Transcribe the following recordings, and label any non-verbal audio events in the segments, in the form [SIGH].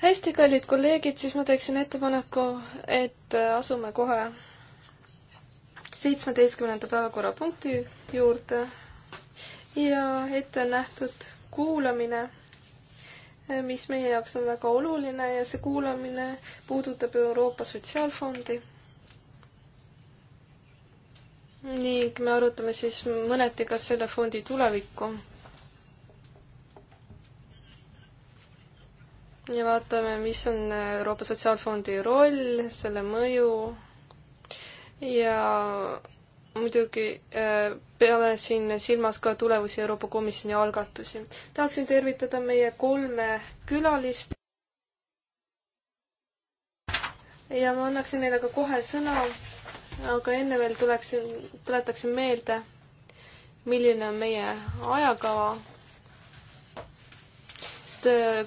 hästi, kallid kolleegid, siis ma teeksin ettepaneku, et asume kohe seitsmeteistkümnenda päevakorrapunkti juurde ja ette on nähtud kuulamine, mis meie jaoks on väga oluline ja see kuulamine puudutab Euroopa Sotsiaalfondi ning me arutame siis mõneti ka selle fondi tulevikku. ja vaatame, mis on Euroopa Sotsiaalfondi roll, selle mõju ja muidugi äh, peame siin silmas ka tulevusi Euroopa Komisjoni algatusi. tahaksin tervitada meie kolme külalist. ja ma annaksin neile ka kohe sõna, aga enne veel tuleksin, tuletaksin meelde, milline on meie ajakava. sest äh,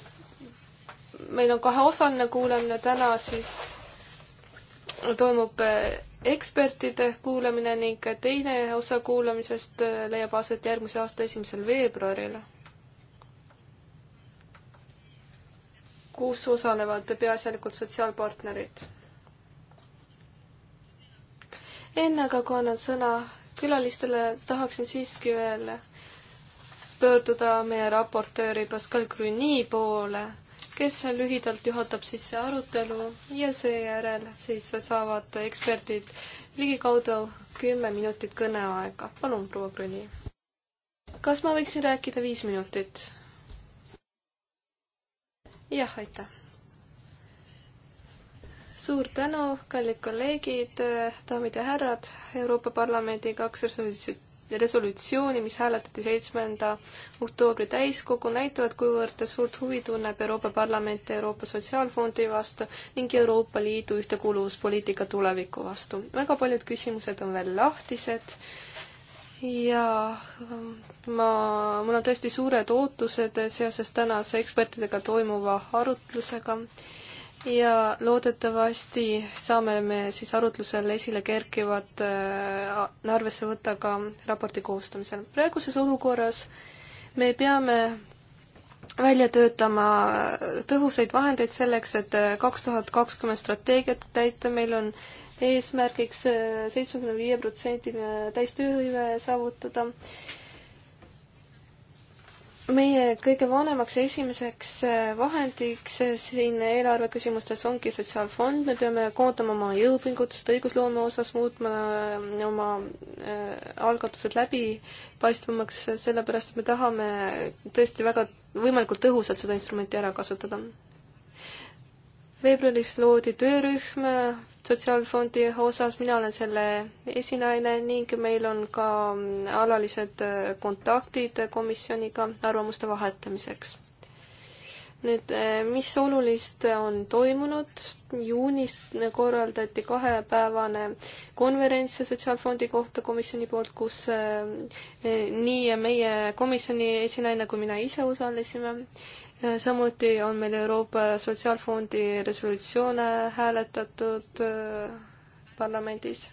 meil on kaheosaline kuulamine täna, siis toimub eh, ekspertide kuulamine ning teine osa kuulamisest eh, leiab aset järgmise aasta esimesel veebruaril. kus osalevad peaasjalikult sotsiaalpartnerid. enne aga, kui annan sõna külalistele, tahaksin siiski veel pöörduda meie raportööri Pascal Gruny poole kes lühidalt juhatab sisse arutelu ja seejärel siis saavad eksperdid ligikaudu kümme minutit kõneaega. palun, proua Grüni. kas ma võiksin rääkida viis minutit? jah, aitäh. suur tänu, kallid kolleegid, daamid ja härrad, Euroopa Parlamendi kaks resolutsiooni resolutsiooni, mis hääletati seitsmenda oktoobri täiskogu, näitavad, kuivõrd suurt huvi tunneb Euroopa Parlament Euroopa Sotsiaalfondi vastu ning Euroopa Liidu ühtekuuluvuspoliitika tuleviku vastu. väga paljud küsimused on veel lahtised ja ähm, ma, mul on tõesti suured ootused seoses tänase ekspertidega toimuva arutlusega ja loodetavasti saame me siis arutlusel esile kerkivat äh, arvesse võtta ka raporti koostamisel. praeguses olukorras me peame välja töötama äh, tõhusaid vahendeid selleks, et äh, kaks tuhat kakskümmend strateegiat täita, meil on eesmärgiks seitsmekümne viie protsendine täistööhõive saavutada meie kõige vanemaks ja esimeseks äh, vahendiks äh, siin eelarveküsimustes ongi sotsiaalfond, me peame koondama oma jõupingutused õigusloome osas, muutma äh, oma algatused läbipaistvamaks, sellepärast et me tahame tõesti väga võimalikult tõhusalt seda instrumenti ära kasutada veebruaris loodi töörühm Sotsiaalfondi osas, mina olen selle esinaine ning meil on ka mm, alalised äh, kontaktid komisjoniga arvamuste vahetamiseks. nüüd, äh, mis olulist on toimunud, juunis korraldati kahepäevane konverents Sotsiaalfondi kohta komisjoni poolt, kus äh, nii meie komisjoni esinaine kui mina ise osalesime samuti on meil Euroopa Sotsiaalfondi resolutsioone hääletatud äh, parlamendis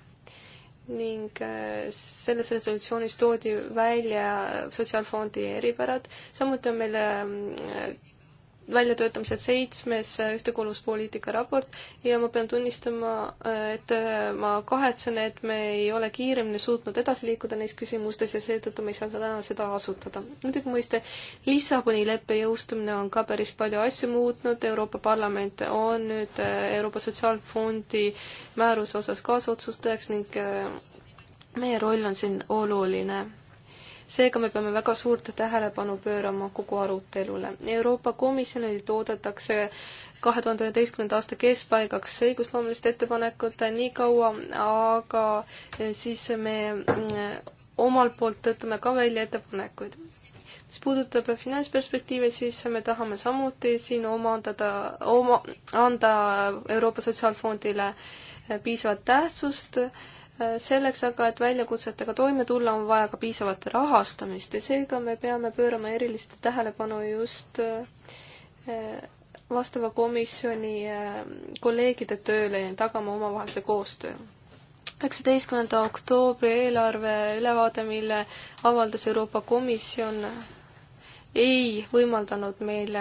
ning äh, selles resolutsioonis toodi välja Sotsiaalfondi eripärad, samuti on meil äh, väljatöötamisel seitsmes äh, ühtekuuluvuspoliitika raport ja ma pean tunnistama, äh, et äh, ma kahetsen, et me ei ole kiiremini suutnud edasi liikuda neis küsimustes ja seetõttu me ei saa täna seda asutada. muidugi mõiste, Lissaboni leppe jõustumine on ka päris palju asju muutnud, Euroopa Parlament on nüüd Euroopa Sotsiaalfondi määruse osas kaasotsustajaks ning meie roll on siin oluline seega me peame väga suurt tähelepanu pöörama kogu arutelule. Euroopa Komisjonilt oodatakse kahe tuhande üheteistkümnenda aasta keskpaigaks õigusloomelist ettepanekut nii kaua, aga siis me mm, omalt poolt töötame ka välja ettepanekuid. mis puudutab finantsperspektiive, siis me tahame samuti siin omandada, oma, anda Euroopa Sotsiaalfondile piisavat tähtsust selleks aga, et väljakutsetega toime tulla, on vaja ka piisavat rahastamist ja seega me peame pöörama erilist tähelepanu just äh, vastava komisjoni äh, kolleegide tööle ja tagama omavahelise koostöö. üheksateistkümnenda oktoobri eelarve ülevaade, mille avaldas Euroopa Komisjon, ei võimaldanud meile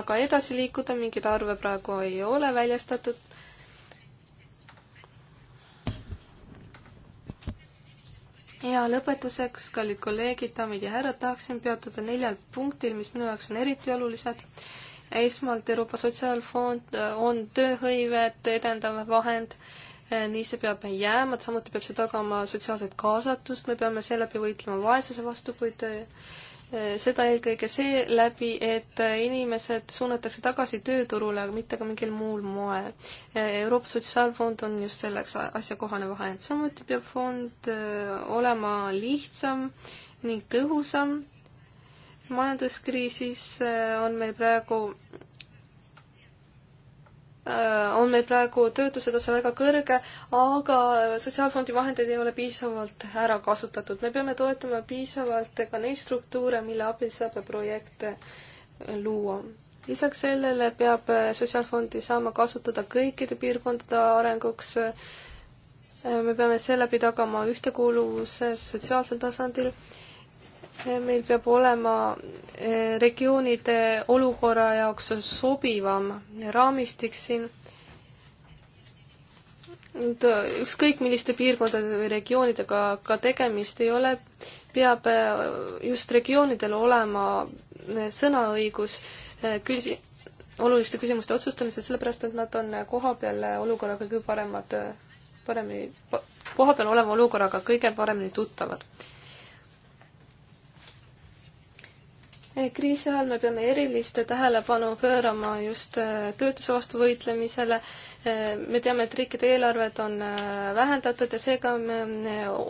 aga edasi liikuda, mingeid arve praegu ei ole väljastatud ja lõpetuseks, kallid kolleegid, daamid ja härrad, tahaksin peatuda neljal punktil, mis minu jaoks on eriti olulised. esmalt Euroopa Sotsiaalfond äh, on tööhõivet edendav vahend, äh, nii see peab jääma, samuti peab see tagama sotsiaalset kaasatust, me peame seeläbi võitlema vaesuse vastu, kuid äh, Eh, seda eelkõige seeläbi, et eh, inimesed suunatakse tagasi tööturule, aga mitte ka mingil muul moel. Eh, Euroopa Sotsiaalfond on just selleks asjakohane vahend, samuti peab fond olema lihtsam ning tõhusam. majanduskriisis on meil praegu Äh, on meil praegu töötuse tase väga kõrge, aga sotsiaalfondi vahendeid ei ole piisavalt ära kasutatud. me peame toetama piisavalt ka neid struktuure, mille abil saab projekte luua. lisaks sellele peab sotsiaalfondi saama kasutada kõikide piirkondade arenguks. Äh, me peame seeläbi tagama ühtekuuluvuse sotsiaalsel tasandil meil peab olema e, regioonide olukorra jaoks sobivam raamistik siin. ükskõik milliste piirkondade või regioonidega ka tegemist ei ole, peab e, just regioonidel olema e, sõnaõigus küsi-, oluliste küsimuste otsustamisel, sellepärast et nad on kohapeal olukorraga kõige paremad, paremini, kohapeal oleva olukorraga kõige paremini tuttavad Eh, kriisi ajal me peame erilist tähelepanu pöörama just eh, töötuse vastu võitlemisele. Eh, me teame, et riikide eelarved on vähendatud ja seega me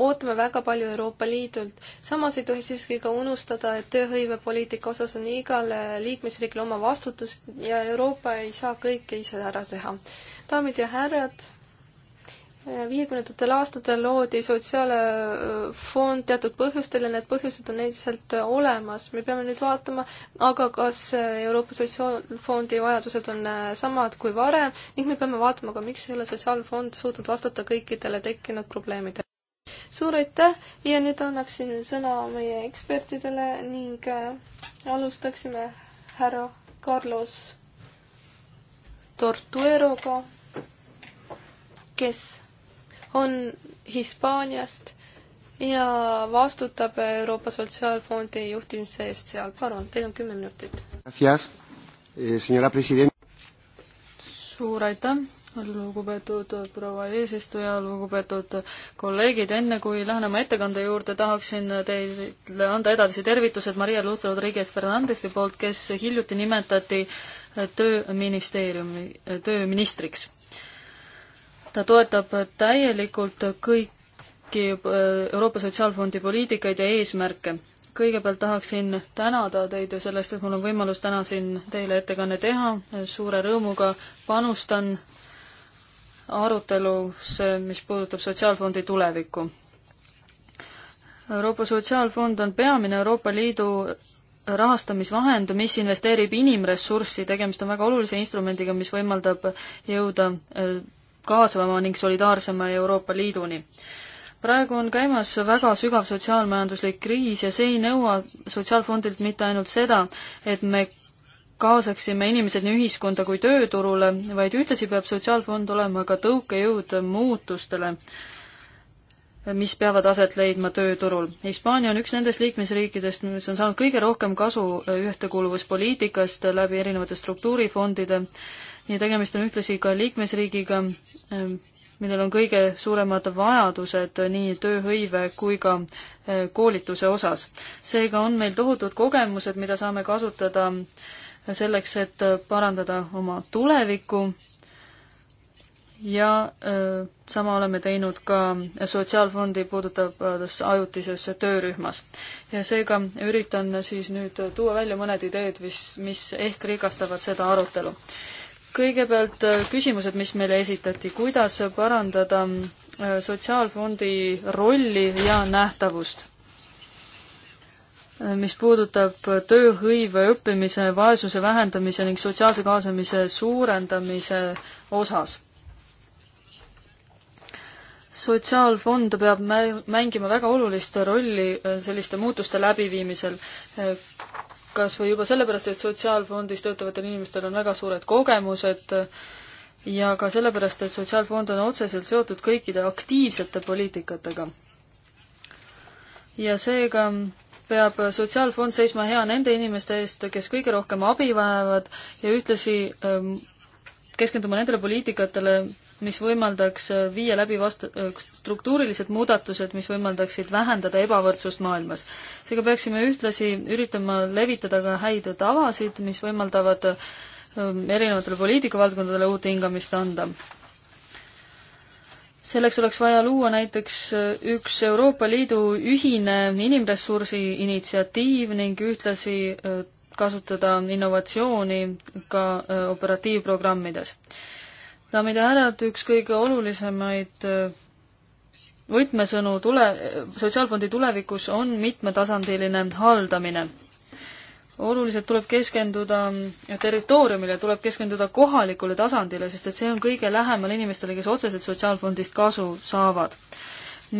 ootame väga palju Euroopa Liidult. samas ei tohi siiski ka unustada, et tööhõivepoliitika osas on igal liikmesriigil oma vastutus ja Euroopa ei saa kõike ise ära teha. daamid ja härrad viiekümnendatel aastatel loodi sotsiaalfond teatud põhjustel ja need põhjused on endiselt olemas. me peame nüüd vaatama, aga kas Euroopa Sotsiaalfondi vajadused on samad kui varem ning me peame vaatama ka, miks ei ole sotsiaalfond suutnud vastata kõikidele tekkinud probleemidele. suur aitäh ja nüüd annaksin sõna meie ekspertidele ning äh, alustaksime härra Carlos Tortueroga, kes on Hispaaniast ja vastutab Euroopa Sotsiaalfondi juhtimise eest seal. palun, teil on kümme minutit. Eh, suur aitäh, lugupeetud proua eesistuja, lugupeetud kolleegid, enne kui lähen oma ettekande juurde, tahaksin teile anda edasisi tervitused Maria Luther Rodriguez Fernandesi poolt, kes hiljuti nimetati tööministeeriumi, tööministriks ta toetab täielikult kõiki äh, Euroopa Sotsiaalfondi poliitikaid ja eesmärke. kõigepealt tahaksin tänada teid sellest, et mul on võimalus täna siin teile ettekanne teha, suure rõõmuga panustan arutelusse, mis puudutab Sotsiaalfondi tulevikku. Euroopa Sotsiaalfond on peamine Euroopa Liidu rahastamisvahend, mis investeerib inimressurssi, tegemist on väga olulise instrumendiga, mis võimaldab jõuda äh, kaasavama ning solidaarsema Euroopa Liiduni. praegu on käimas väga sügav sotsiaalmajanduslik kriis ja see ei nõua Sotsiaalfondilt mitte ainult seda, et me kaasaksime inimesed nii ühiskonda kui tööturule, vaid ühtlasi peab Sotsiaalfond olema ka tõukejõud muutustele, mis peavad aset leidma tööturul. Hispaania on üks nendest liikmesriikidest, mis on saanud kõige rohkem kasu ühtekuuluvuspoliitikast läbi erinevate struktuurifondide, ja tegemist on ühtlasi ka liikmesriigiga, millel on kõige suuremad vajadused nii tööhõive kui ka eh, koolituse osas. seega on meil tohutud kogemused, mida saame kasutada selleks, et parandada oma tulevikku ja öö, eh, sama oleme teinud ka Sotsiaalfondi puudutavas ajutises töörühmas. ja seega üritan siis nüüd tuua välja mõned ideed, mis, mis ehk rikastavad seda arutelu kõigepealt äh, küsimused, mis meile esitati, kuidas parandada äh, sotsiaalfondi rolli ja nähtavust? Äh, mis puudutab tööhõive, õppimise, vaesuse vähendamise ning sotsiaalse kaasamise suurendamise osas. sotsiaalfond peab mängima väga olulist rolli selliste muutuste läbiviimisel kas või juba sellepärast, et Sotsiaalfondis töötavatel inimestel on väga suured kogemused ja ka sellepärast, et Sotsiaalfond on otseselt seotud kõikide aktiivsete poliitikatega. ja seega peab Sotsiaalfond seisma hea nende inimeste eest, kes kõige rohkem abi vajavad ja ühtlasi ähm, keskenduma nendele poliitikatele, mis võimaldaks äh, viia läbi vastu-, äh, struktuurilised muudatused, mis võimaldaksid vähendada ebavõrdsust maailmas. seega peaksime ühtlasi üritama levitada ka häid tavasid, mis võimaldavad ähm, erinevatele poliitikavaldkondadele uut hingamist anda. selleks oleks vaja luua näiteks äh, üks Euroopa Liidu ühine inimressursi initsiatiiv ning ühtlasi kasutada innovatsiooni ka operatiivprogrammides daamid ja härrad, üks kõige olulisemaid äh, võtmesõnu tule, sotsiaalfondi tulevikus on mitmetasandiline haldamine. oluliselt tuleb keskenduda territooriumile, tuleb keskenduda kohalikule tasandile, sest et see on kõige lähemal inimestele, kes otseselt sotsiaalfondist kasu saavad.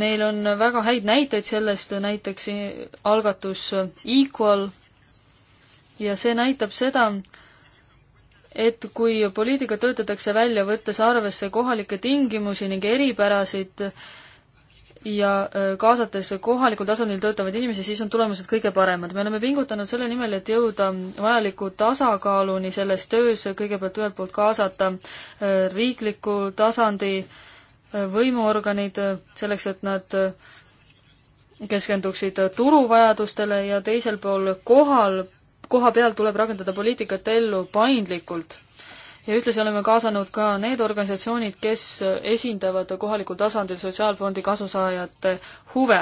meil on väga häid näiteid sellest, näiteks algatus Equal ja see näitab seda, et kui poliitika töötatakse välja, võttes arvesse kohalikke tingimusi ning eripärasid ja äh, kaasates kohalikul tasandil töötavaid inimesi, siis on tulemused kõige paremad. me oleme pingutanud selle nimel, et jõuda vajaliku tasakaaluni selles töös, kõigepealt ühelt poolt kaasata äh, riikliku tasandi äh, võimuorganid selleks, et nad keskenduksid turuvajadustele ja teisel pool kohal koha peal tuleb rakendada poliitikat ellu paindlikult. ja ühtlasi oleme kaasanud ka need organisatsioonid, kes esindavad kohalikul tasandil Sotsiaalfondi kasusaajate huve.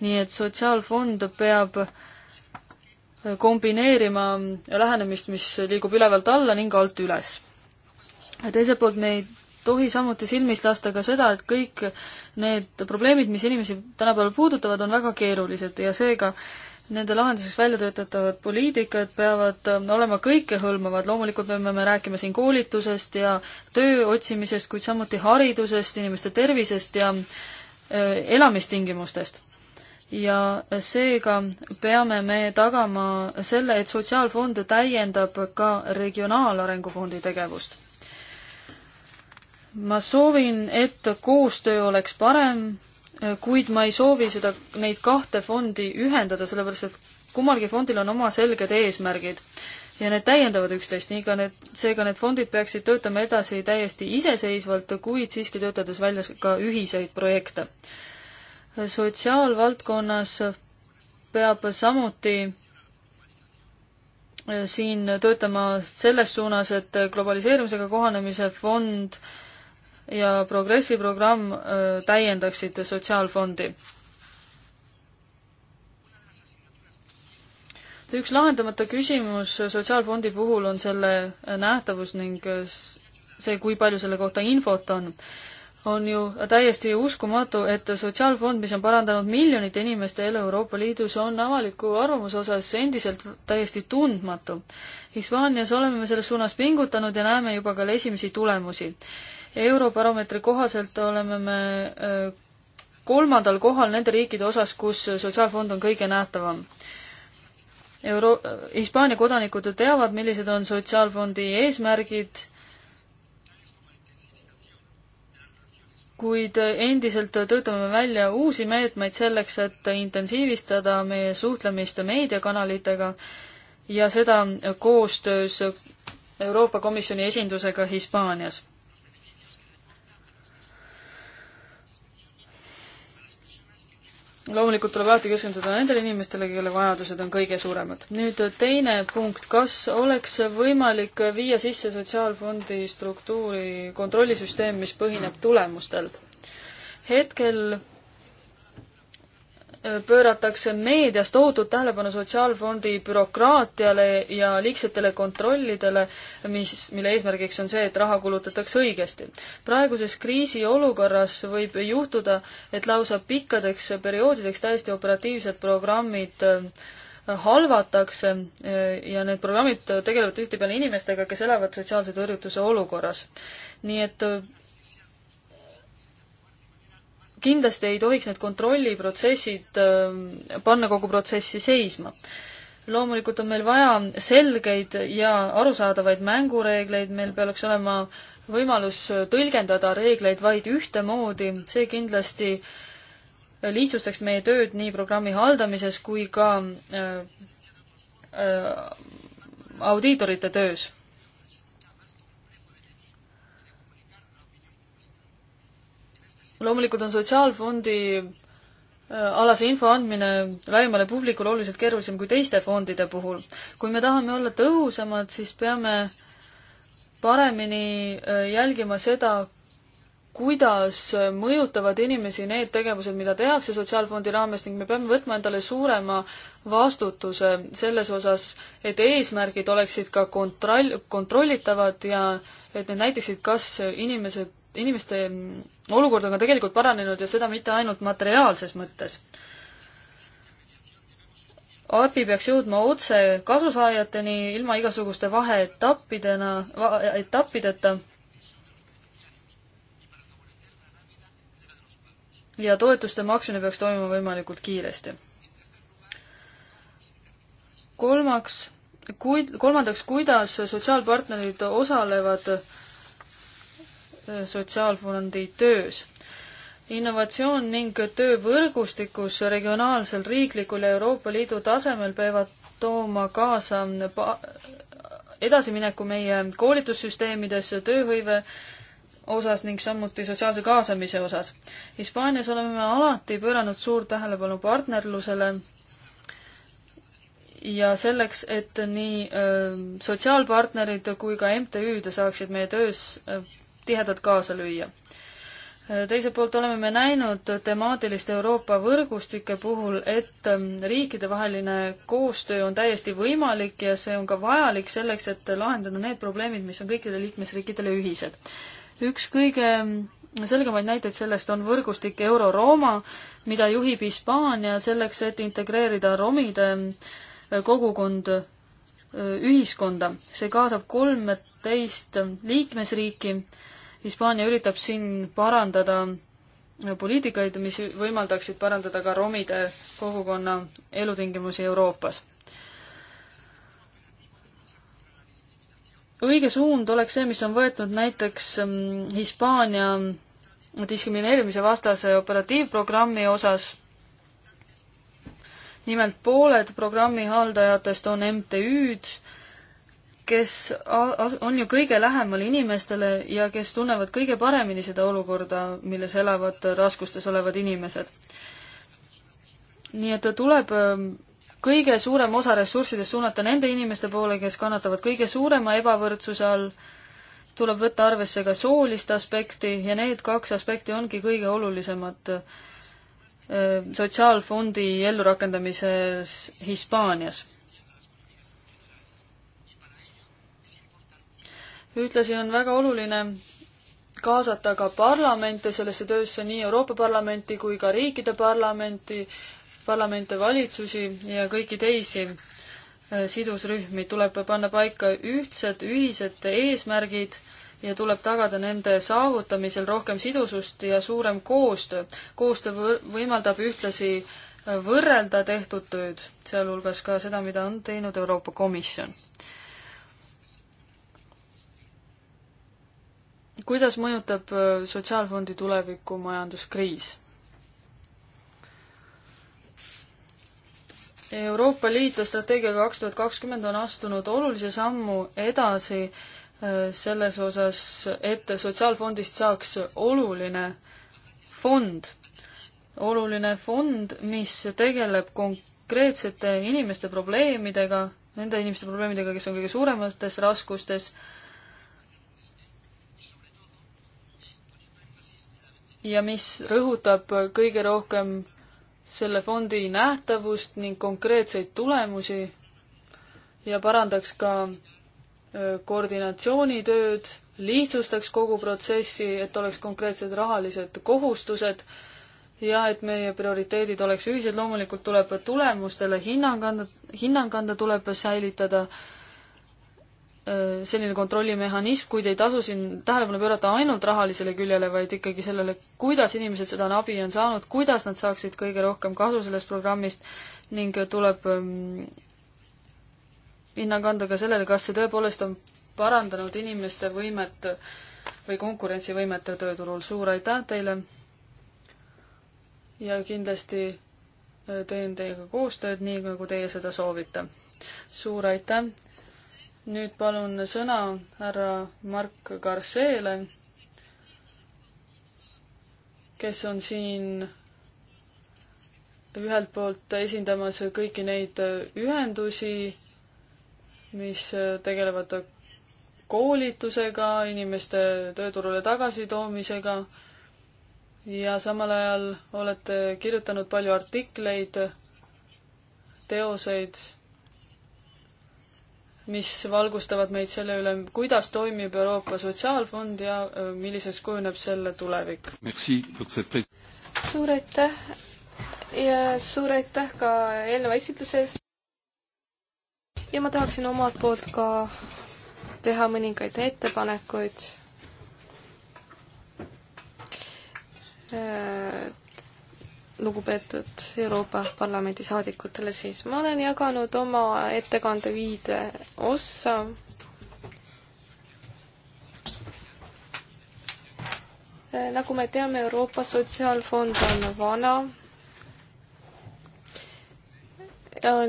nii et Sotsiaalfond peab kombineerima lähenemist, mis liigub ülevalt alla ning alt üles. teiselt poolt me ei tohi samuti silmist lasta ka seda, et kõik need probleemid, mis inimesi tänapäeval puudutavad, on väga keerulised ja seega nende lahenduseks välja töötatavad poliitikad peavad ähm, olema kõikehõlmavad, loomulikult me peame rääkima siin koolitusest ja töö otsimisest, kuid samuti haridusest, inimeste tervisest ja äh, elamistingimustest. ja seega peame me tagama selle, et Sotsiaalfond täiendab ka Regionaalarengu Fondi tegevust. ma soovin, et koostöö oleks parem kuid ma ei soovi seda, neid kahte fondi ühendada, sellepärast et kummalgi fondil on oma selged eesmärgid ja need täiendavad üksteist, nii ka need, seega need fondid peaksid töötama edasi täiesti iseseisvalt, kuid siiski töötades välja ka ühiseid projekte. sotsiaalvaldkonnas peab samuti äh, siin töötama selles suunas, et globaliseerimisega kohanemise fond äh, ja Progressi programm äh, täiendaksid Sotsiaalfondi. üks lahendamata küsimus Sotsiaalfondi puhul on selle äh, nähtavus ning äh, see, kui palju selle kohta infot on on ju täiesti uskumatu, et sotsiaalfond, mis on parandanud miljonite inimeste elu Euroopa Liidus, on avaliku arvamuse osas endiselt täiesti tundmatu. Hispaanias oleme me selles suunas pingutanud ja näeme juba ka esimesi tulemusi ja Eurobaromeetri kohaselt oleme me äh, kolmandal kohal nende riikide osas, kus sotsiaalfond on kõige nähtavam. Euro-, äh, Hispaania kodanikud ju teavad, millised on sotsiaalfondi eesmärgid, kuid endiselt töötame välja uusi meetmeid selleks, et intensiivistada meie suhtlemist meediakanalitega ja seda koostöös Euroopa Komisjoni esindusega Hispaanias loomulikult tuleb alati keskenduda nendele inimestele, kelle vajadused on kõige suuremad. nüüd äh, teine punkt, kas oleks võimalik viia sisse sotsiaalfondi struktuuri kontrollisüsteem, mis põhineb tulemustel? hetkel pööratakse meedias tohutut tähelepanu sotsiaalfondi bürokraatiale ja liigsetele kontrollidele, mis, mille eesmärgiks on see, et raha kulutatakse õigesti. praeguses kriisiolukorras võib juhtuda, et lausa pikkadeks perioodideks täiesti operatiivsed programmid äh, halvatakse äh, ja need programmid tegelevad tihtipeale inimestega, kes elavad sotsiaalse tõrjutuse olukorras. nii et äh, kindlasti ei tohiks need kontrolliprotsessid ähm, panna kogu protsessi seisma. loomulikult on meil vaja selgeid ja arusaadavaid mängureegleid, meil peaks olema võimalus tõlgendada reegleid vaid ühtemoodi, see kindlasti lihtsustaks meie tööd nii programmi haldamises kui ka äh, äh, audiitorite töös loomulikult on sotsiaalfondi äh, alase info andmine laiemale publikule oluliselt keerulisem kui teiste fondide puhul. kui me tahame olla tõhusamad, siis peame paremini äh, jälgima seda, kuidas äh, mõjutavad inimesi need tegevused, mida tehakse Sotsiaalfondi raames ning me peame võtma endale suurema vastutuse selles osas, et eesmärgid oleksid ka kontroll, kontrollitavad ja et need näitaksid, kas inimesed, inimeste olukord on ka tegelikult paranenud ja seda mitte ainult materiaalses mõttes. abi peaks jõudma otse kasusaajateni ilma igasuguste vaheetappidena va,, etappideta. ja toetuste maksmine peaks toimuma võimalikult kiiresti. kolmaks, kuid, kolmandaks, kuidas sotsiaalpartnerid osalevad Sotsiaalfondi töös. innovatsioon ning töövõrgustikus regionaalsel, riiklikul ja Euroopa Liidu tasemel peavad tooma kaasa edasimineku meie koolitussüsteemides, tööhõive osas ning samuti sotsiaalse kaasamise osas. Hispaanias oleme alati pööranud suurt tähelepanu partnerlusele ja selleks, et nii öö, sotsiaalpartnerid kui ka MTÜ-d saaksid meie töös tihedalt kaasa lüüa. teiselt poolt oleme me näinud temaatiliste Euroopa võrgustike puhul, et ähm, riikidevaheline koostöö on täiesti võimalik ja see on ka vajalik selleks, et lahendada need probleemid, mis on kõikidele liikmesriikidele ühised. üks kõige ähm, selgemaid näiteid sellest on võrgustik Euro-Rooma, mida juhib Hispaania selleks, et integreerida romide äh, kogukond äh, ühiskonda. see kaasab kolmeteist äh, liikmesriiki Hispaania üritab siin parandada poliitikaid, mis võimaldaksid parandada ka romide kogukonna elutingimusi Euroopas. õige suund oleks see, mis on võetud näiteks mm, Hispaania diskrimineerimise vastase operatiivprogrammi osas. nimelt pooled programmi haldajatest on MTÜ-d kes on ju kõige lähemal inimestele ja kes tunnevad kõige paremini seda olukorda, milles elavad raskustes olevad inimesed. nii et tuleb ähm, kõige suurem osa ressurssidest suunata nende inimeste poole, kes kannatavad kõige suurema ebavõrdsuse all, tuleb võtta arvesse ka soolist aspekti ja need kaks aspekti ongi kõige olulisemad äh, sotsiaalfondi ellurakendamises Hispaanias ühtlasi on väga oluline kaasata ka parlamente sellesse töösse, nii Euroopa Parlamenti kui ka riikide parlamenti, parlamente, valitsusi ja kõiki teisi äh, sidusrühmi. tuleb panna paika ühtsed, ühised eesmärgid ja tuleb tagada nende saavutamisel rohkem sidusust ja suurem koostöö. koostöö võimaldab ühtlasi äh, võrrelda tehtud tööd, sealhulgas ka seda, mida on teinud Euroopa Komisjon kuidas mõjutab äh, sotsiaalfondi tulevikku majanduskriis? Euroopa Liit strateegiaga kaks tuhat kakskümmend on astunud olulise sammu edasi äh, selles osas, et sotsiaalfondist saaks oluline fond, oluline fond, mis tegeleb konkreetsete inimeste probleemidega, nende inimeste probleemidega, kes on kõige suuremates raskustes ja mis rõhutab kõige rohkem selle fondi nähtavust ning konkreetseid tulemusi ja parandaks ka koordinatsioonitööd, lihtsustaks kogu protsessi, et oleks konkreetsed rahalised kohustused ja et meie prioriteedid oleks ühised, loomulikult tuleb tulemustele hinnang anda, hinnang anda tuleb säilitada äh, Äh, selline kontrollimehhanism, kuid ei tasu siin tähelepanu pöörata ainult rahalisele küljele, vaid ikkagi sellele, kuidas inimesed seda abi on saanud, kuidas nad saaksid kõige rohkem kasu sellest programmist ning tuleb ähm, hinnang anda ka sellele, kas see tõepoolest on parandanud inimeste võimet või konkurentsivõimet tööturul. suur aitäh teile ja kindlasti äh, teen teiega koostööd, nii nagu teie seda soovite. suur aitäh nüüd palun sõna härra Mark Garceele, kes on siin ühelt poolt esindamas kõiki neid ühendusi, mis tegelevad koolitusega, inimeste tööturule tagasitoomisega ja samal ajal olete kirjutanud palju artikleid, teoseid mis valgustavad meid selle üle, kuidas toimib Euroopa Sotsiaalfond ja milliseks kujuneb selle tulevik. suur aitäh ja suur aitäh ka eelneva esitluse eest. ja ma tahaksin omalt poolt ka teha mõningaid ettepanekuid lugupeetud Euroopa Parlamendi saadikutele, siis ma olen jaganud oma ettekande viide ossa. nagu me teame, Euroopa Sotsiaalfond on vana.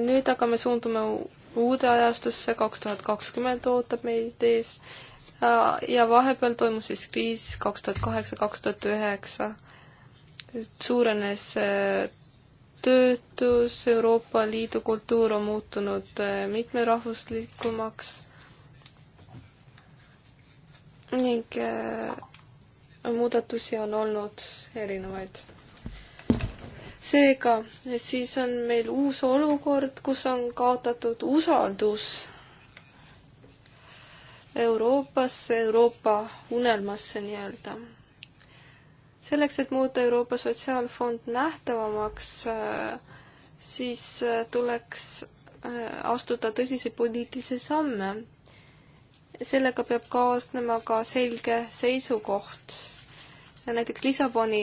nüüd aga me suundume uude ajastusse, kaks tuhat kakskümmend ootab meid ees ja vahepeal toimus siis kriis kaks tuhat kaheksa, kaks tuhat üheksa suurenes äh, töötus, Euroopa Liidu kultuur on muutunud äh, mitmerahvuslikumaks ning äh, muudatusi on olnud erinevaid. seega, siis on meil uus olukord, kus on kaotatud usaldus Euroopasse, Euroopa unelmasse nii-öelda selleks, et muuta Euroopa Sotsiaalfond nähtavamaks, äh, siis äh, tuleks äh, astuda tõsiseid poliitilisi samme. sellega peab kaasnema ka selge seisukoht. näiteks Lissaboni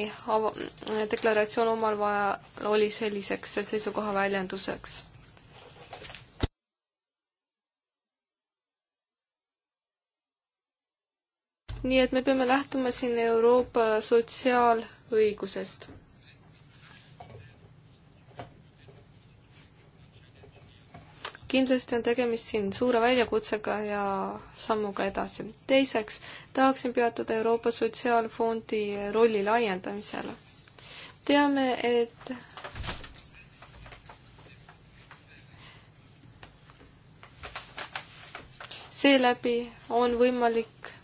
deklaratsioon omal ajal oli selliseks seisukoha väljenduseks nii et me peame lähtuma siin Euroopa sotsiaalõigusest. kindlasti on tegemist siin suure väljakutsega ja sammuga edasi. teiseks tahaksin peatuda Euroopa Sotsiaalfondi rolli laiendamisele. teame, et seeläbi on võimalik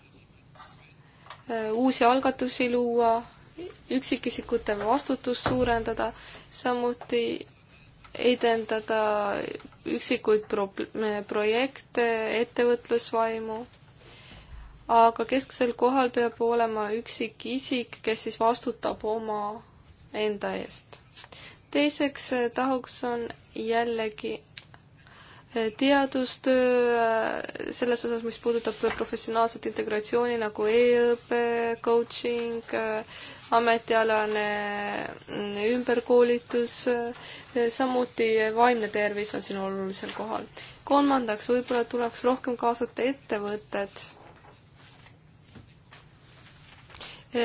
Äh, uusi algatusi luua, üksikisikute vastutust suurendada, samuti edendada üksikuid pro-, projekte, ettevõtlusvaimu, aga kesksel kohal peab olema üksikisik, kes siis vastutab oma enda eest. teiseks äh, tahuks on jällegi teadustöö äh, selles osas, mis puudutab professionaalset integratsiooni nagu e-õpe, coaching, äh, ametialane mm, ümberkoolitus, äh, samuti vaimne tervis on siin olulisel kohal. kolmandaks, võib-olla tuleks rohkem kaasata ettevõtted.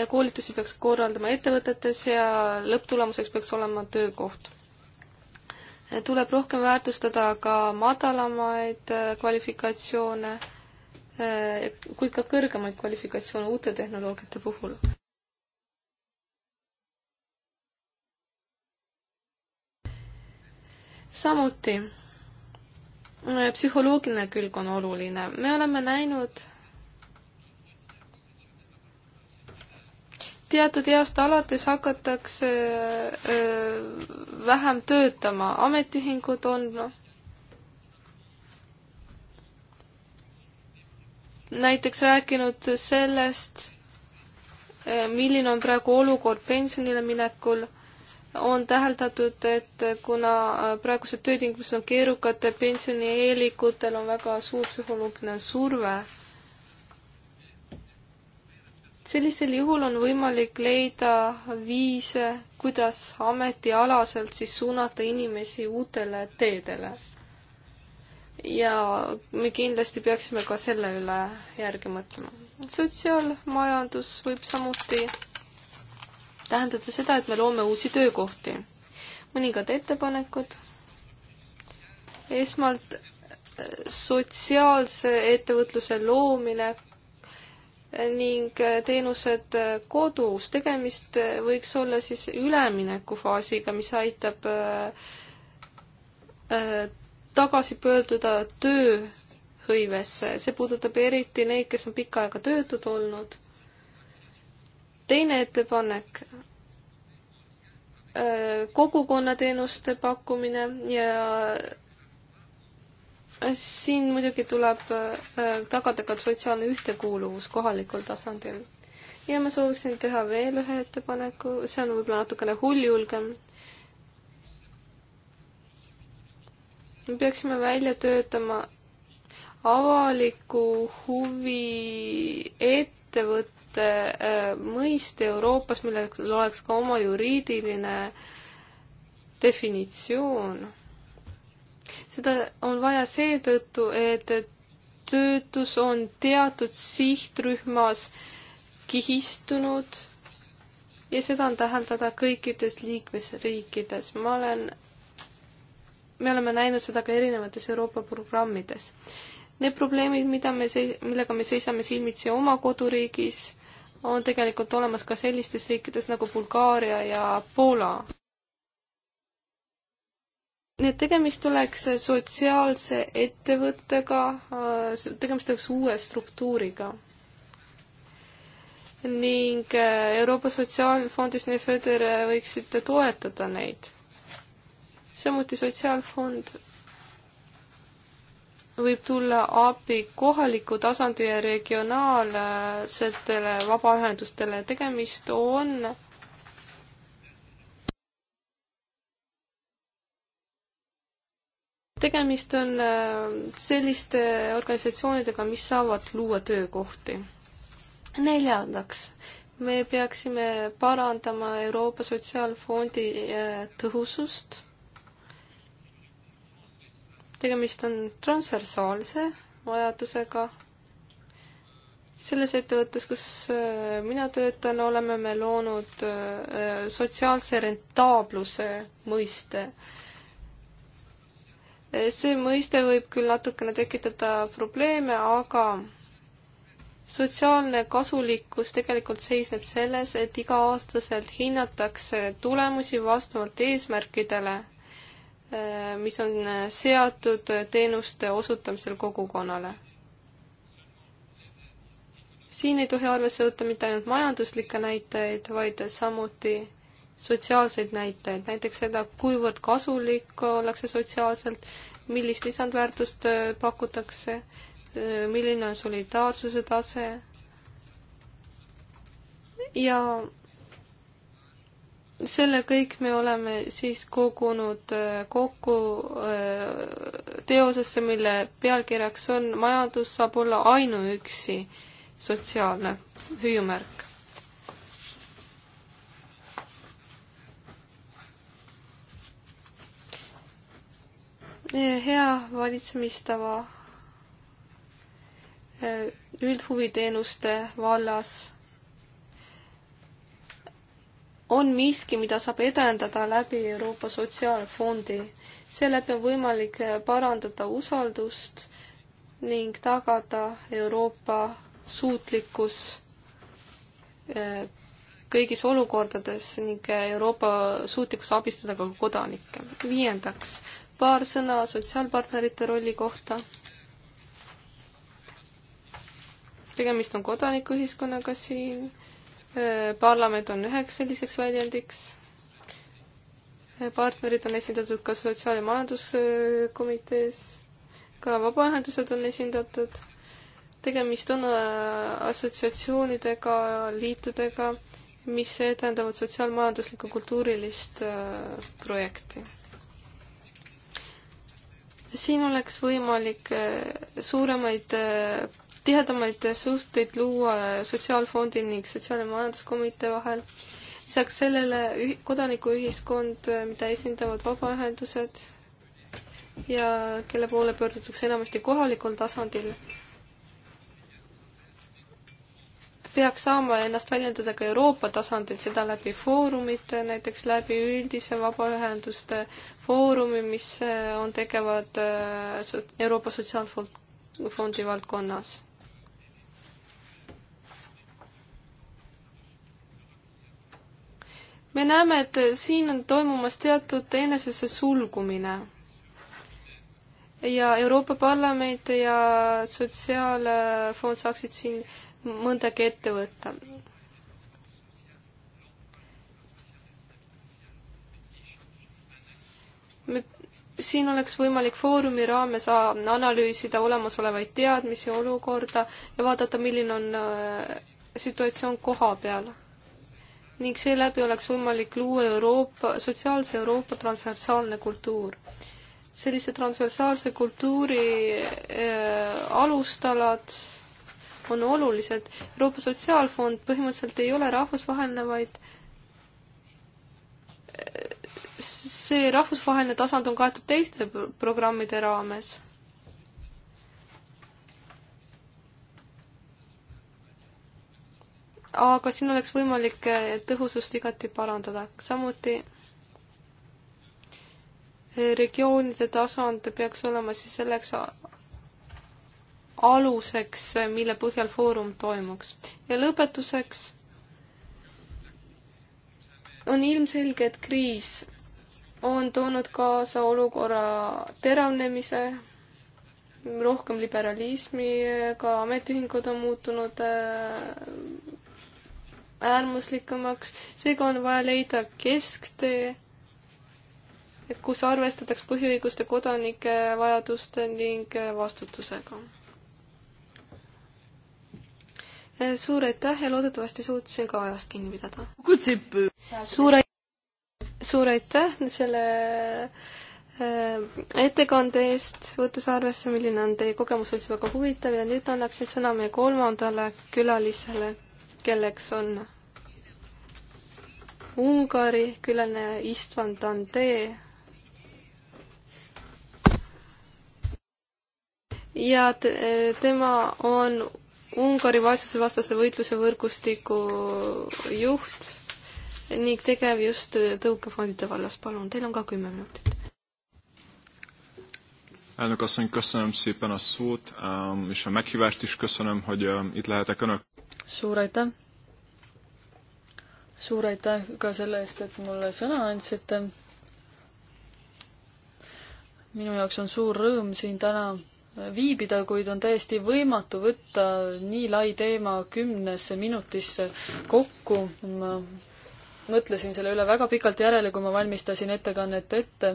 koolitusi peaks korraldama ettevõtetes ja lõpptulemuseks peaks olema töökoht tuleb rohkem väärtustada ka madalamaid äh, kvalifikatsioone, äh, kuid ka kõrgemaid kvalifikatsioone uute tehnoloogiate puhul. samuti äh, psühholoogiline külg on oluline. me oleme näinud teatud east alates hakatakse äh, vähem töötama, ametiühingud on noh, näiteks rääkinud sellest, äh, milline on praegu olukord pensionile minekul, on täheldatud, et kuna äh, praegused töötingimused on keerukad, pensionieelikutel on väga suur psühholoogiline surve sellisel juhul on võimalik leida viise, kuidas ametialaselt siis suunata inimesi uutele teedele. ja me kindlasti peaksime ka selle üle järgi mõtlema. sotsiaalmajandus võib samuti tähendada seda, et me loome uusi töökohti. mõningad ettepanekud. esmalt sotsiaalse ettevõtluse loomine ning äh, teenused äh, kodus. tegemist äh, võiks olla siis üleminekufaasiga, mis aitab tagasi pöörduda tööhõivesse. see puudutab eriti neid, kes on pikka aega töötud olnud. teine ettepanek, kogukonnateenuste pakkumine ja siin muidugi tuleb äh, tagada ka sotsiaalne ühtekuuluvus kohalikul tasandil. ja ma sooviksin teha veel ühe ettepaneku, see on võib-olla natukene hulljulgem. me peaksime välja töötama avaliku huvi ettevõtte äh, mõiste Euroopas, millel oleks ka oma juriidiline definitsioon seda on vaja seetõttu, et töötus on teatud sihtrühmas kihistunud ja seda on täheldada kõikides liikmesriikides. ma olen, me oleme näinud seda ka erinevates Euroopa programmides. Need probleemid, mida me, millega me seisame silmitsi oma koduriigis, on tegelikult olemas ka sellistes riikides nagu Bulgaaria ja Poola nii et tegemist oleks sotsiaalse ettevõttega, tegemist oleks uue struktuuriga. ning äh, Euroopa Sotsiaalfondis neid föder äh, võiksid toetada neid. samuti Sotsiaalfond võib tulla abi kohaliku tasandi ja regionaalsetele vabaühendustele, tegemist on tegemist on äh, selliste organisatsioonidega, mis saavad luua töökohti. neljandaks, me peaksime parandama Euroopa Sotsiaalfondi äh, tõhusust. tegemist on transversaalse vajadusega. selles ettevõttes, kus äh, mina töötan, oleme me loonud sotsiaalse rentaabluse mõiste see mõiste võib küll natukene tekitada probleeme, aga sotsiaalne kasulikkus tegelikult seisneb selles, et iga-aastaselt hinnatakse tulemusi vastavalt eesmärkidele, eh, mis on seatud teenuste osutamisel kogukonnale. siin ei tohi arvesse võtta mitte ainult majanduslikke näitajaid, vaid samuti sotsiaalseid näitajaid, näiteks seda, kuivõrd kasulik ollakse sotsiaalselt, millist lisandväärtust äh, pakutakse, äh, milline on solidaarsuse tase ja selle kõik me oleme siis kogunud äh, kokku teosesse, mille pealkirjaks on Majandus saab olla ainuüksi sotsiaalne hüüumärk Eh, hea valitsemistava eh, üldhuviteenuste vallas on miski, mida saab edendada läbi Euroopa Sotsiaalfondi. seeläbi on võimalik eh, parandada usaldust ning tagada Euroopa suutlikkus kõigis olukordades ning Euroopa suutlikkus abistada ka kodanikke. viiendaks, paar sõna sotsiaalpartnerite rolli kohta. tegemist on kodanikuühiskonnaga siin, äh, parlament on üheks selliseks väljendiks äh, partnerid on esindatud ka sotsiaal- ja majanduskomitees, ka vabaühendused on esindatud. tegemist on äh, assotsiatsioonidega, liitudega, mis edendavad sotsiaalmajanduslikku kultuurilist projekti siin oleks võimalik äh, suuremaid, äh, tihedamaid suhteid luua Sotsiaalfondi ning Sotsiaal- ja Majanduskomitee vahel. lisaks sellele kodanikuühiskond, äh, mida esindavad vabaühendused ja kelle poole pöördutakse enamasti kohalikul tasandil peaks saama ennast väljendada ka Euroopa tasandil, seda läbi foorumite, näiteks läbi üldise vabaühenduste foorumi, mis eh, on tegevad eh, Euroopa Sotsiaalfondi valdkonnas me näeme, et siin on toimumas teatud enesesse sulgumine. ja Euroopa Parlament ja Sotsiaalfond saaksid siin mõndagi ette võtta. me, siin oleks võimalik foorumi raames analüüsida olemasolevaid teadmisi, olukorda ja vaadata, milline on äh, situatsioon koha peal. ning seeläbi oleks võimalik luua Euroopa, sotsiaalse Euroopa transversaalne kultuur sellise transversaalse kultuuri äh, alustalad on olulised. Euroopa Sotsiaalfond põhimõtteliselt ei ole rahvusvaheline, vaid see rahvusvaheline tasand on kaetud teiste programmide raames. aga siin oleks võimalik eh, tõhusust igati parandada, samuti eh, regioonide tasand peaks olema siis selleks aluseks, mille põhjal foorum toimuks. ja lõpetuseks on ilmselge, et kriis on toonud kaasa olukorra teravnemise, rohkem liberalismi, ka ametiühingud on muutunud äh, äärmuslikumaks, seega on vaja leida kesktee, et kus arvestatakse põhiõiguste kodanike vajaduste ning äh, vastutusega suur aitäh ja loodetavasti suutsin ka ajast kinni pidada. suur aitäh, suur aitäh selle äh, ettekande eest, võttes arvesse, milline on teie kogemus, oli see väga huvitav ja nüüd annaksin sõna meie kolmandale külalisele, kelleks on Ungari külaline Istvan Dante. ja te, äh, tema on Ungari vaesusevastase võitluse võrgustiku juht ning tegev just tõukefondide vallas. palun, teil on ka kümme minutit. Elnök asszony, köszönöm szépen a szót, um, és a meghívást is köszönöm, hogy um, itt lehetek önök. Suur aitäh! Suur aitäh ka selle eest, et mulle sõna andsite. minu jaoks on suur rõõm siin täna viibida, kuid on täiesti võimatu võtta nii lai teema kümnesse minutisse kokku. ma mõtlesin selle üle väga pikalt järele, kui ma valmistasin ettekannet ette.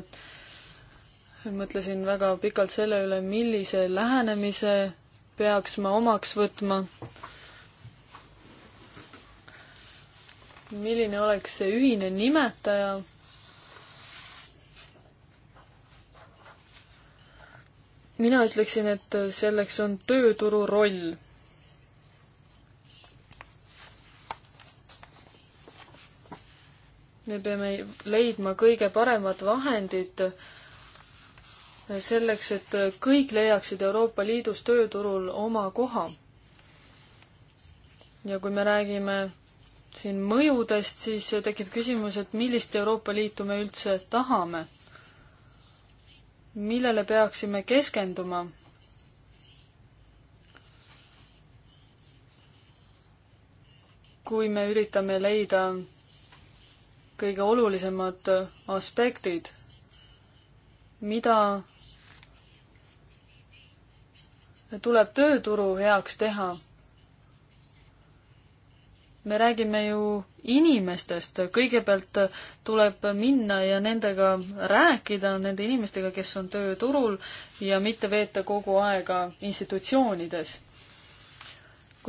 mõtlesin väga pikalt selle üle, millise lähenemise peaks ma omaks võtma. milline oleks see ühine nimetaja mina ütleksin, et selleks on tööturu roll. me peame leidma kõige paremad vahendid selleks, et kõik leiaksid Euroopa Liidus tööturul oma koha. ja kui me räägime siin mõjudest, siis tekib küsimus, et millist Euroopa Liitu me üldse tahame millele peaksime keskenduma. kui me üritame leida kõige olulisemad aspektid, mida tuleb tööturu heaks teha me räägime ju inimestest, kõigepealt tuleb minna ja nendega rääkida, nende inimestega, kes on tööturul ja mitte veeta kogu aega institutsioonides.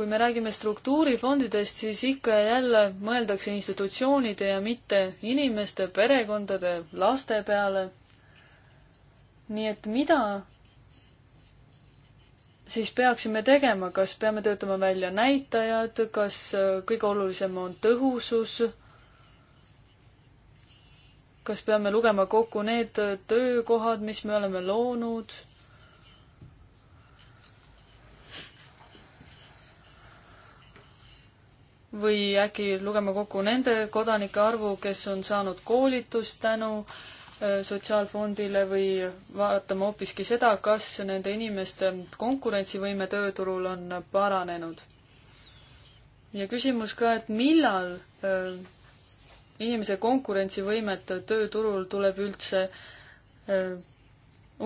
kui me räägime struktuurifondidest, siis ikka ja jälle mõeldakse institutsioonide ja mitte inimeste, perekondade, laste peale. nii et mida siis peaksime tegema, kas peame töötama välja näitajad, kas äh, kõige olulisem on tõhusus, kas peame lugema kokku need äh, töökohad, mis me oleme loonud või äkki lugema kokku nende kodanike arvu, kes on saanud koolitust tänu Äh, sotsiaalfondile või vaatame hoopiski seda, kas nende inimeste konkurentsivõime tööturul on paranenud. ja küsimus ka, et millal äh, inimese konkurentsivõimet tööturul tuleb üldse äh,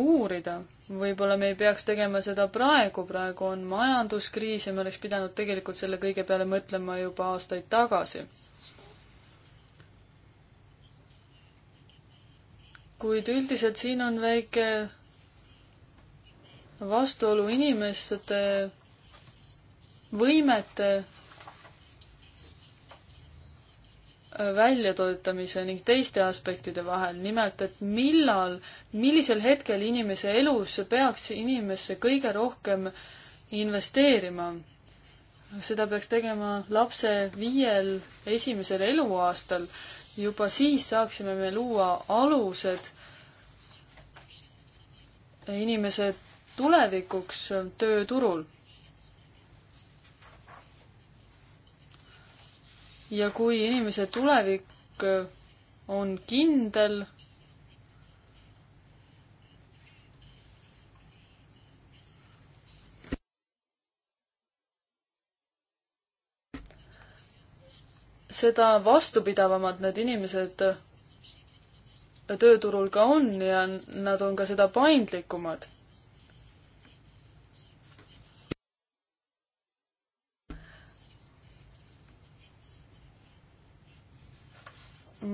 uurida. võib-olla me ei peaks tegema seda praegu, praegu on majanduskriis ja me oleks pidanud tegelikult selle kõige peale mõtlema juba aastaid tagasi kuid üldiselt siin on väike vastuolu inimeste võimete väljatoetamise ning teiste aspektide vahel, nimelt et millal, millisel hetkel inimese elus peaks inimesse kõige rohkem investeerima. seda peaks tegema lapse viiel esimesel eluaastal. juba siis saaksime me luua alused inimese tulevikuks tööturul. ja kui inimese tulevik on kindel, seda vastupidavamad need inimesed tööturul ka on ja nad on ka seda paindlikumad.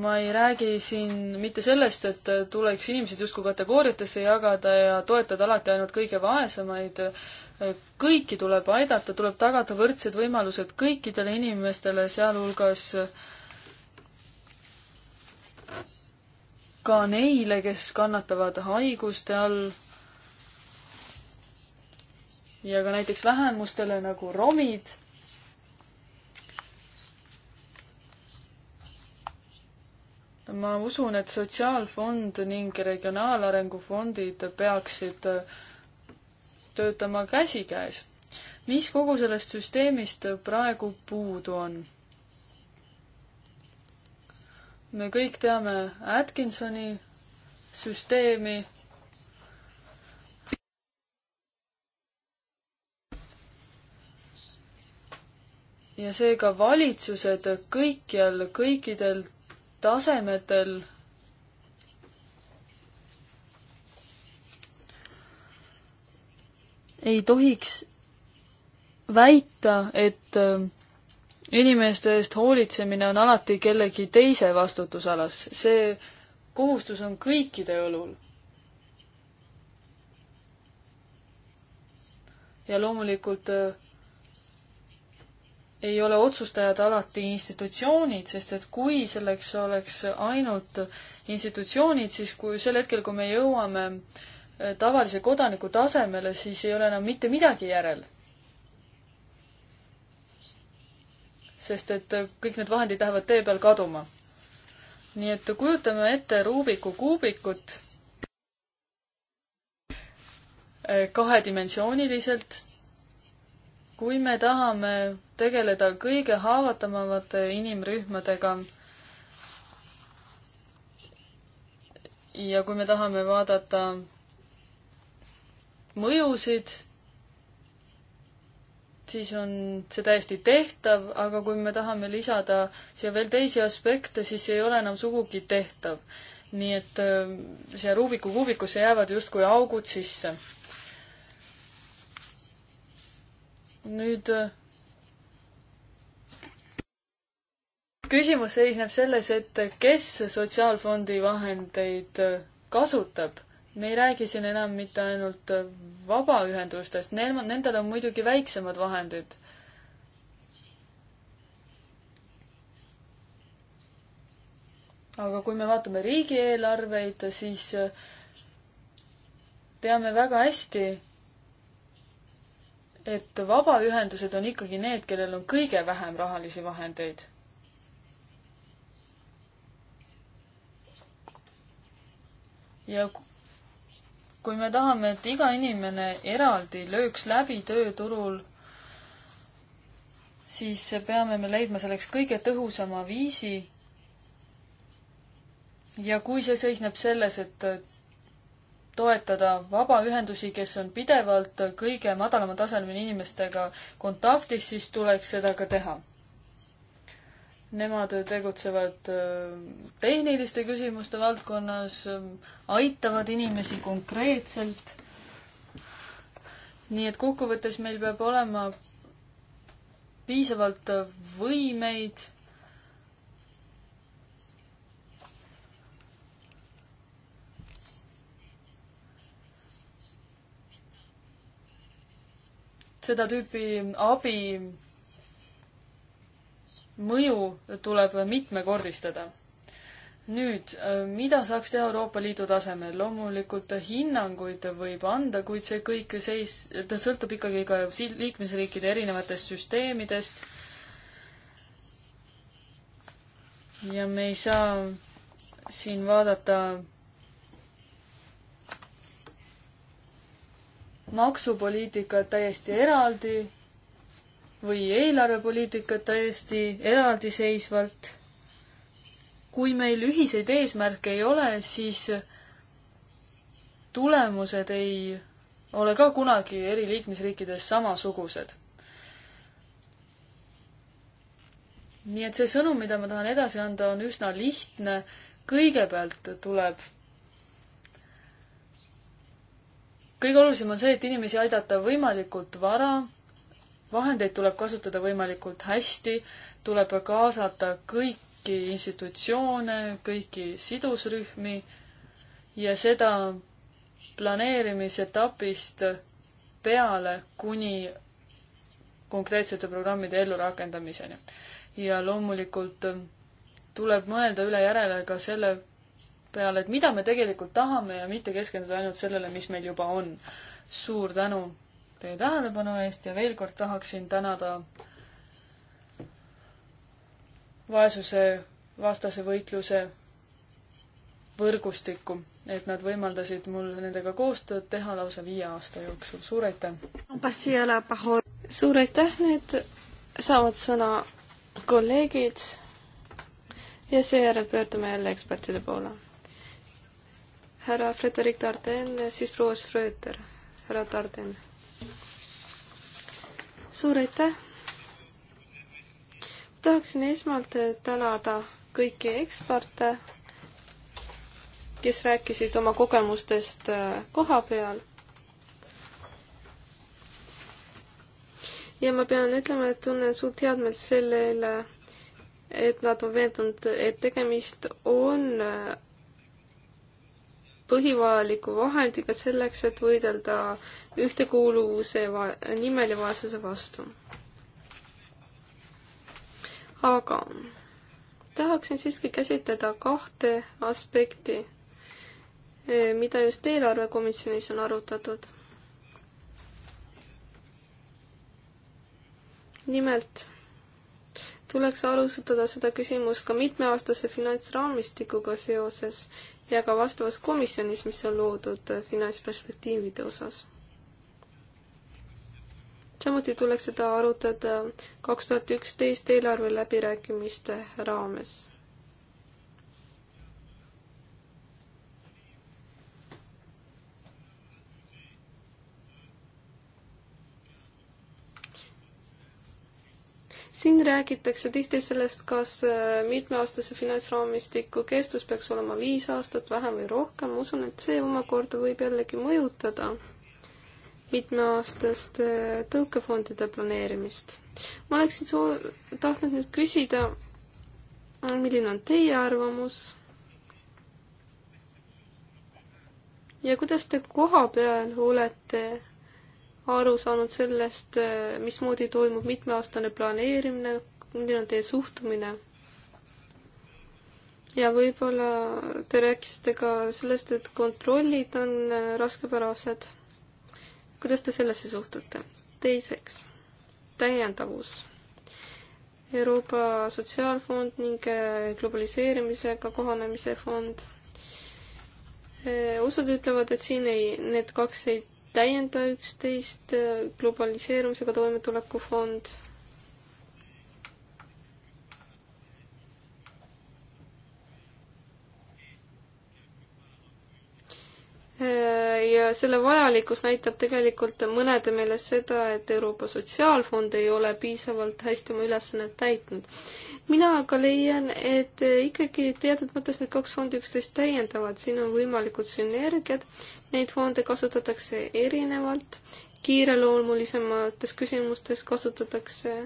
ma ei räägi siin mitte sellest, et tuleks inimesed justkui kategooriatesse jagada ja toetada alati ainult kõige vaesemaid. kõiki tuleb aidata, tuleb tagada võrdsed võimalused kõikidele inimestele, sealhulgas äh, ka neile, kes kannatavad haiguste all ja ka näiteks vähemustele nagu romid. ma usun, et Sotsiaalfond ning Regionaalarengu fondid peaksid töötama käsikäes. mis kogu sellest süsteemist praegu puudu on? me kõik teame Atkinsoni süsteemi. ja seega valitsused kõikjal, kõikidel tasemetel ei tohiks väita, et äh, inimeste eest hoolitsemine on alati kellegi teise vastutusalas, see kohustus on kõikide õlul. ja loomulikult äh, ei ole otsustajad alati institutsioonid, sest et kui selleks oleks ainult institutsioonid, siis kui sel hetkel, kui me jõuame äh, tavalise kodaniku tasemele, siis ei ole enam mitte midagi järel sest et kõik need vahendid lähevad tee peal kaduma. nii et kujutame ette Rubiku kuubikut eh, kahedimensiooniliselt. kui me tahame tegeleda kõige haavatavamate inimrühmadega ja kui me tahame vaadata mõjusid siis on see täiesti tehtav, aga kui me tahame lisada siia veel teisi aspekte, siis ei ole enam sugugi tehtav. nii et äh, siia Rubiku kuubikusse jäävad justkui augud sisse. nüüd äh, küsimus seisneb selles, et kes sotsiaalfondi vahendeid äh, kasutab me ei räägi siin enam mitte ainult vabaühendustest, neil, nendel on muidugi väiksemad vahendid. aga kui me vaatame riigieelarveid, siis eh, teame väga hästi, et vabaühendused on ikkagi need, kellel on kõige vähem rahalisi vahendeid ja kui me tahame, et iga inimene eraldi lööks läbi tööturul, siis peame me leidma selleks kõige tõhusama viisi. ja kui see seisneb selles, et toetada vabaühendusi, kes on pidevalt kõige madalama tasemel inimestega kontaktis, siis tuleks seda ka teha Nemad tegutsevad äh, tehniliste küsimuste valdkonnas, äh, aitavad inimesi konkreetselt. nii et kokkuvõttes meil peab olema piisavalt äh, võimeid seda tüüpi abi mõju tuleb mitmekordistada. nüüd, mida saaks teha Euroopa Liidu tasemel? loomulikult hinnanguid võib anda, kuid see kõik seis, ta sõltub ikkagi ka liikmesriikide erinevatest süsteemidest. ja me ei saa siin vaadata maksupoliitikat täiesti eraldi või eelarvepoliitikat täiesti eraldiseisvalt. kui meil ühiseid eesmärke ei ole, siis tulemused ei ole ka kunagi eri liikmesriikides samasugused. nii et see sõnum, mida ma tahan edasi anda, on üsna lihtne. kõigepealt tuleb kõige olulisem on see, et inimesi aidata võimalikult vara vahendeid tuleb kasutada võimalikult hästi, tuleb kaasata kõiki institutsioone, kõiki sidusrühmi ja seda planeerimisetapist peale kuni konkreetsete programmide ellurakendamiseni. ja loomulikult tuleb mõelda üle järele ka selle peale, et mida me tegelikult tahame ja mitte keskenduda ainult sellele, mis meil juba on. suur tänu teie tähelepanu eest ja veel kord tahaksin tänada vaesuse vastase võitluse võrgustikku, et nad võimaldasid mul nendega koostööd teha lausa viie aasta jooksul. suur aitäh! suur aitäh, nüüd saavad sõna kolleegid ja seejärel pöördume jälle ekspertide poole. härra Frederik Tarden, siis proua Schröter, härra Tarden suur aitäh! tahaksin esmalt tänada kõiki eksperte, kes rääkisid oma kogemustest äh, koha peal. ja ma pean ütlema, et tunnen suurt headmeelt selle üle, et nad on veendunud, et tegemist on äh, põhivajaliku vahendiga selleks, et võidelda äh, ühtekuuluvuse va-, nimel ja vaesuse vastu. aga tahaksin siiski käsitleda kahte aspekti, eh, mida just eelarvekomisjonis on arutatud. nimelt tuleks alustada seda küsimust ka mitmeaastase finantsraamistikuga seoses ja ka vastavas komisjonis, mis on loodud eh, finantsperspektiivide osas samuti tuleks seda arutada kaks tuhat üksteist eelarve läbirääkimiste raames. siin räägitakse tihti sellest, kas äh, mitmeaastase finantsraamistiku kestus peaks olema viis aastat vähem või rohkem, ma usun, et see omakorda võib jällegi mõjutada mitmeaastast äh, tõukefondide planeerimist. ma oleksin soo-, tahtnud nüüd küsida, milline on teie arvamus ja kuidas te koha peal olete aru saanud sellest, äh, mismoodi toimub mitmeaastane planeerimine, milline on teie suhtumine? ja võib-olla te rääkisite ka sellest, et kontrollid on äh, raskepärased kuidas te sellesse suhtute? teiseks, täiendavus. Euroopa Sotsiaalfond ning äh, globaliseerimisega kohanemise fond. Äh, osad ütlevad, et siin ei, need kaks ei täienda üksteist, äh, globaliseerumisega toimetuleku fond ja selle vajalikkus näitab tegelikult mõnede meelest seda, et Euroopa Sotsiaalfond ei ole piisavalt hästi oma ülesannet täitnud. mina aga leian, et ikkagi teatud mõttes need kaks fondi üksteist täiendavad, siin on võimalikud sünergiad, neid fonde kasutatakse erinevalt, kiireloomulisemates küsimustes kasutatakse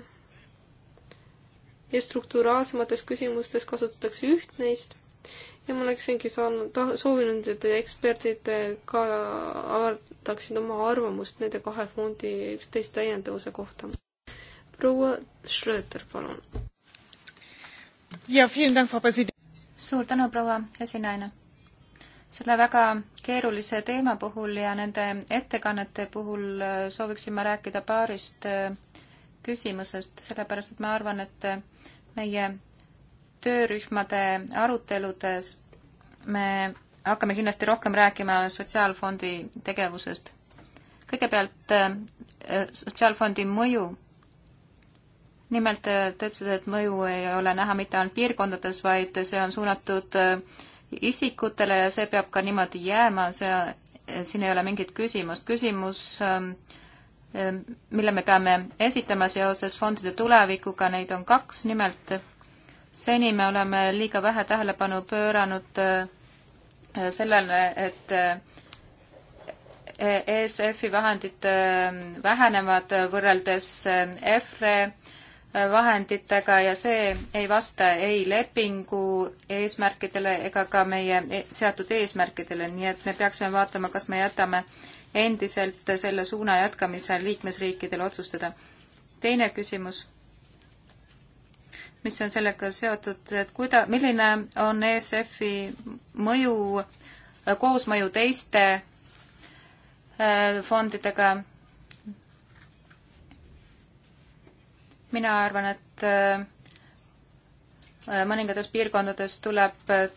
ja strukturaalsemates küsimustes kasutatakse üht neist ja ma oleksingi saanud, soovinud, et eksperdid ka avaldaksid oma arvamust nende kahe fondi üksteist täiendavuse kohta. proua Schröter, palun. suur tänu, proua esinaine. selle väga keerulise teema puhul ja nende ettekannete puhul äh, sooviksin ma rääkida paarist äh, küsimusest, sellepärast et ma arvan, et äh, meie töörühmade aruteludes me hakkame kindlasti rohkem rääkima Sotsiaalfondi tegevusest. kõigepealt äh, Sotsiaalfondi mõju. nimelt äh, te ütlesite, et mõju ei ole näha mitte ainult piirkondades, vaid see on suunatud äh, isikutele ja see peab ka niimoodi jääma, see, siin ei ole mingit küsimust. küsimus, ähm, mille me peame esitama seoses fondide tulevikuga, neid on kaks, nimelt seni me oleme liiga vähe tähelepanu pööranud äh, sellele, et äh, ESF-i vahendid äh, vähenevad võrreldes EFRE vahenditega ja see ei vasta ei lepingu eesmärkidele ega ka meie e, seatud eesmärkidele, nii et me peaksime vaatama, kas me jätame endiselt selle suuna jätkamise liikmesriikidele otsustada. teine küsimus mis on sellega seotud, et kuida-, milline on ESF-i mõju, koosmõju teiste äh, fondidega. mina arvan, et äh, mõningates piirkondades tuleb äh,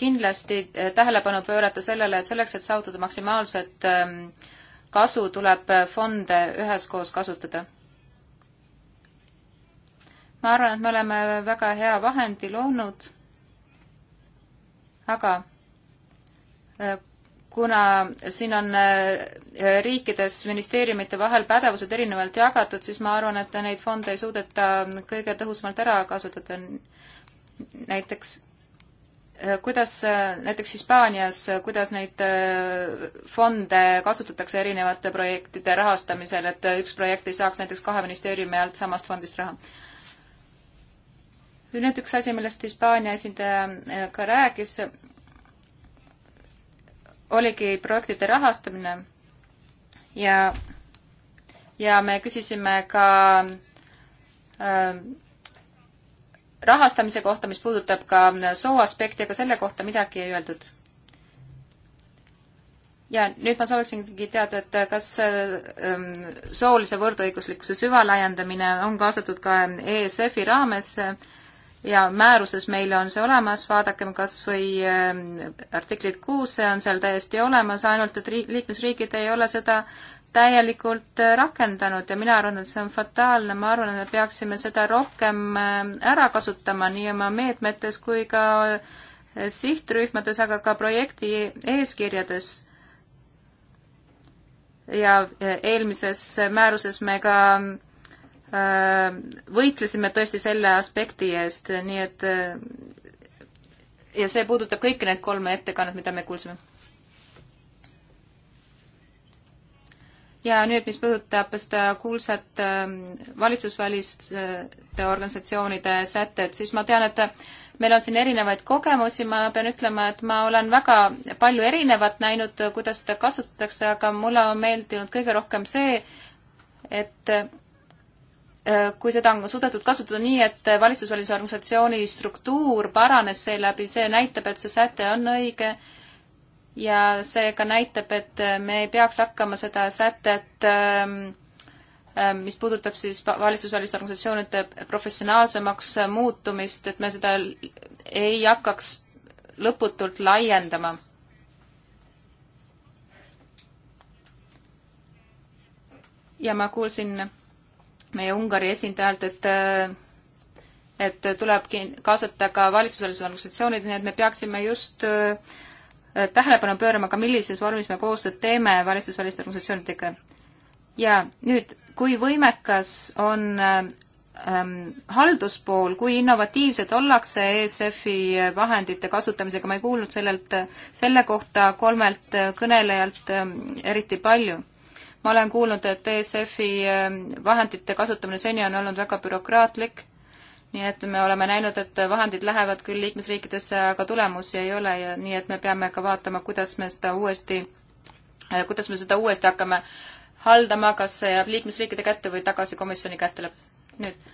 kindlasti tähelepanu pöörata sellele, et selleks, et saavutada maksimaalset ähm, kasu, tuleb fonde üheskoos kasutada ma arvan, et me oleme väga hea vahendi loonud, aga äh, kuna siin on äh, riikides ministeeriumite vahel pädevused erinevalt jagatud, siis ma arvan, et neid fonde ei suudeta kõige tõhusamalt ära kasutada. näiteks äh, kuidas näiteks Hispaanias, kuidas neid fonde kasutatakse erinevate projektide rahastamisel, et üks projekt ei saaks näiteks kahe ministeeriumi alt samast fondist raha? nüüd üks asi, millest Hispaania esindaja äh, ka rääkis, oligi projektide rahastamine ja, ja me küsisime ka äh, rahastamise kohta, mis puudutab ka äh, soo aspekti, aga selle kohta midagi ei öeldud. ja nüüd ma sooviksingi teada, et kas äh, ähm, soolise võrdõiguslikkuse süvalaiendamine on kaasatud ka ESF-i raames ja määruses meil on see olemas, vaadakem kas või ähm, artiklit kuus, see on seal täiesti olemas, ainult et riik, liikmesriigid ei ole seda täielikult äh, rakendanud ja mina arvan, et see on fataalne, ma arvan, et me peaksime seda rohkem ähm, ära kasutama nii oma meetmetes kui ka äh, sihtrühmades, aga ka projekti eeskirjades ja äh, eelmises määruses me ka Äh, võitlesime tõesti selle aspekti eest, nii et äh, ja see puudutab kõiki neid kolme ettekannet, mida me kuulsime. ja nüüd, mis puudutab seda kuulsat äh, valitsusväliste organisatsioonide sätet, siis ma tean, et meil on siin erinevaid kogemusi, ma pean ütlema, et ma olen väga palju erinevat näinud, kuidas seda kasutatakse, aga mulle on meeldinud kõige rohkem see, et Äh, kui seda on suudetud kasutada nii, et valitsusvälise organisatsiooni struktuur paranes seeläbi, see näitab, et see säte on õige ja see ka näitab, et me ei peaks hakkama seda sätet, ähm, ähm, mis puudutab siis valitsusväliste organisatsioonide professionaalsemaks muutumist, et me seda ei hakkaks lõputult laiendama ja ma kuulsin meie Ungari esindajalt, et äh, et tulebki kaasata ka valitsusvälised organisatsioonid, nii et me peaksime just äh, tähelepanu pöörama ka, millises vormis me koostööd teeme valitsusväliste organisatsioonidega. ja nüüd, kui võimekas on äh, ähm, halduspool, kui innovatiivsed ollakse ESF-i vahendite kasutamisega, ma ei kuulnud sellelt, selle kohta kolmelt kõnelejalt ähm, eriti palju ma olen kuulnud, et ESF-i ähm, vahendite kasutamine seni on olnud väga bürokraatlik, nii et me oleme näinud, et vahendid lähevad küll liikmesriikidesse, aga tulemusi ei ole ja nii et me peame ka vaatama, kuidas me seda uuesti, äh, kuidas me seda uuesti hakkame haldama, kas see jääb liikmesriikide kätte või tagasi komisjoni kätte lõpp. nüüd.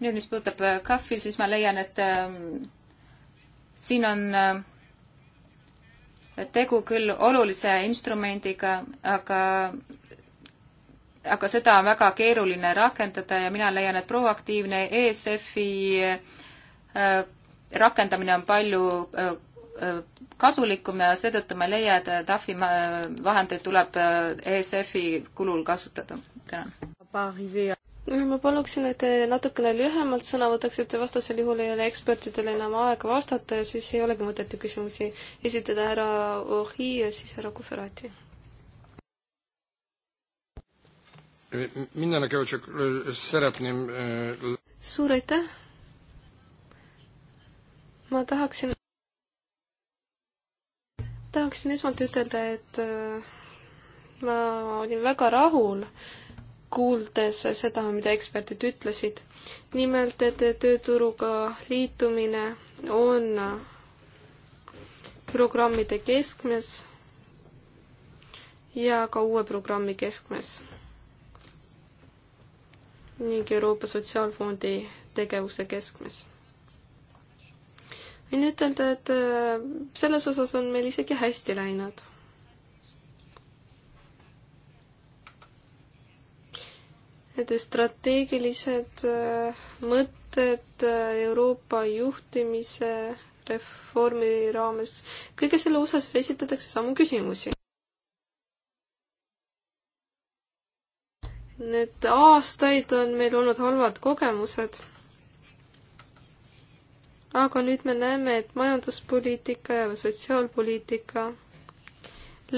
nüüd, mis puudutab KAF-i, äh, siis ma leian, et äh, siin on äh, tegu küll olulise instrumendiga, aga aga seda on väga keeruline rakendada ja mina leian, et proaktiivne ESF-i äh, rakendamine on palju äh, äh, kasulikum ja seetõttu ma ei leia, et TAFi vahendeid tuleb ESF-i kulul kasutada. tänan ma paluksin, et te natukene lühemalt sõna võtaksite, vastasel juhul ei ole ekspertidel enam aega vastata ja siis ei olegi mõtet ju küsimusi esitada härra Ohi ja siis härra Kuferati. Nagu äh, suur aitäh! ma tahaksin, tahaksin esmalt ütelda, et äh, ma olin väga rahul äh, kuuldes seda, mida eksperdid ütlesid. nimelt, et tööturuga liitumine on programmide keskmes ja ka uue programmi keskmes ning Euroopa Sotsiaalfondi tegevuse keskmes. võin ütelda, et selles osas on meil isegi hästi läinud Nende strateegilised äh, mõtted äh, Euroopa juhtimise reformi raames, kõige selle osas esitatakse samu küsimusi. Need aastaid on meil olnud halvad kogemused aga nüüd me näeme, et majanduspoliitika ja sotsiaalpoliitika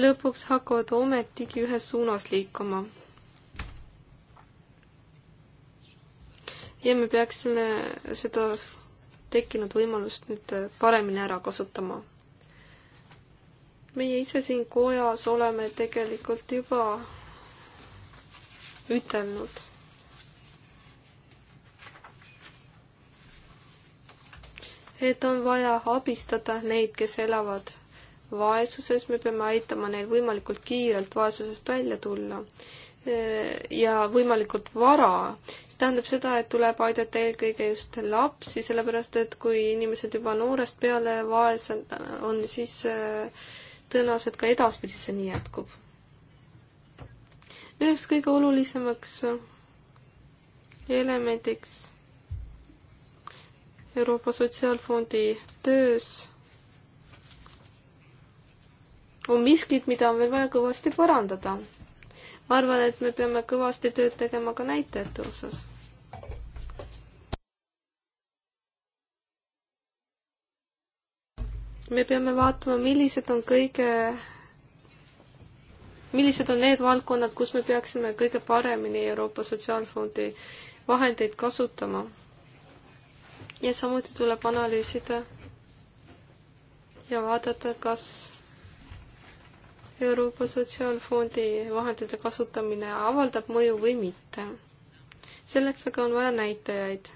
lõpuks hakkavad ometigi ühes suunas liikuma. ja me peaksime seda tekkinud võimalust nüüd paremini ära kasutama. meie ise siin kojas oleme tegelikult juba ütelnud. et on vaja abistada neid, kes elavad vaesuses, me peame aitama neil võimalikult kiirelt vaesusest välja tulla ja võimalikult vara. see tähendab seda, et tuleb aidata eelkõige just lapsi, sellepärast et kui inimesed juba noorest peale vaesed on, siis äh, tõenäoliselt ka edaspidi see nii jätkub. üheks kõige olulisemaks elemendiks Euroopa Sotsiaalfondi töös on miskit, mida on veel vaja kõvasti parandada ma arvan, et me peame kõvasti tööd tegema ka näitajate osas. me peame vaatama, millised on kõige, millised on need valdkonnad, kus me peaksime kõige paremini Euroopa Sotsiaalfondi vahendeid kasutama. ja samuti tuleb analüüsida ja vaadata, kas Euroopa Sotsiaalfondi vahendite kasutamine avaldab mõju või mitte. selleks aga on vaja näitajaid.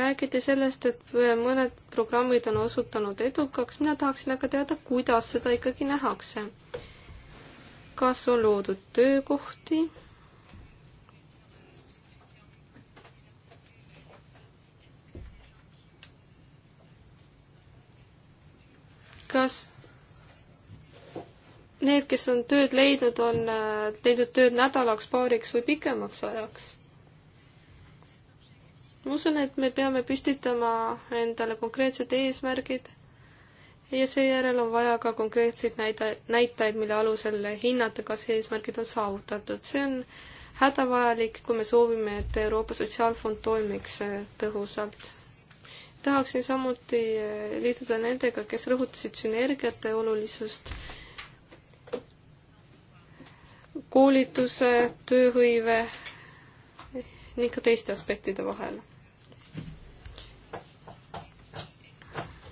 räägiti sellest, et mõned programmid on osutunud edukaks, mina tahaksin aga teada, kuidas seda ikkagi nähakse. kas on loodud töökohti? kas need, kes on tööd leidnud, on leidnud äh, tööd nädalaks, paariks või pikemaks ajaks. ma usun, et me peame püstitama endale konkreetsed eesmärgid ja seejärel on vaja ka konkreetseid näida-, näitajaid, mille alusel hinnata, kas eesmärgid on saavutatud. see on hädavajalik, kui me soovime, et Euroopa Sotsiaalfond toimiks äh, tõhusalt. tahaksin samuti äh, liituda nendega, kes rõhutasid sünergiate olulisust koolituse, tööhõive ning ka teiste aspektide vahel.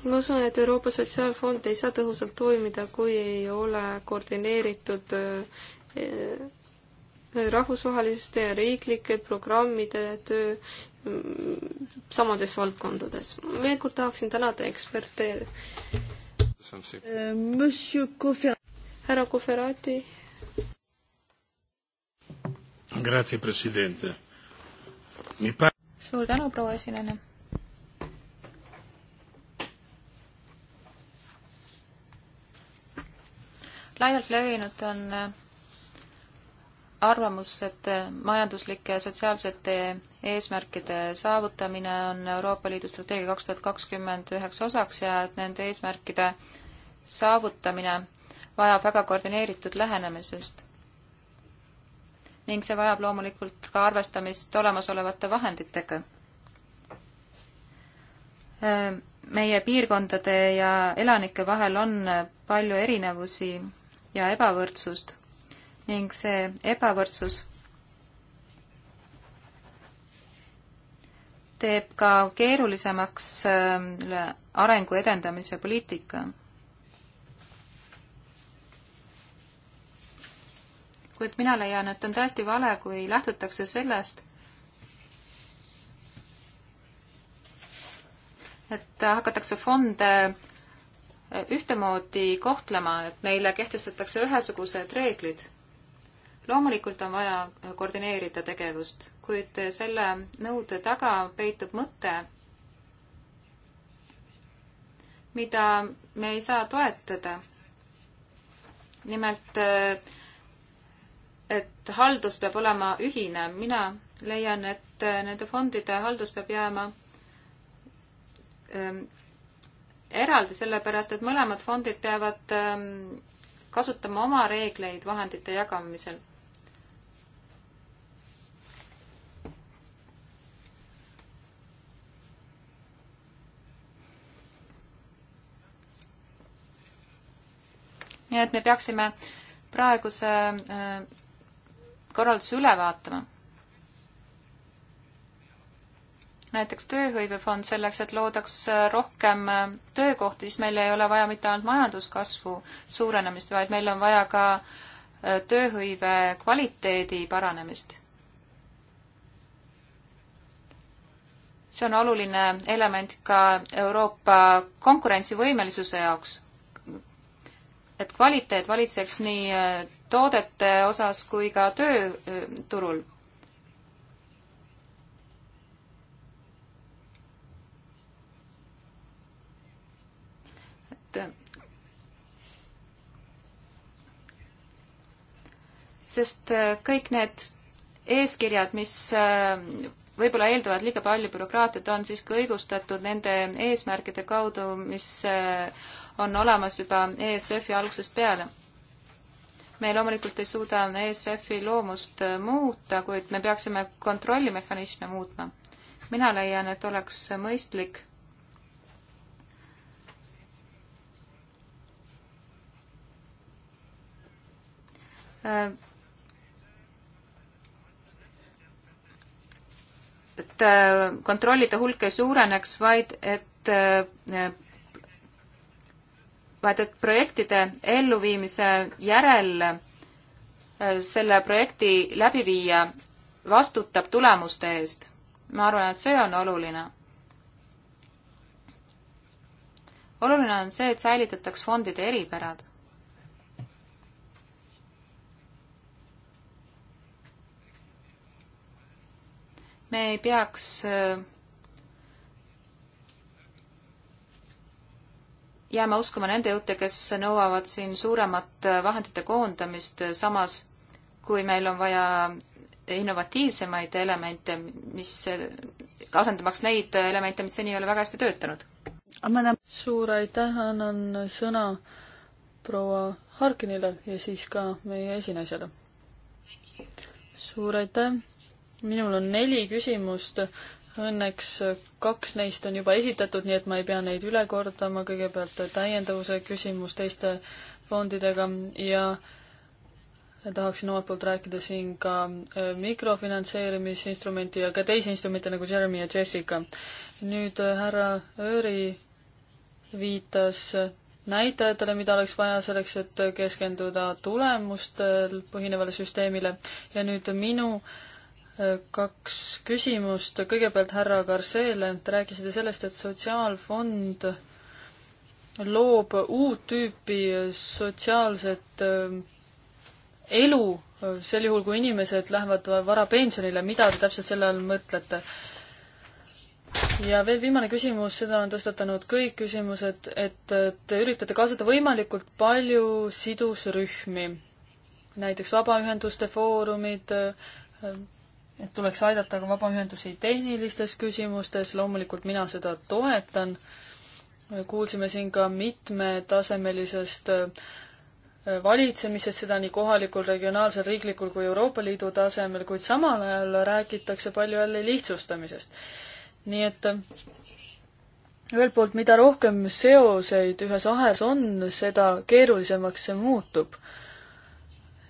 ma usun, et Euroopa Sotsiaalfond ei saa tõhusalt toimida, kui ei ole koordineeritud eh, rahvusvaheliste ja riiklike programmide töö mm, samades valdkondades. veel kord tahaksin tänada eksperte. Eh, härra Koferati Grazie, president. suur tänu, proua esinejana. laialt levinud on äh, arvamus, et äh, majanduslike ja sotsiaalsete eesmärkide saavutamine on Euroopa Liidu strateegia kaks tuhat kakskümmend üheks osaks ja et nende eesmärkide saavutamine vajab väga koordineeritud lähenemisest ning see vajab loomulikult ka arvestamist olemasolevate vahenditega. meie piirkondade ja elanike vahel on palju erinevusi ja ebavõrdsust ning see ebavõrdsus teeb ka keerulisemaks äh, arengu edendamise poliitika kuid mina leian, et on täiesti vale, kui lähtutakse sellest, et hakatakse fonde e, ühtemoodi kohtlema, et neile kehtestatakse ühesugused reeglid. loomulikult on vaja koordineerida tegevust, kuid selle nõude taga peitub mõte, mida me ei saa toetada. nimelt e, et haldus peab olema ühine. mina leian, et nende fondide haldus peab jääma ähm, eraldi, sellepärast et mõlemad fondid peavad ähm, kasutama oma reegleid vahendite jagamisel nii et me peaksime praeguse äh, korralduse üle vaatama. näiteks tööhõivefond selleks, et loodaks rohkem töökohti, siis meil ei ole vaja mitte ainult majanduskasvu suurenemist, vaid meil on vaja ka äh, tööhõive kvaliteedi paranemist. see on oluline element ka Euroopa konkurentsivõimelisuse jaoks et kvaliteet valitseks nii äh, toodete osas kui ka tööturul. et sest kõik need eeskirjad, mis äh, võib-olla eeldavad liiga palju bürokraatiat, on siiski õigustatud nende eesmärkide kaudu, mis äh, on olemas juba ESF-i algusest peale me loomulikult ei suuda ESF-i loomust äh, muuta, kuid me peaksime kontrollimehhanisme muutma. mina leian, et oleks mõistlik äh, et äh, kontrollide hulk ei suureneks, vaid et vaid et projektide elluviimise järel äh, selle projekti läbiviija vastutab tulemuste eest. ma arvan, et see on oluline. oluline on see, et säilitataks fondide eripärad. me ei peaks äh, jääma uskuma nende juurde, kes nõuavad siin suuremat vahendite koondamist, samas kui meil on vaja innovatiivsemaid elemente, mis, asendamaks neid elemente, mis seni ei ole väga hästi töötanud. suur aitäh, annan sõna proua Harkinile ja siis ka meie esinaisele. suur aitäh, minul on neli küsimust Õnneks kaks neist on juba esitatud, nii et ma ei pea neid üle kordama, kõigepealt täiendavuse küsimus teiste fondidega ja tahaksin omalt poolt rääkida siin ka äh, mikrofinantseerimisinstrumenti ja ka teisi instrumente nagu Jeremy ja Jessica. nüüd äh, härra Ööri viitas näitajatele, mida oleks vaja selleks, et keskenduda tulemustel põhinevale süsteemile ja nüüd minu äh, kaks küsimust, kõigepealt härra Garcele, te rääkisite sellest, et sotsiaalfond loob uut tüüpi sotsiaalset äh, elu sel juhul, kui inimesed lähevad varapensionile, mida te täpselt selle all mõtlete? ja veel viimane küsimus, seda on tõstatanud kõik küsimused, et äh, te üritate kaasata võimalikult palju sidusrühmi, näiteks vabaühenduste foorumid, äh, et tuleks aidata ka vabaühendusi tehnilistes küsimustes, loomulikult mina seda toetan. kuulsime siin ka mitmetasemelisest äh, valitsemisest, seda nii kohalikul, regionaalsel, riiklikul kui Euroopa Liidu tasemel, kuid samal ajal räägitakse palju jälle lihtsustamisest. nii et äh, ühelt poolt, mida rohkem seoseid ühes ahes on, seda keerulisemaks see muutub.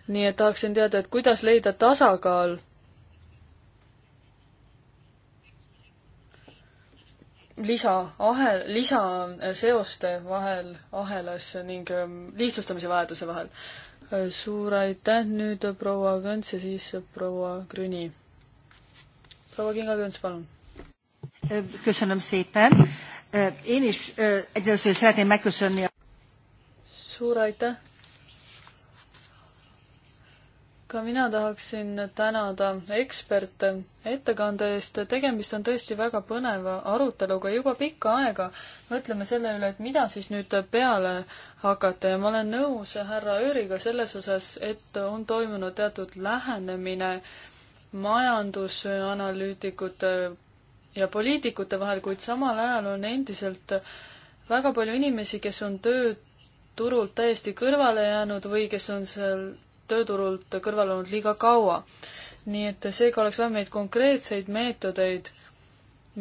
nii et tahaksin teada, et kuidas leida tasakaal lisa ahel, lisaseoste äh, vahel, ahelas ning ähm, lihtsustamise vajaduse vahel. Äh, suur aitäh nüüd äh, proua Kõnts ja siis proua Grüni. proua Kinga-Kõnts, palun. köszönöm szépen. Én is egyrészt szeretném megköszönni. suur aitäh ka mina tahaksin tänada eksperte ettekande eest, tegemist on tõesti väga põneva aruteluga, juba pikka aega mõtleme selle üle, et mida siis nüüd peale hakata ja ma olen nõus härra Ööriga selles osas, et on toimunud teatud lähenemine majandusanalüütikute ja poliitikute vahel, kuid samal ajal on endiselt väga palju inimesi, kes on tööturult täiesti kõrvale jäänud või kes on seal tööturult kõrval olnud liiga kaua. nii et seega oleks vaja meid konkreetseid meetodeid,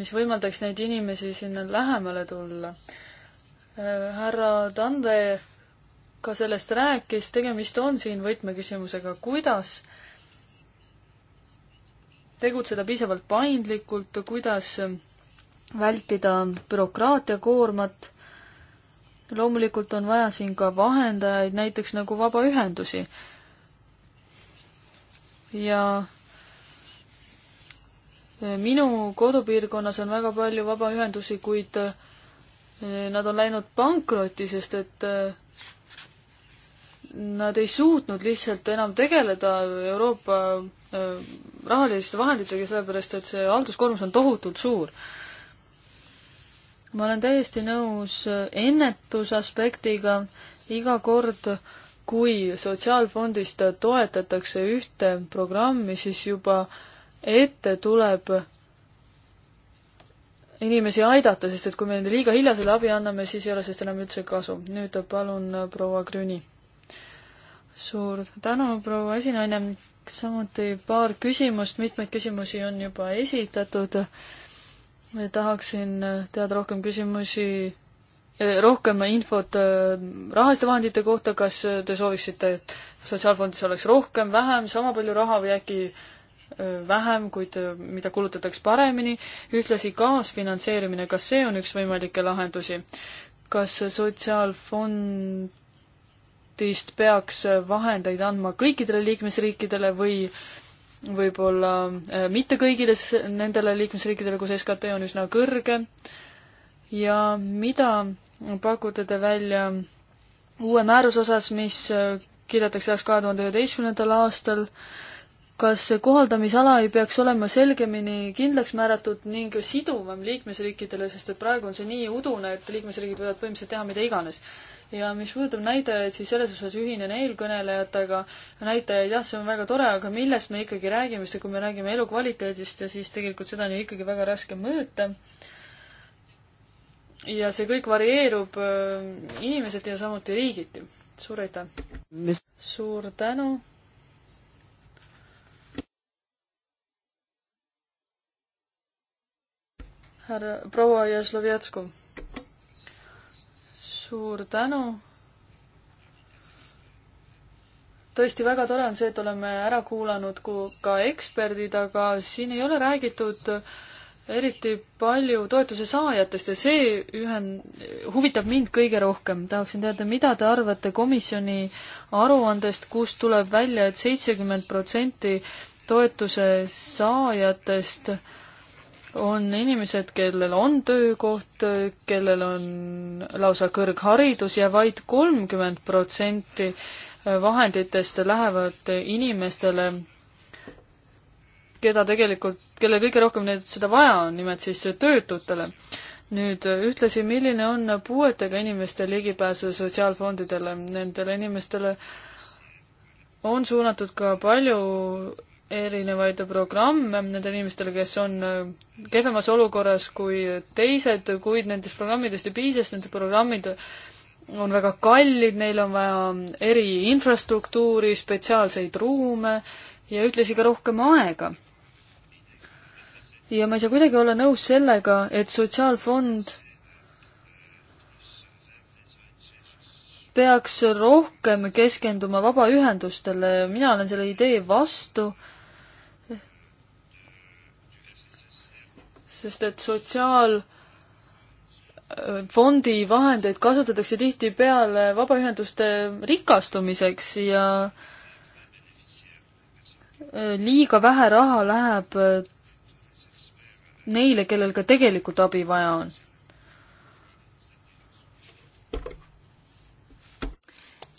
mis võimaldaks neid inimesi sinna lähemale tulla. Äh, härra Tande ka sellest rääkis, tegemist on siin võtmeküsimusega, kuidas tegutseda piisavalt paindlikult, kuidas vältida bürokraatia koormat. loomulikult on vaja siin ka vahendajaid, näiteks nagu vabaühendusi ja minu kodupiirkonnas on väga palju vabaühendusi, kuid eh, nad on läinud pankrotti, sest et eh, nad ei suutnud lihtsalt enam tegeleda Euroopa eh, rahaliste vahenditega, sellepärast et see halduskoormus on tohutult suur. ma olen täiesti nõus ennetusaspektiga, iga kord kui sotsiaalfondist toetatakse ühte programmi, siis juba ette tuleb inimesi aidata, sest et kui me neile liiga hilja selle abi anname, siis ei ole sellest enam üldse kasu. nüüd palun äh, proua Grüni. suur tänu, proua esinaine. samuti paar küsimust, mitmeid küsimusi on juba esitatud. tahaksin äh, teada rohkem küsimusi Eh, rohkem infot eh, rahaliste vahendite kohta, kas eh, te sooviksite, et sotsiaalfondis oleks rohkem, vähem, sama palju raha või äkki vähem, kuid mida kulutatakse paremini, ühtlasi kaasfinantseerimine, kas see on üks võimalikke lahendusi? kas sotsiaalfondist peaks vahendeid andma kõikidele liikmesriikidele või võib-olla mitte kõigile nendele liikmesriikidele, kus SKT on üsna kõrge, ja mida pakute te välja uue määruse osas, mis kiidetakse heaks kahe tuhande üheteistkümnendal aastal, kas kohaldamisala ei peaks olema selgemini kindlaks määratud ning siduvam liikmesriikidele, sest et praegu on see nii udune, et liikmesriigid võivad põhimõtteliselt teha mida iganes. ja mis puudutab näitajaid, siis selles osas ühinen eelkõnelejatega, näitajaid jah, see on väga tore, aga millest me ikkagi räägime, sest kui me räägime elukvaliteedist ja siis tegelikult seda on ju ikkagi väga raske mõõta ja see kõik varieerub äh, inimeseti ja samuti riigiti. suur aitäh! suur tänu! härra, proua Jaslovjatsko. suur tänu! tõesti väga tore on see, et oleme ära kuulanud ka eksperdid, aga siin ei ole räägitud äh, eriti palju toetuse saajatest ja see ühen-, huvitab mind kõige rohkem. tahaksin teada, mida te arvate komisjoni aruandest, kust tuleb välja et, et seitsekümmend protsenti toetuse saajatest on inimesed, kellel on töökoht, kellel on lausa kõrgharidus ja vaid kolmkümmend protsenti vahenditest lähevad inimestele keda tegelikult, kellel kõige rohkem neid, seda vaja on, nimelt siis töötutele. nüüd äh, ühtlasi, milline on puuetega inimeste ligipääs sotsiaalfondidele, nendele inimestele on suunatud ka palju erinevaid programme nendele inimestele, kes on äh, kehvemas olukorras kui teised, kuid nendest programmidest ei piisa, sest need programmid on väga kallid, neil on vaja eri infrastruktuuri, spetsiaalseid ruume ja ühtlasi ka rohkem aega ja ma ei saa kuidagi olla nõus sellega, et sotsiaalfond peaks rohkem keskenduma vabaühendustele, mina olen selle idee vastu, sest et sotsiaal- äh, fondi vahendeid kasutatakse tihtipeale vabaühenduste rikastumiseks ja äh, liiga vähe raha läheb äh, neile, kellel ka tegelikult abi vaja on.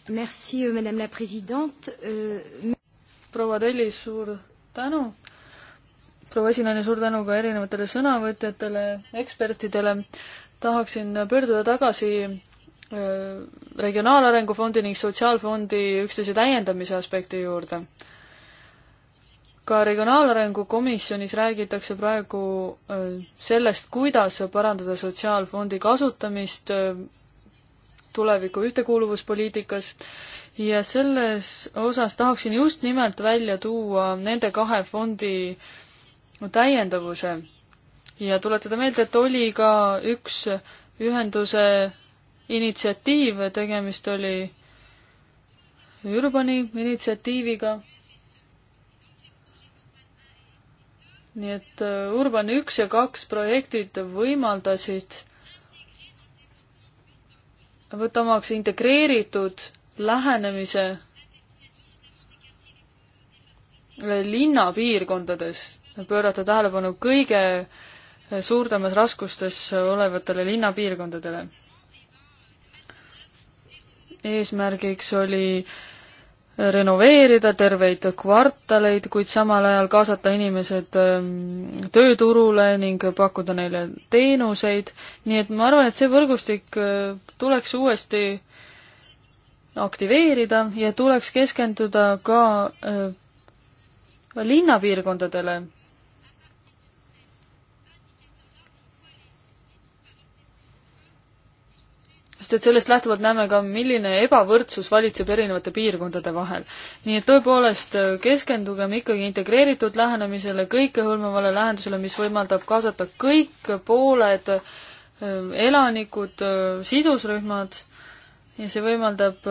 Merci, euh, madame la présidente euh.... proua Telli, suur tänu. proua esinaine, suur tänu ka erinevatele sõnavõtjatele, ekspertidele. tahaksin pöörduda tagasi äh, Regionaalarengu Fondi ning Sotsiaalfondi üksteise täiendamise aspekti juurde ka Regionaalarengu komisjonis räägitakse praegu äh, sellest, kuidas parandada sotsiaalfondi kasutamist äh, tuleviku ühtekuuluvuspoliitikas ja selles osas tahaksin just nimelt välja tuua nende kahe fondi täiendavuse ja tuletada meelde, et oli ka üks ühenduse initsiatiiv, tegemist oli Urbani initsiatiiviga nii et äh, Urban üks ja kaks projektid võimaldasid võtta omaks integreeritud lähenemise äh, linnapiirkondades, pöörata tähelepanu kõige äh, suurtemas raskustes olevatele linnapiirkondadele. eesmärgiks oli äh, renoveerida terveid kvartaleid, kuid samal ajal kaasata inimesed ähm, tööturule ning pakkuda neile teenuseid, nii et ma arvan, et see võrgustik äh, tuleks uuesti aktiveerida ja tuleks keskenduda ka äh, linnapiirkondadele sest et sellest lähtuvalt näeme ka, milline ebavõrdsus valitseb erinevate piirkondade vahel. nii et tõepoolest äh, keskendugem ikkagi integreeritud lähenemisele, kõikehõlmavale lahendusele, mis võimaldab kaasata kõik pooled, äh, elanikud, äh, sidusrühmad ja see võimaldab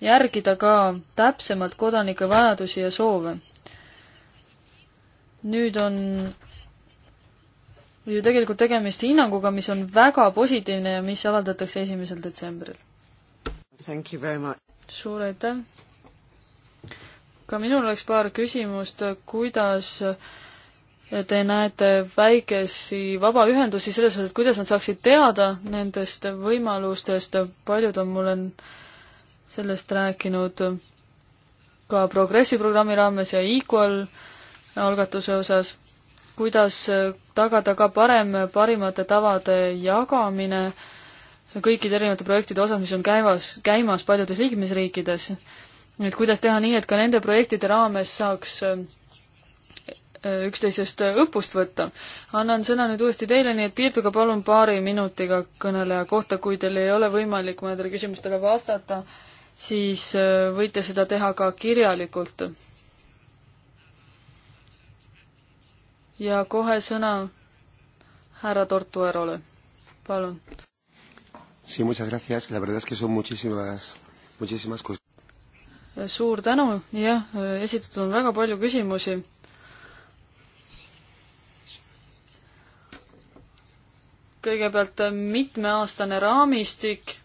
järgida ka täpsemalt kodanike vajadusi ja soove. nüüd on ju tegelikult tegemist hinnanguga, mis on väga positiivne ja mis avaldatakse esimesel detsembril. suur aitäh! ka minul oleks paar küsimust, kuidas te näete väikesi vabaühendusi selles osas, et kuidas nad saaksid teada nendest võimalustest, paljud on mulle sellest rääkinud ka Progressi programmi raames ja Equal algatuse osas kuidas tagada ka parem parimate tavade jagamine kõikide erinevate projektide osas, mis on käivas, käimas paljudes liikmesriikides. et kuidas teha nii, et ka nende projektide raames saaks äh, äh, üksteisest äh, õppust võtta. annan sõna nüüd uuesti teile, nii et piirduge palun paari minutiga kõneleja kohta, kui teil ei ole võimalik mõnedele küsimustele vastata, siis võite seda teha ka kirjalikult ja kohe sõna härra Tortuerole, palun. Sí, muchas gracias. La verdad es que son muchísimas, muchísimas cosas. suur tänu, jah, esitatud on väga palju küsimusi. kõigepealt äh, mitmeaastane raamistik,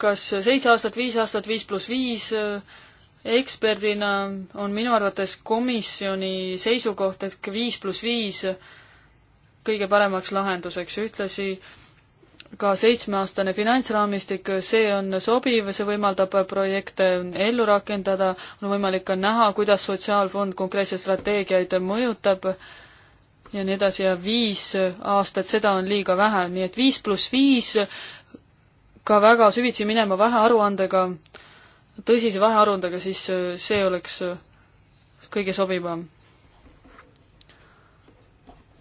kas seitse aastat, viis aastat, viis pluss viis, äh, eksperdina on minu arvates komisjoni seisukoht, et viis pluss viis kõige paremaks lahenduseks, ühtlasi ka seitsmeaastane finantsraamistik, see on sobiv, see võimaldab projekte ellu rakendada, on võimalik ka näha, kuidas Sotsiaalfond konkreetseid strateegiaid mõjutab ja nii edasi ja viis aastat, seda on liiga vähe, nii et viis pluss viis ka väga süvitsi minema vähe aruandega äh, tõsise vahearundega, siis äh, see oleks äh, kõige sobivam.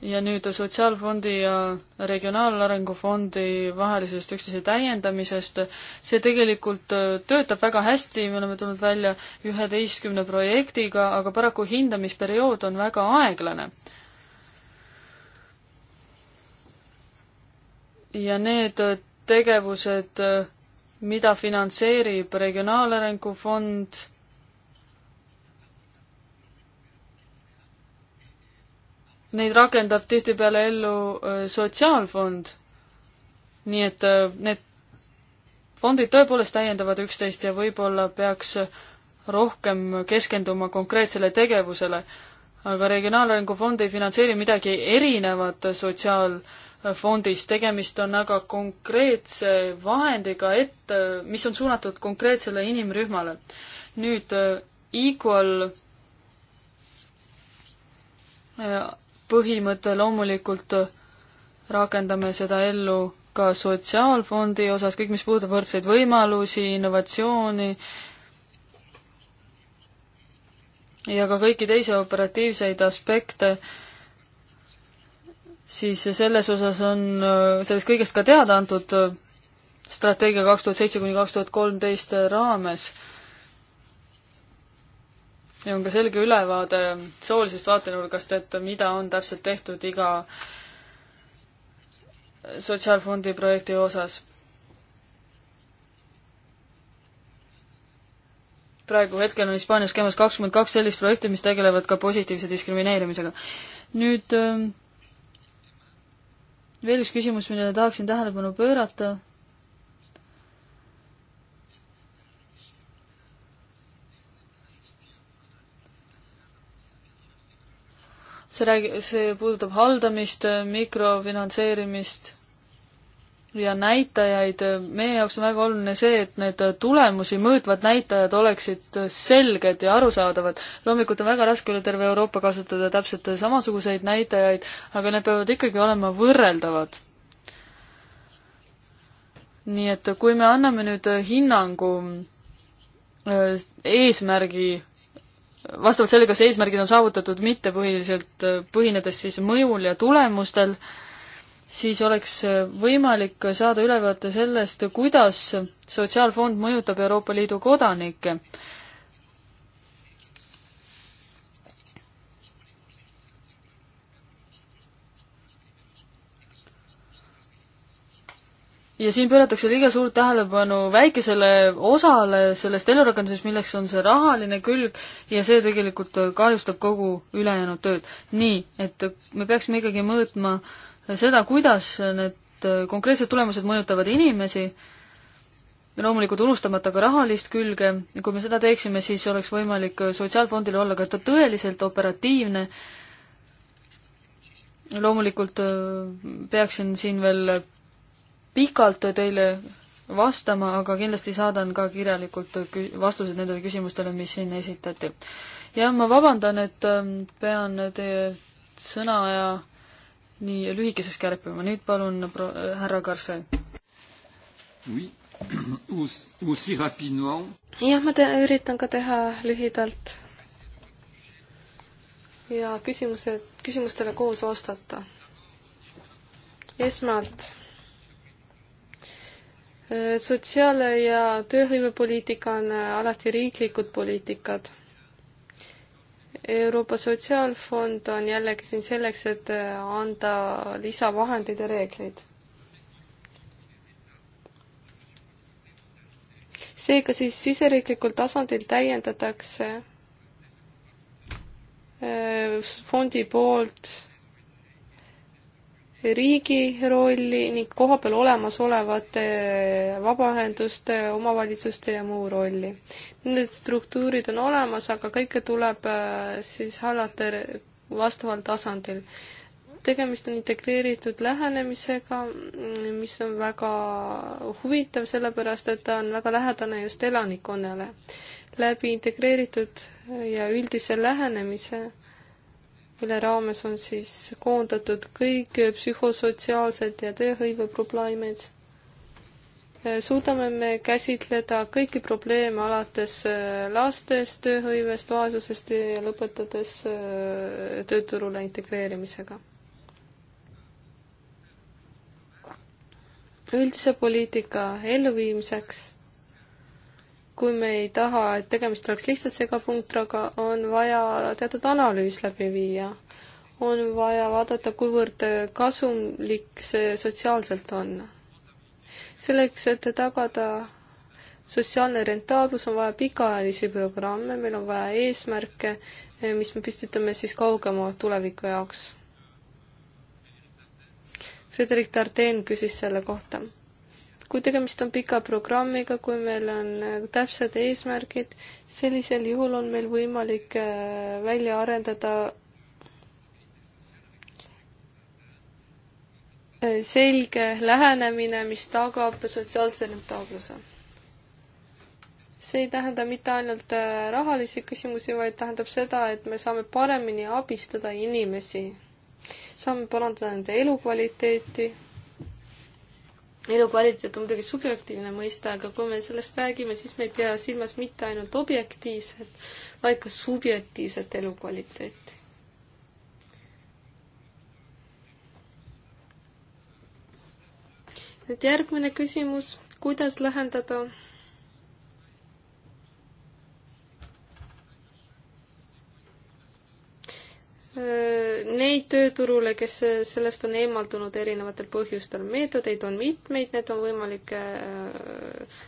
ja nüüd Sotsiaalfondi ja Regionaalarengu Fondi vahelisest üksteise täiendamisest, see tegelikult äh, töötab väga hästi, me oleme tulnud välja üheteistkümne projektiga, aga paraku hindamisperiood on väga aeglane ja need tegevused mida finantseerib Regionaalarengu Fond neid rakendab tihtipeale ellu sotsiaalfond. nii et need fondid tõepoolest täiendavad üksteist ja võib-olla peaks rohkem keskenduma konkreetsele tegevusele aga Regionaalarengu Fond ei finantseeri midagi erinevat sotsiaalfondist, tegemist on aga konkreetse vahendiga, et mis on suunatud konkreetsele inimrühmale. nüüd äh, Equal äh, põhimõte loomulikult äh, rakendame seda ellu ka sotsiaalfondi osas, kõik, mis puudutab võrdseid võimalusi, innovatsiooni, ja ka kõiki teisi operatiivseid aspekte, siis selles osas on sellest kõigest ka teada antud strateegia kaks tuhat seitse kuni kaks tuhat kolmteist raames. ja on ka selge ülevaade soolisest vaatenurgast, et mida on täpselt tehtud iga sotsiaalfondi projekti osas. praegu hetkel on Hispaanias käimas kakskümmend kaks sellist projekti, mis tegelevad ka positiivse diskrimineerimisega. nüüd ähm, veel üks küsimus, millele tahaksin tähelepanu pöörata. see räägi-, see puudutab haldamist, mikrofinantseerimist ja näitajaid, meie jaoks on väga oluline see, et need tulemusi mõõtvad näitajad oleksid selged ja arusaadavad. loomulikult on väga raske üle terve Euroopa kasutada täpselt samasuguseid näitajaid, aga need peavad ikkagi olema võrreldavad. nii et kui me anname nüüd hinnangu äh, eesmärgi vastavalt sellele, kas eesmärgid on saavutatud mitte põhiliselt, äh, põhinedes siis mõjul ja tulemustel, siis oleks võimalik saada ülevaate sellest, kuidas Sotsiaalfond mõjutab Euroopa Liidu kodanikke. ja siin pööratakse liiga suurt tähelepanu väikesele osale sellest elurakendusest, milleks on see rahaline külg ja see tegelikult kahjustab kogu ülejäänud tööd. nii, et me peaksime ikkagi mõõtma äh, seda, kuidas need konkreetsed tulemused mõjutavad inimesi, loomulikult unustamata ka rahalist külge, kui me seda teeksime, siis oleks võimalik Sotsiaalfondil olla ka tõeliselt operatiivne. loomulikult äh, peaksin siin veel pikalt teile vastama, aga kindlasti saadan ka kirjalikult vastused nendele küsimustele, mis siin esitati. ja ma vabandan, et äh, pean teie sõna ja nii lühikeses kärpima, nüüd palun pro-, äh, härra Karsel. [CLEARS THROAT] jah, ma te-, üritan ka teha lühidalt ja küsimused, küsimustele koos vastata. esmalt, äh, sotsiaal- ja tööhõivepoliitika on äh, alati riiklikud poliitikad Euroopa Sotsiaalfond on jällegi siin selleks, et äh, anda lisavahendeid ja reegleid. seega siis siseriiklikul tasandil täiendatakse äh, fondi poolt riigi rolli ning kohapeal olemasolevate vabaühenduste, omavalitsuste ja muu rolli. Need struktuurid on olemas, aga kõike tuleb äh, siis hallata vastaval tasandil. tegemist on integreeritud lähenemisega, mis on väga huvitav, sellepärast et ta on väga lähedane just elanikkonnale. läbi integreeritud ja üldise lähenemise mille raames on siis koondatud kõik psühhosotsiaalsed ja tööhõiveprobleemid. suudame me käsitleda kõiki probleeme alates äh, lastest, tööhõivest, vaesusest ja lõpetades äh, tööturule integreerimisega. üldise poliitika elluviimiseks kui me ei taha, et tegemist oleks lihtsalt segapunktraga, on vaja teatud analüüs läbi viia. on vaja vaadata, kuivõrd kasumlik see sotsiaalselt on. selleks, et tagada sotsiaalne rentaablus, on vaja pikaajalisi programme, meil on vaja eesmärke, mis me püstitame siis kaugema tuleviku jaoks. Frederik Tarden küsis selle kohta kui tegemist on pika programmiga, kui meil on äh, täpsed eesmärgid, sellisel juhul on meil võimalik äh, välja arendada äh, selge lähenemine, mis tagab sotsiaalse rentaabluse. see ei tähenda mitte ainult rahalisi küsimusi, vaid tähendab seda, et me saame paremini abistada inimesi, saame parandada nende elukvaliteeti elukvaliteet on muidugi subjektiivne mõiste, aga kui me sellest räägime, siis me ei pea silmas mitte ainult objektiivset, vaid ka subjektiivset elukvaliteeti. nüüd järgmine küsimus, kuidas lahendada neid tööturule, kes sellest on eemaldunud erinevatel põhjustel. meetodeid on mitmeid, need on võimalik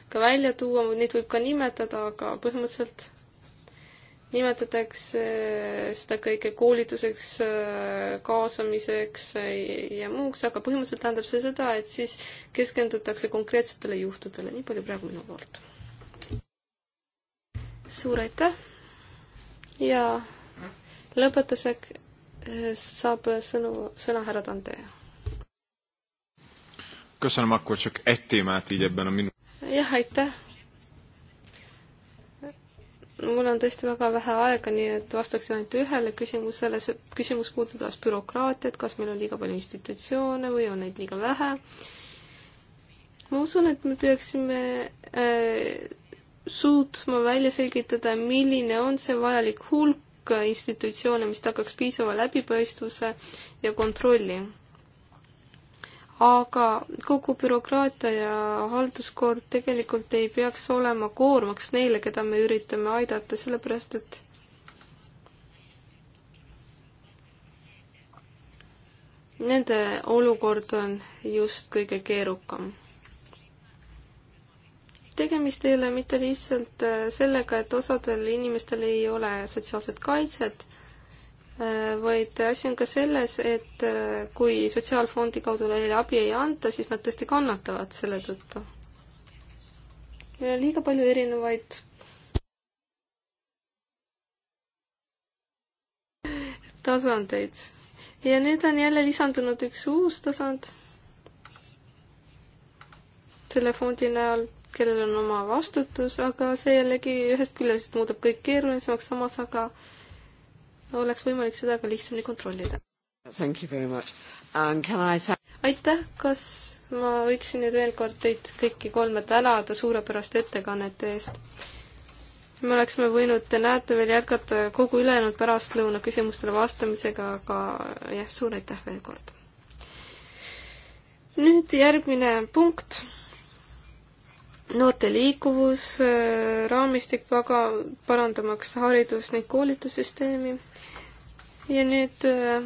ka välja tuua, neid võib ka nimetada, aga põhimõtteliselt nimetatakse seda kõike koolituseks, kaasamiseks ja muuks, aga põhimõtteliselt tähendab see seda, et siis keskendutakse konkreetsetele juhtudele. nii palju praegu minu poolt. suur aitäh ja lõpetuseks eh, saab sõnu, sõna härra Tante. kas on makku, et sihuke etimäed hiljem enam minu-? jah, aitäh. mul on tõesti väga vähe aega, nii et vastaksin ainult ühele küsimusele, see küsimus puudutas bürokraatiat, kas meil on liiga palju institutsioone või on neid liiga vähe. ma usun, et me peaksime äh, suutma välja selgitada, milline on see vajalik hulk hulk institutsioone, mis tagaks piisava läbipaistvuse ja kontrolli. aga kogu bürokraatia ja halduskoord tegelikult ei peaks olema koormaks neile, keda me üritame aidata, sellepärast et nende olukord on just kõige keerukam tegemist ei ole mitte lihtsalt äh, sellega, et osadel inimestel ei ole sotsiaalset kaitset, äh, vaid asi on ka selles, et äh, kui sotsiaalfondi kaudu neile abi ei anta, siis nad tõesti kannatavad selle tõttu. meil on liiga palju erinevaid tasandeid ja nüüd on jälle lisandunud üks uus tasand selle fondi näol kellel on oma vastutus, aga see jällegi ühest küljest muudab kõik keerulisemaks, samas aga oleks võimalik seda ka lihtsamini kontrollida. aitäh, kas ma võiksin nüüd veel kord teid kõiki kolme tänada suurepäraste ettekannete eest. me oleksime võinud, te näete, veel jätkata kogu ülejäänud pärastlõuna küsimustele vastamisega, aga jah, suur aitäh veel kord. nüüd järgmine punkt noorte liikuvus, äh, raamistik paga, parandamaks haridus- ning koolitussüsteemi. ja nüüd äh,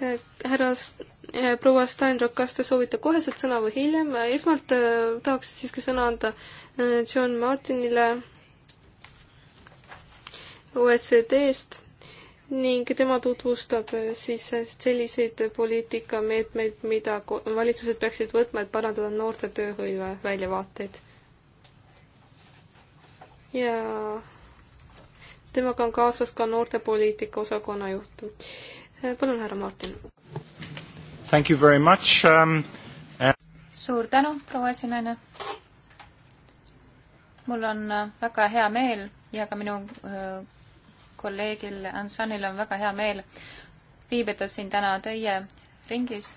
äh härra äh, proua Steinrock, kas te soovite koheselt sõna või hiljem? Äh, esmalt äh, tahaks siiski sõna anda äh, John Martinile OECD-st ning tema tutvustab eh, siis eh, selliseid poliitikameetmeid, mida valitsused peaksid võtma, et parandada noorte tööhõive väljavaateid. ja temaga on kaasas ka noortepoliitika osakonna juht. Eh, palun, härra Martin. Thank you very much um,. And... suur tänu, proua esinaine. mul on väga hea meel ja ka minu kolleegil Ansanil on väga hea meel viibida siin täna teie ringis.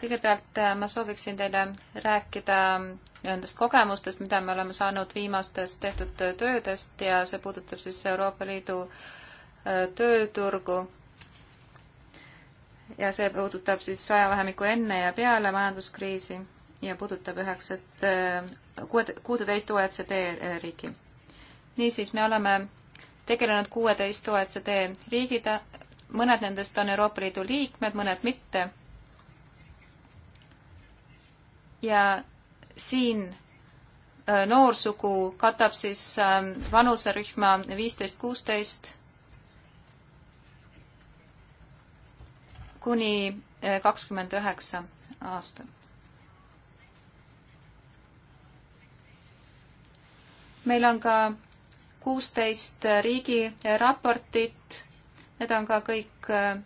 kõigepealt äh, ma sooviksin teile rääkida nendest kogemustest, mida me oleme saanud viimastest tehtud töödest ja see puudutab siis Euroopa Liidu äh, tööturgu ja see puudutab siis ajavahemikku enne ja peale majanduskriisi ja puudutab üheksat, äh, kuueteist OECD riiki niisiis, me oleme tegelenud kuueteist OECD riigid, mõned nendest on Euroopa Liidu liikmed, mõned mitte. ja siin äh, noorsugu katab siis äh, vanuserühma viisteist, kuusteist kuni äh, kakskümmend üheksa aastat. meil on ka kuusteist riigi raportit, need on ka kõik äh,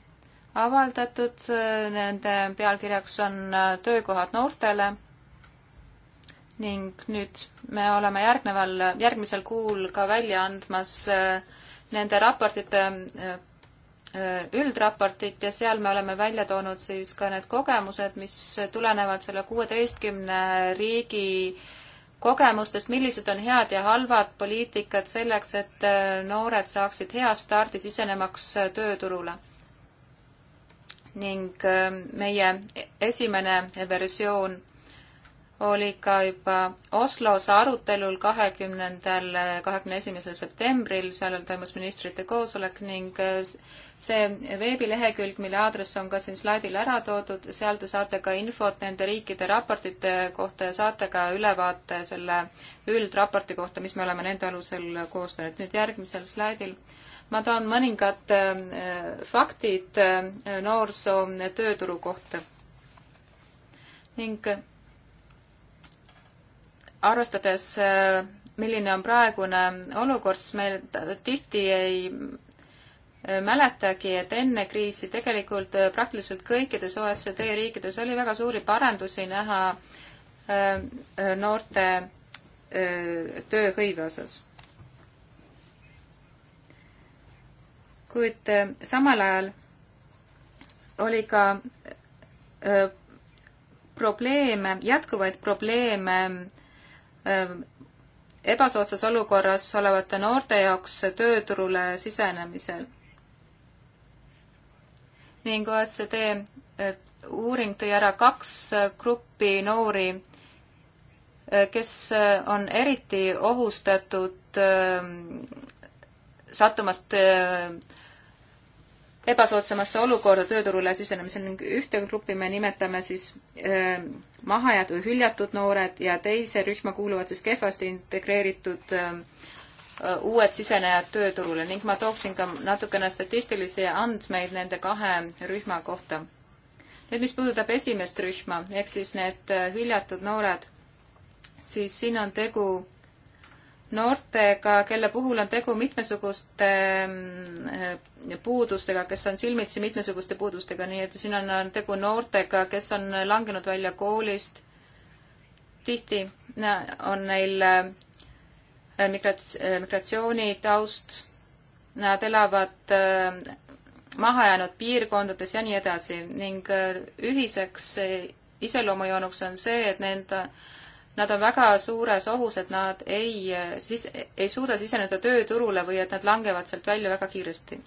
avaldatud, nende pealkirjaks on äh, Töökohad noortele ning nüüd me oleme järgneval, järgmisel kuul ka välja andmas äh, nende raportite üldraportit ja seal me oleme välja toonud siis ka need kogemused, mis tulenevad selle kuueteistkümne riigi äh, kogemustest, millised on head ja halvad poliitikad selleks, et äh, noored saaksid hea stardi sisenemaks äh, tööturule. ning äh, meie e-, esimene versioon oli ka juba Oslos arutelul kahekümnendal, kahekümne esimesel septembril, seal toimus ministrite koosolek ning äh, see veebilehekülg, mille aadress on ka siin slaidil ära toodud, seal te saate ka infot nende riikide raportite kohta ja saate ka ülevaate selle üldraporti kohta, mis me oleme nende alusel koostanud. nüüd järgmisel slaidil ma toon mõningad äh, faktid äh, noorsoo tööturu kohta ning arvestades, äh, milline on praegune olukord, siis meil tihti ei äh, mäletagi, et enne kriisi tegelikult äh, praktiliselt kõikides OECD riikides oli väga suuri parandusi näha noorte tööhõive osas. kuid samal ajal oli ka probleeme, jätkuvaid probleeme Ehm, ebasoodsas olukorras olevate noorte jaoks tööturule sisenemisel. ning OECD e, uuring tõi ära kaks e, gruppi noori, e, kes on eriti ohustatud sattumast ebasoodsamasse olukorda tööturule sisenemisel ning ühte gruppi me nimetame siis öö, ähm, mahajääd või hüljatud noored ja teise rühma kuuluvad siis kehvasti integreeritud öö, ähm, äh, uued sisenejad tööturule ning ma tooksin ka natukene statistilisi andmeid nende kahe rühma kohta. nüüd, mis puudutab esimest rühma, ehk siis need äh, hüljatud noored, siis siin on tegu noortega, kelle puhul on tegu mitmesuguste mm, eh, puudustega, kes on silmitsi mitmesuguste puudustega, nii et siin on, on tegu noortega, kes on langenud välja koolist. tihti on neil eh, migrats-, eh, migratsioonitaust, nad elavad mahajäänud piirkondades ja nii edasi ning ühiseks iseloomujoonuks on see, et nende nad on väga suures ohus, et nad ei, siis ei suuda siseneda tööturule või et nad langevad sealt välja väga kiiresti.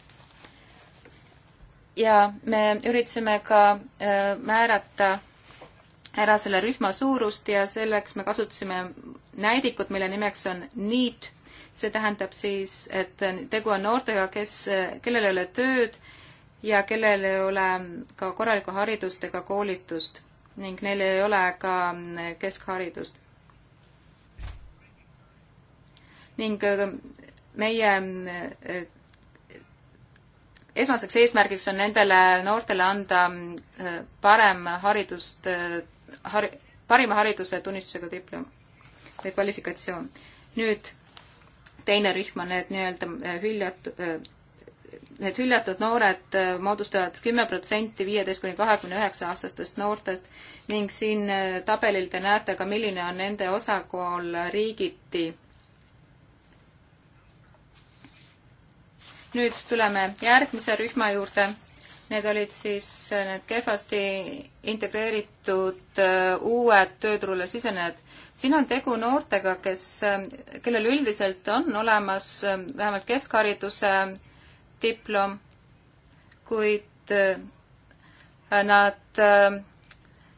ja me üritasime ka äh, määrata ära selle rühma suurust ja selleks me kasutasime näidikut, mille nimeks on need. see tähendab siis, et tegu on noortega, kes, kellel ei ole tööd ja kellel ei ole ka korralikku haridust ega koolitust ning neil ei ole ka keskharidust. ning äh, meie äh, esmaseks eesmärgiks on nendele noortele anda äh, parem haridust, har-, parima hariduse tunnistusega diplom või kvalifikatsioon. nüüd teine rühm on need nii-öelda hüljatud, need hüljatud noored äh, moodustavad kümme protsenti viieteist kuni kahekümne üheksa aastastest noortest ning siin äh, tabelil te näete ka, milline on nende osakaal riigiti. nüüd tuleme järgmise rühma juurde. Need olid siis äh, need kehvasti integreeritud uued tööturule sisenejad. siin on tegu noortega, kes, kellel üldiselt on olemas vähemalt keskhariduse äh, diplom, kuid äh, nad, äh,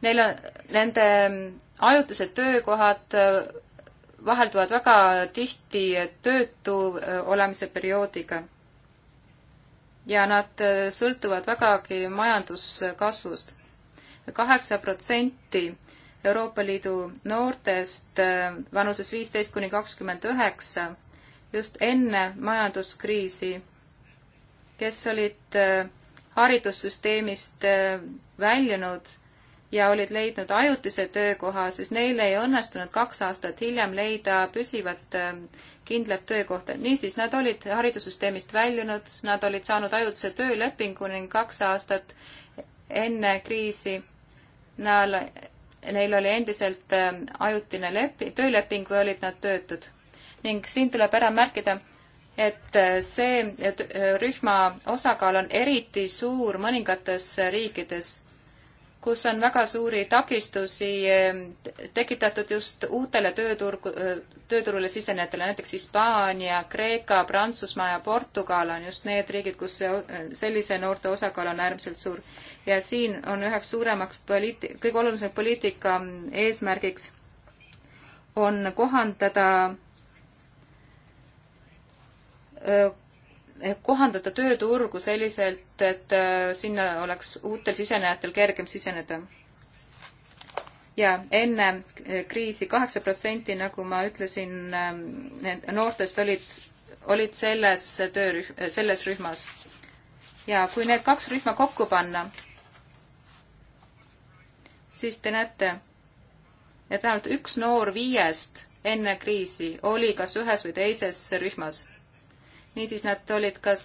neil on, nende ajutised töökohad äh, vahelduvad väga tihti töötu olemise perioodiga. ja nad sõltuvad vägagi majanduskasvust. kaheksa protsenti Euroopa Liidu noortest vanuses viisteist kuni kakskümmend üheksa just enne majanduskriisi kes olid äh, haridussüsteemist äh, väljunud ja olid leidnud ajutise töökoha, siis neil ei õnnestunud kaks aastat hiljem leida püsivat äh, kindlat töökohta. niisiis, nad olid haridussüsteemist väljunud, nad olid saanud ajutise töölepingu ning kaks aastat enne kriisi näol, neil oli endiselt ajutine lepi-, tööleping või olid nad töötud. ning siin tuleb ära märkida, et äh, see et äh, rühma osakaal on eriti suur mõningates riikides, kus on väga suuri takistusi ähm, tekitatud just uutele tööturgu, äh, tööturule sisenejatele, näiteks Hispaania, Kreeka, Prantsusmaa ja Portugal on just need riigid, kus see, sellise noorte osakaal on äärmiselt suur. ja siin on üheks suuremaks poliit-, kõige olulisem poliitika eesmärgiks on kohandada kohandada tööturgu selliselt, et sinna oleks uutel sisenejatel kergem siseneda. ja enne kriisi kaheksa protsenti, nagu ma ütlesin, noortest olid, olid selles töörühm, selles rühmas. ja kui need kaks rühma kokku panna, siis te näete, et vähemalt üks noor viiest enne kriisi oli kas ühes või teises rühmas niisiis nad olid kas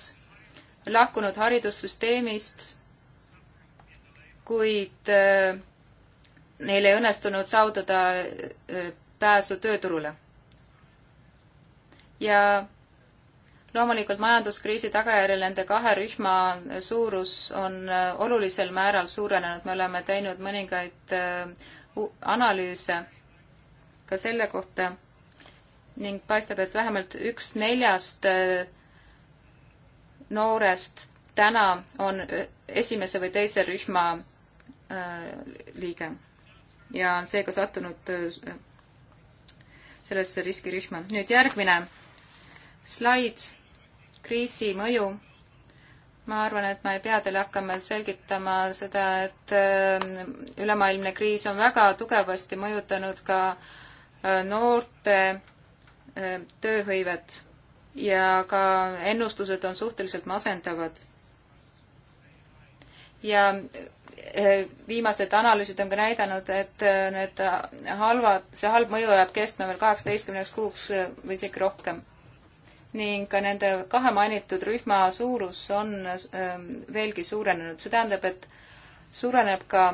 lahkunud haridussüsteemist, kuid äh, neil ei õnnestunud saavutada äh, pääsu tööturule. ja loomulikult majanduskriisi tagajärjel nende kahe rühma suurus on äh, olulisel määral suurenenud, me oleme teinud mõningaid analüüse ka selle kohta ning paistab, et vähemalt üks neljast noorest täna on esimese või teise rühma äh, liige ja on seega sattunud äh, sellesse riskirühma. nüüd järgmine slaid, kriisi mõju. ma arvan, et ma ei pea teile hakkama selgitama seda, et äh, ülemaailmne kriis on väga tugevasti mõjutanud ka noorte tööhõivet ja ka ennustused on suhteliselt masendavad. ja eh, viimased analüüsid on ka näidanud, et eh, need halvad, see halb mõju jääb kestma veel kaheksateistkümneks kuuks eh, või isegi rohkem. ning ka nende kahe mainitud rühma suurus on veelgi suurenenud, see tähendab, et suureneb ka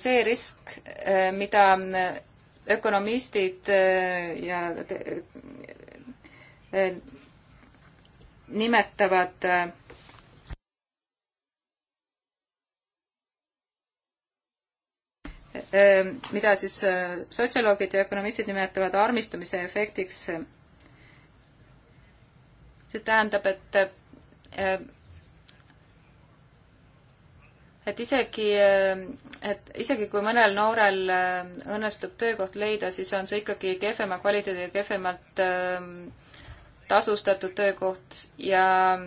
see risk, mida ökonomistid ja Äh, nimetavad äh, äh, mida siis sotsioloogid ja ökonomistid nimetavad armistumise efektiks. see tähendab, et et isegi, et isegi kui mõnel noorel õnnestub töökoht leida, siis on see ikkagi kehvema kvaliteediga, kehvemalt äh, tasustatud töökoht ja,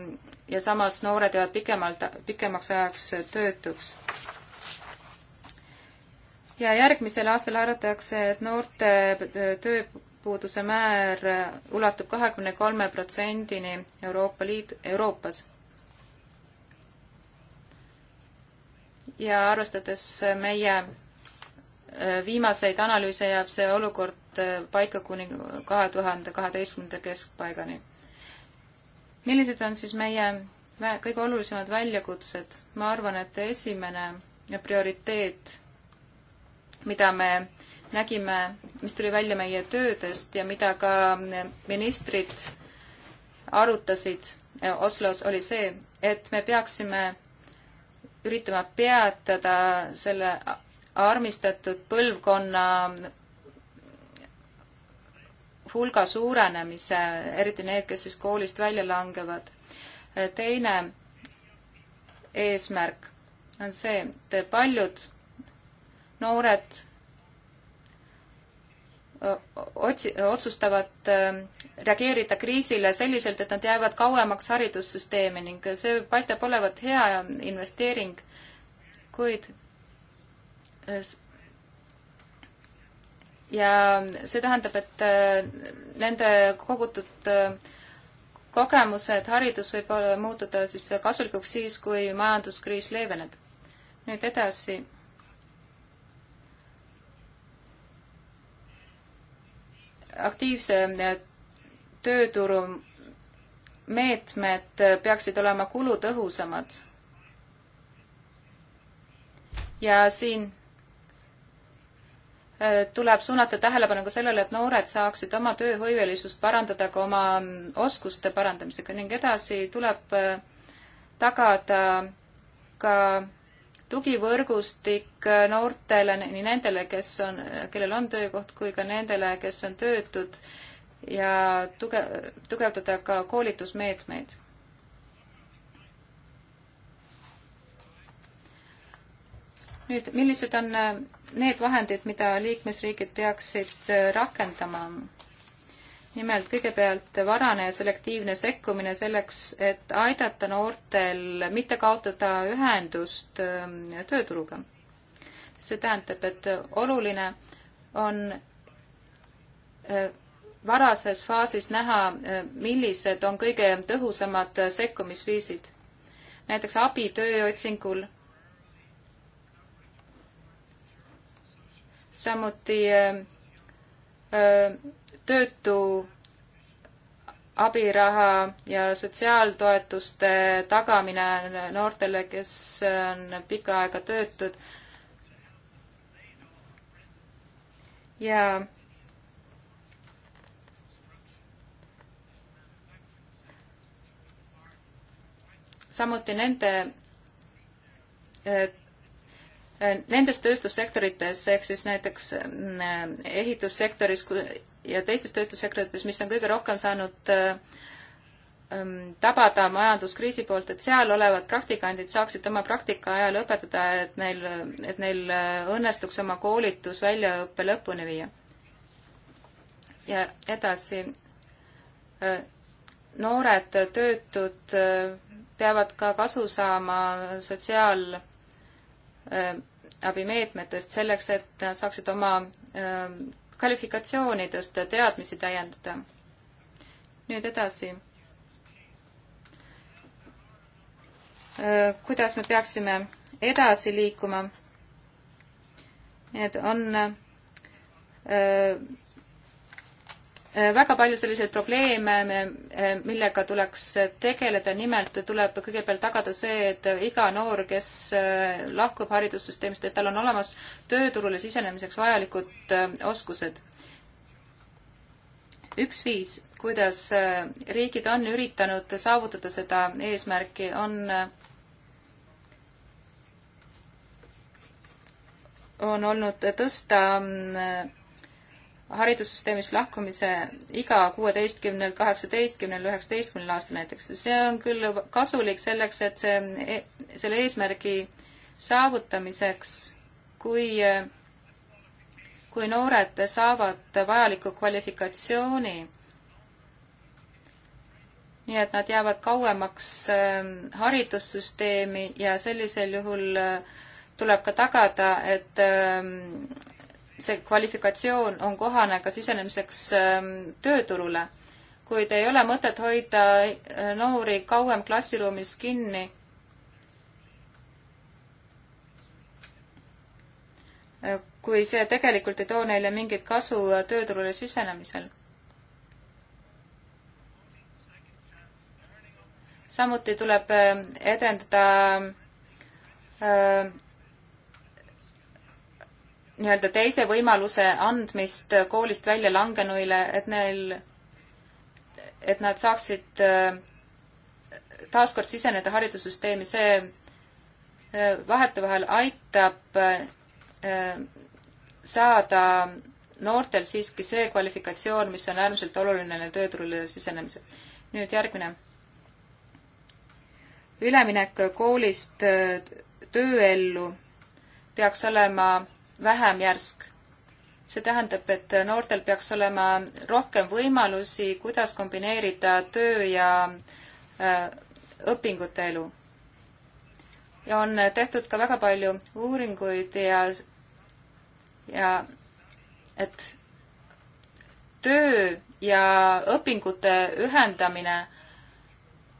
ja samas noored jäävad pikemalt, pikemaks ajaks töötuks. ja järgmisel aastal arvatakse, et noorte tööpuuduse määr ulatub kahekümne kolme protsendini Euroopa Liit, Euroopas. ja arvestades meie viimaseid analüüse jääb see olukord äh, paika kuni kahe tuhande kaheteistkümnenda keskpaigani. millised on siis meie kõige olulisemad väljakutsed? ma arvan, et esimene prioriteet, mida me nägime, mis tuli välja meie töödest ja mida ka ministrid arutasid äh, Oslos, oli see, et me peaksime üritama peatada selle armistatud põlvkonna hulga suurenemise, eriti need, kes siis koolist välja langevad. teine eesmärk on see, et paljud noored otsi-, otsustavad äh, reageerida kriisile selliselt, et nad jäävad kauemaks haridussüsteemi ning see paistab olevat hea investeering, kuid Äh, ja see tähendab, et äh, nende kogutud äh, kogemused, haridus võib muutuda siis kasulikuks siis, kui majanduskriis leeveneb. nüüd edasi. aktiivse tööturu meetmed peaksid olema kulutõhusamad. ja siin Äh, tuleb suunata tähelepanu ka sellele, et noored saaksid oma tööhõivelisust parandada ka oma mm, oskuste parandamisega ning edasi tuleb äh, tagada ka tugivõrgustik äh, noortele, nii nendele, kes on, kellel on töökoht, kui ka nendele, kes on töötud ja tuge-, tugevdada ka koolitusmeetmeid nüüd, millised on äh, need vahendid, mida liikmesriigid peaksid äh, rakendama? nimelt kõigepealt varane ja selektiivne sekkumine selleks, et aidata noortel mitte kaotada ühendust ähm, tööturuga. see tähendab, et oluline on äh, varases faasis näha, millised on kõige tõhusamad sekkumisviisid. näiteks abi tööotsingul samuti äh, äh, töötu abiraha ja sotsiaaltoetuste tagamine noortele, kes on pikka aega töötud. ja samuti nende äh, nendes tööstussektorites, ehk siis näiteks äh, ehitussektoris ja teistes tööstussektorites, mis on kõige rohkem saanud äh, ähm, tabada majanduskriisi poolt, et seal olevad praktikandid saaksid oma praktika ajal õpetada, et neil, et neil äh, õnnestuks oma koolitus väljaõppe lõpuni viia. ja edasi, noored töötud peavad ka kasu saama sotsiaal- Äh, abimeetmetest selleks, et nad saaksid oma äh, kvalifikatsioonidest teadmisi täiendada. nüüd edasi. Äh, kuidas me peaksime edasi liikuma? Need on väga palju selliseid probleeme, millega tuleks tegeleda, nimelt tuleb kõigepealt tagada see, et iga noor, kes äh, lahkub haridussüsteemist, et tal on olemas tööturule sisenemiseks vajalikud äh, oskused. üks viis, kuidas äh, riigid on üritanud saavutada seda eesmärki, on on olnud tõsta mm, haridussüsteemist lahkumise iga kuueteistkümnel, kaheksateistkümnel, üheksateistkümnel aastal näiteks. see on küll kasulik selleks, et see, e-, selle eesmärgi saavutamiseks, kui, kui noored saavad vajaliku kvalifikatsiooni, nii et nad jäävad kauemaks ähm, haridussüsteemi ja sellisel juhul äh, tuleb ka tagada, et ähm, see kvalifikatsioon on kohane ka sisenemiseks ähm, tööturule, kuid ei ole mõtet hoida äh, noori kauem klassiruumis kinni. Äh, kui see tegelikult ei too neile mingit kasu äh, tööturule sisenemisel. samuti tuleb edendada nii-öelda teise võimaluse andmist koolist välja langenuile, et neil, et nad saaksid äh, taaskord siseneda haridussüsteemi, see äh, vahetevahel aitab äh, saada noortel siiski see kvalifikatsioon, mis on äärmiselt oluline neil tööturule sisenemisel. nüüd järgmine. üleminek koolist tööellu peaks olema vähem järsk. see tähendab, et noortel peaks olema rohkem võimalusi, kuidas kombineerida töö ja äh, õpingute elu. ja on tehtud ka väga palju uuringuid ja, ja et töö ja õpingute ühendamine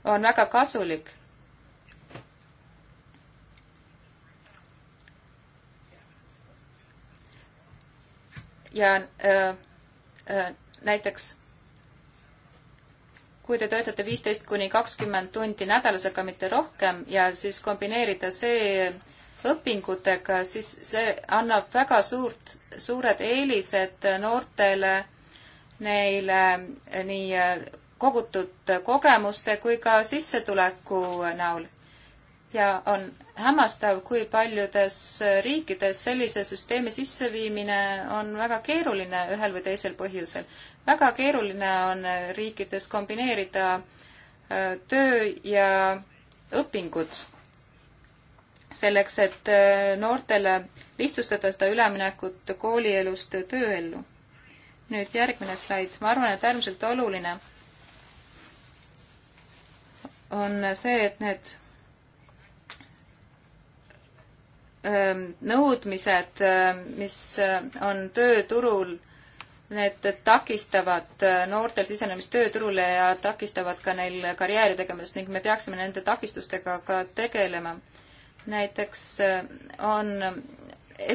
on väga kasulik ja öö, öö, näiteks kui te töötate viisteist kuni kakskümmend tundi nädalas, aga mitte rohkem ja siis kombineerida see õpingutega, siis see annab väga suurt, suured eelised noortele, neile nii kogutud kogemuste kui ka sissetuleku näol ja on hämmastav, kui paljudes riikides sellise süsteemi sisseviimine on väga keeruline ühel või teisel põhjusel. väga keeruline on riikides kombineerida äh, töö ja õpingud selleks, et äh, noortele lihtsustada seda üleminekut koolielust tööellu. nüüd järgmine slaid, ma arvan, et äärmiselt oluline on see, et need Ähm, nõudmised, ähm, mis äh, on tööturul, need takistavad äh, noortel sisenemist tööturule ja takistavad ka neil karjääri tegemisest ning me peaksime nende takistustega ka tegelema. näiteks äh, on,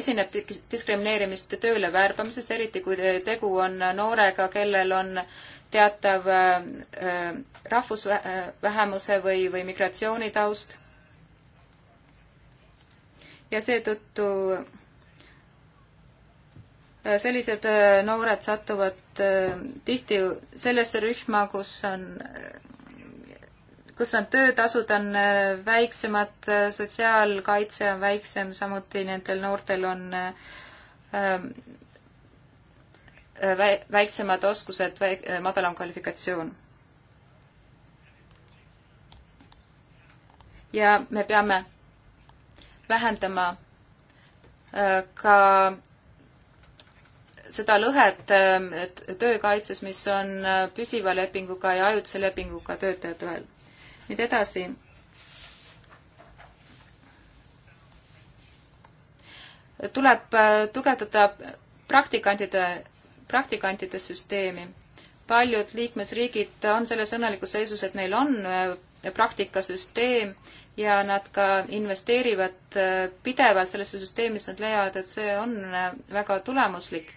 esineb diskrimineerimist tööle värbamises, eriti kui tegu on noorega, kellel on teatav rahvusvähemuse või, või migratsioonitaust ja seetõttu äh, sellised äh, noored satuvad äh, tihti sellesse rühma, kus on, kus on töötasud on väiksemad, sotsiaalkaitse on väiksem, samuti nendel noortel on väiksemad oskused, madalam kvalifikatsioon. ja me peame vähendama äh, ka seda lõhet äh, töökaitses, mis on äh, püsiva lepinguga ja ajutise lepinguga töötajate vahel. nüüd edasi. tuleb tugevdada praktikantide, praktikantide süsteemi. paljud liikmesriigid on selles õnnelikus seisus, et neil on praktikasüsteem ja nad ka investeerivad äh, pidevalt sellesse süsteemi, sest nad leiavad, et see on äh, väga tulemuslik.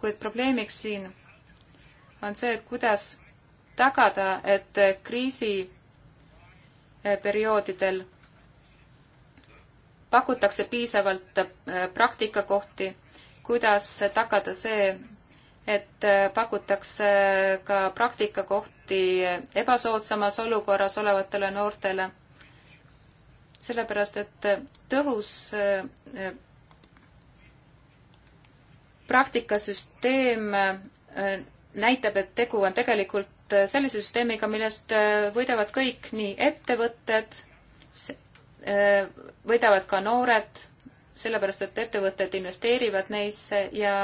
kuid probleemiks siin on see, et kuidas tagada, et äh, kriisiperioodidel pakutakse piisavalt praktikakohti, kuidas tagada see, et pakutakse ka praktikakohti ebasoodsamas olukorras olevatele noortele sellepärast et tõhus äh, äh, praktikasüsteem äh, näitab, et tegu on tegelikult sellise süsteemiga, millest võidavad kõik, nii ettevõtted, võidavad ka noored, sellepärast et ettevõtted investeerivad neisse ja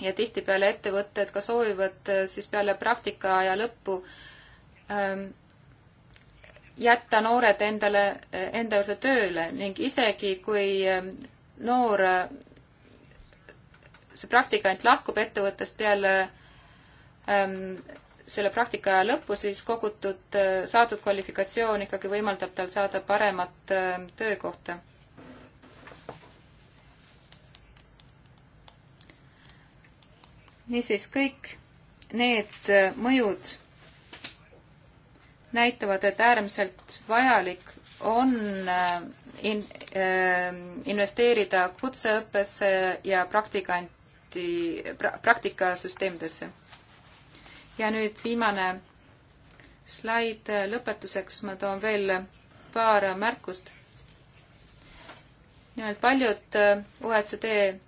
ja tihtipeale ettevõtted ka soovivad siis peale praktikaaja lõppu ähm, jätta noored endale, enda juurde tööle ning isegi, kui ähm, noor, äh, see praktikant lahkub ettevõttest peale ähm, selle praktika lõppu, siis kogutud, äh, saadud kvalifikatsioon ikkagi võimaldab tal saada paremat äh, töökohta. niisiis, kõik need äh, mõjud näitavad, et äärmiselt vajalik on äh, in, äh, investeerida kutseõppesse ja praktikanti pra,, praktikasüsteemidesse. ja nüüd viimane slaid, äh, lõpetuseks ma toon veel paar märkust. nimelt paljud OECD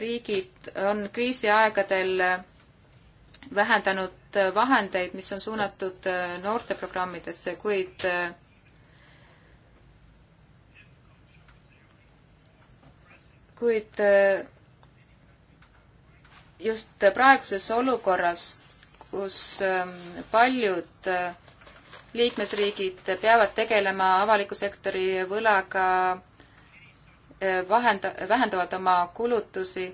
riigid on kriisiaegadel vähendanud vahendeid, mis on suunatud äh, noorteprogrammidesse, kuid äh, kuid äh, just praeguses olukorras, kus ähm, paljud liikmesriigid peavad tegelema avaliku sektori võlaga, vahenda-, vähendavad oma kulutusi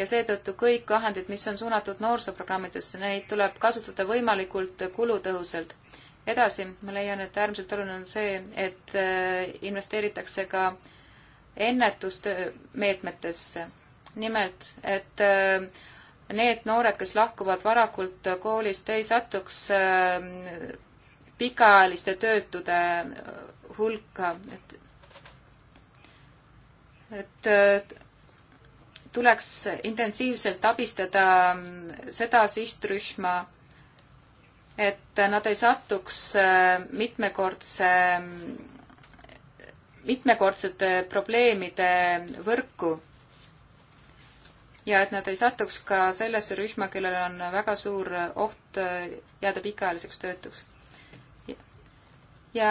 ja seetõttu kõik vahendid, mis on suunatud noorsooprogrammidesse, neid tuleb kasutada võimalikult kulutõhusalt. edasi, ma leian, et äärmiselt oluline on see, et äh, investeeritakse ka ennetusmeetmetesse. nimelt, et äh, need noored, kes lahkuvad varakult koolist, ei satuks äh, pikaajaliste töötude hulka, et et tuleks intensiivselt abistada mm, seda sihtrühma, et nad ei satuks mm, mitmekordse, mm, mitmekordsete probleemide võrku. ja et nad ei satuks ka sellesse rühma, kellel on väga suur oht jääda pikaajaliseks töötuks ja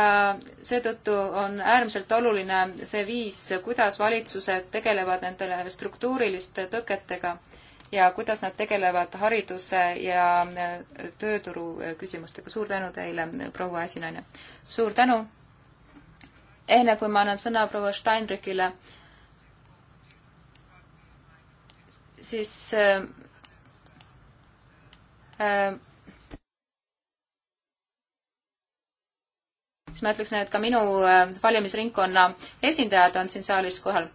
seetõttu on äärmiselt oluline see viis, kuidas valitsused tegelevad nendele struktuuriliste tõketega ja kuidas nad tegelevad hariduse ja äh, tööturu äh, küsimustega. suur tänu teile, äh, proua esinaine! suur tänu! enne kui ma annan sõna proua Steinrückile, siis äh, äh, siis ma ütleksin, et ka minu äh, valimisringkonna esindajad on siin saalis kohal.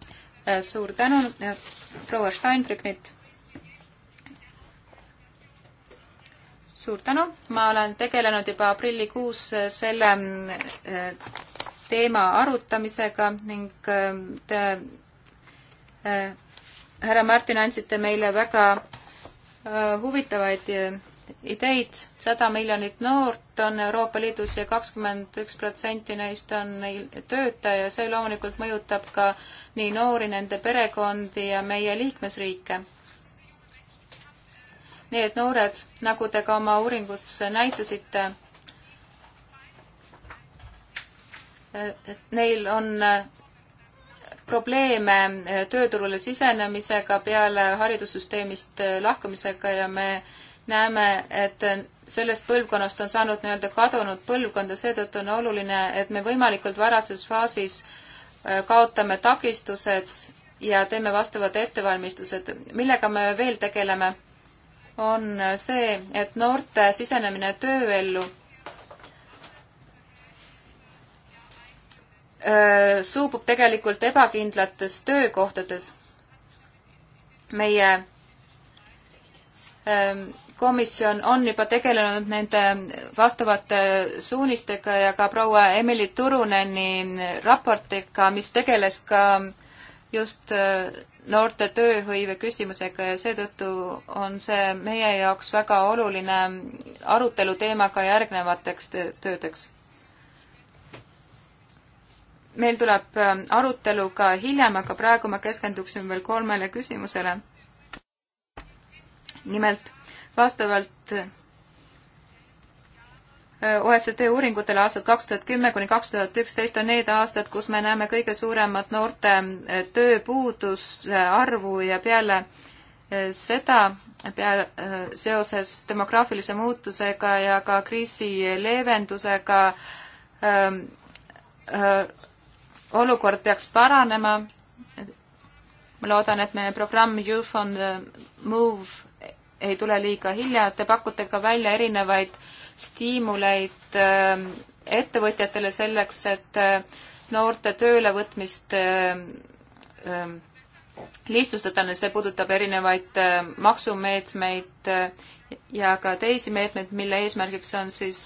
Äh, suur tänu, äh, proua Steinbrücknit. suur tänu, ma olen tegelenud juba aprillikuus selle teema arutamisega ning te, härra Martin, andsite meile väga huvitavaid ideid, sada miljonit noort on Euroopa Liidus ja kakskümmend üks protsenti neist on neil tööta ja see loomulikult mõjutab ka nii noori, nende perekondi ja meie liikmesriike. nii et noored, nagu te ka oma uuringus näitasite, et neil on äh, probleeme äh, tööturule sisenemisega peale haridussüsteemist äh, lahkumisega ja me näeme, et sellest põlvkonnast on saanud nii-öelda kadunud põlvkond ja seetõttu on oluline, et me võimalikult varases faasis äh, kaotame takistused ja teeme vastavad ettevalmistused. millega me veel tegeleme, on äh, see, et noorte sisenemine tööellu äh, suubub tegelikult ebakindlates töökohtades. meie ähm, komisjon on juba tegelenud nende vastavate suunistega ja ka proua Emily Turuneni raportiga, mis tegeles ka just äh, noorte tööhõive küsimusega ja seetõttu on see meie jaoks väga oluline aruteluteema ka järgnevateks töödeks. meil tuleb äh, arutelu ka hiljem, aga praegu ma keskenduksin veel kolmele küsimusele. nimelt vastavalt äh, OECD uuringutele aastad kaks tuhat kümme kuni kaks tuhat üksteist on need aastad, kus me näeme kõige suuremat noorte äh, tööpuuduse äh, arvu ja peale seda peale, seoses demograafilise muutusega ja ka kriisi leevendusega öö, ähm, öö, olukord peaks paranema. ma loodan, et meie programm Youth on the Move ei tule liiga hilja, te pakute ka välja erinevaid stiimuleid äh, ettevõtjatele selleks, et äh, noorte töölevõtmist äh, lihtsustada, see puudutab erinevaid maksumeetmeid ja ka teisi meetmeid, mille eesmärgiks on siis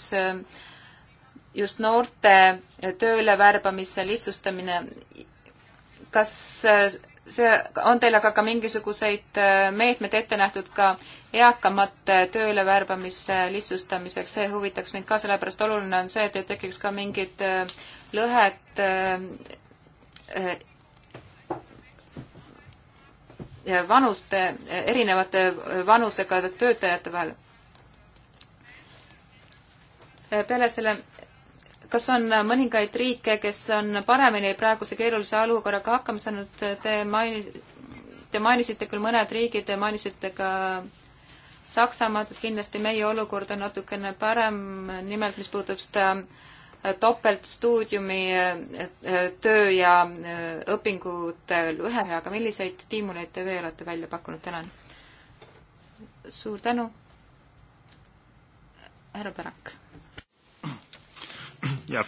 just noorte tööle värbamise lihtsustamine. kas see, on teil aga ka mingisuguseid meetmeid ette nähtud ka eakamate tööle värbamise lihtsustamiseks, see huvitaks mind ka, sellepärast oluline on see, et ei tekiks ka mingid äh, lõhed äh, vanuste, erinevate vanusega töötajate vahel. Äh, peale selle, kas on mõningaid riike, kes on paremini praeguse keerulise olukorraga hakkama saanud, te maini-, te mainisite küll mõned riigid, te mainisite ka äh, Saksamaad, et kindlasti meie olukord on natukene parem, nimelt mis puudutab seda äh, topeltstuudiumi äh, äh, töö ja õpingute ühe, aga milliseid stiimuleid te veel olete välja pakkunud, tänan. suur tänu. härra Pärak. ja,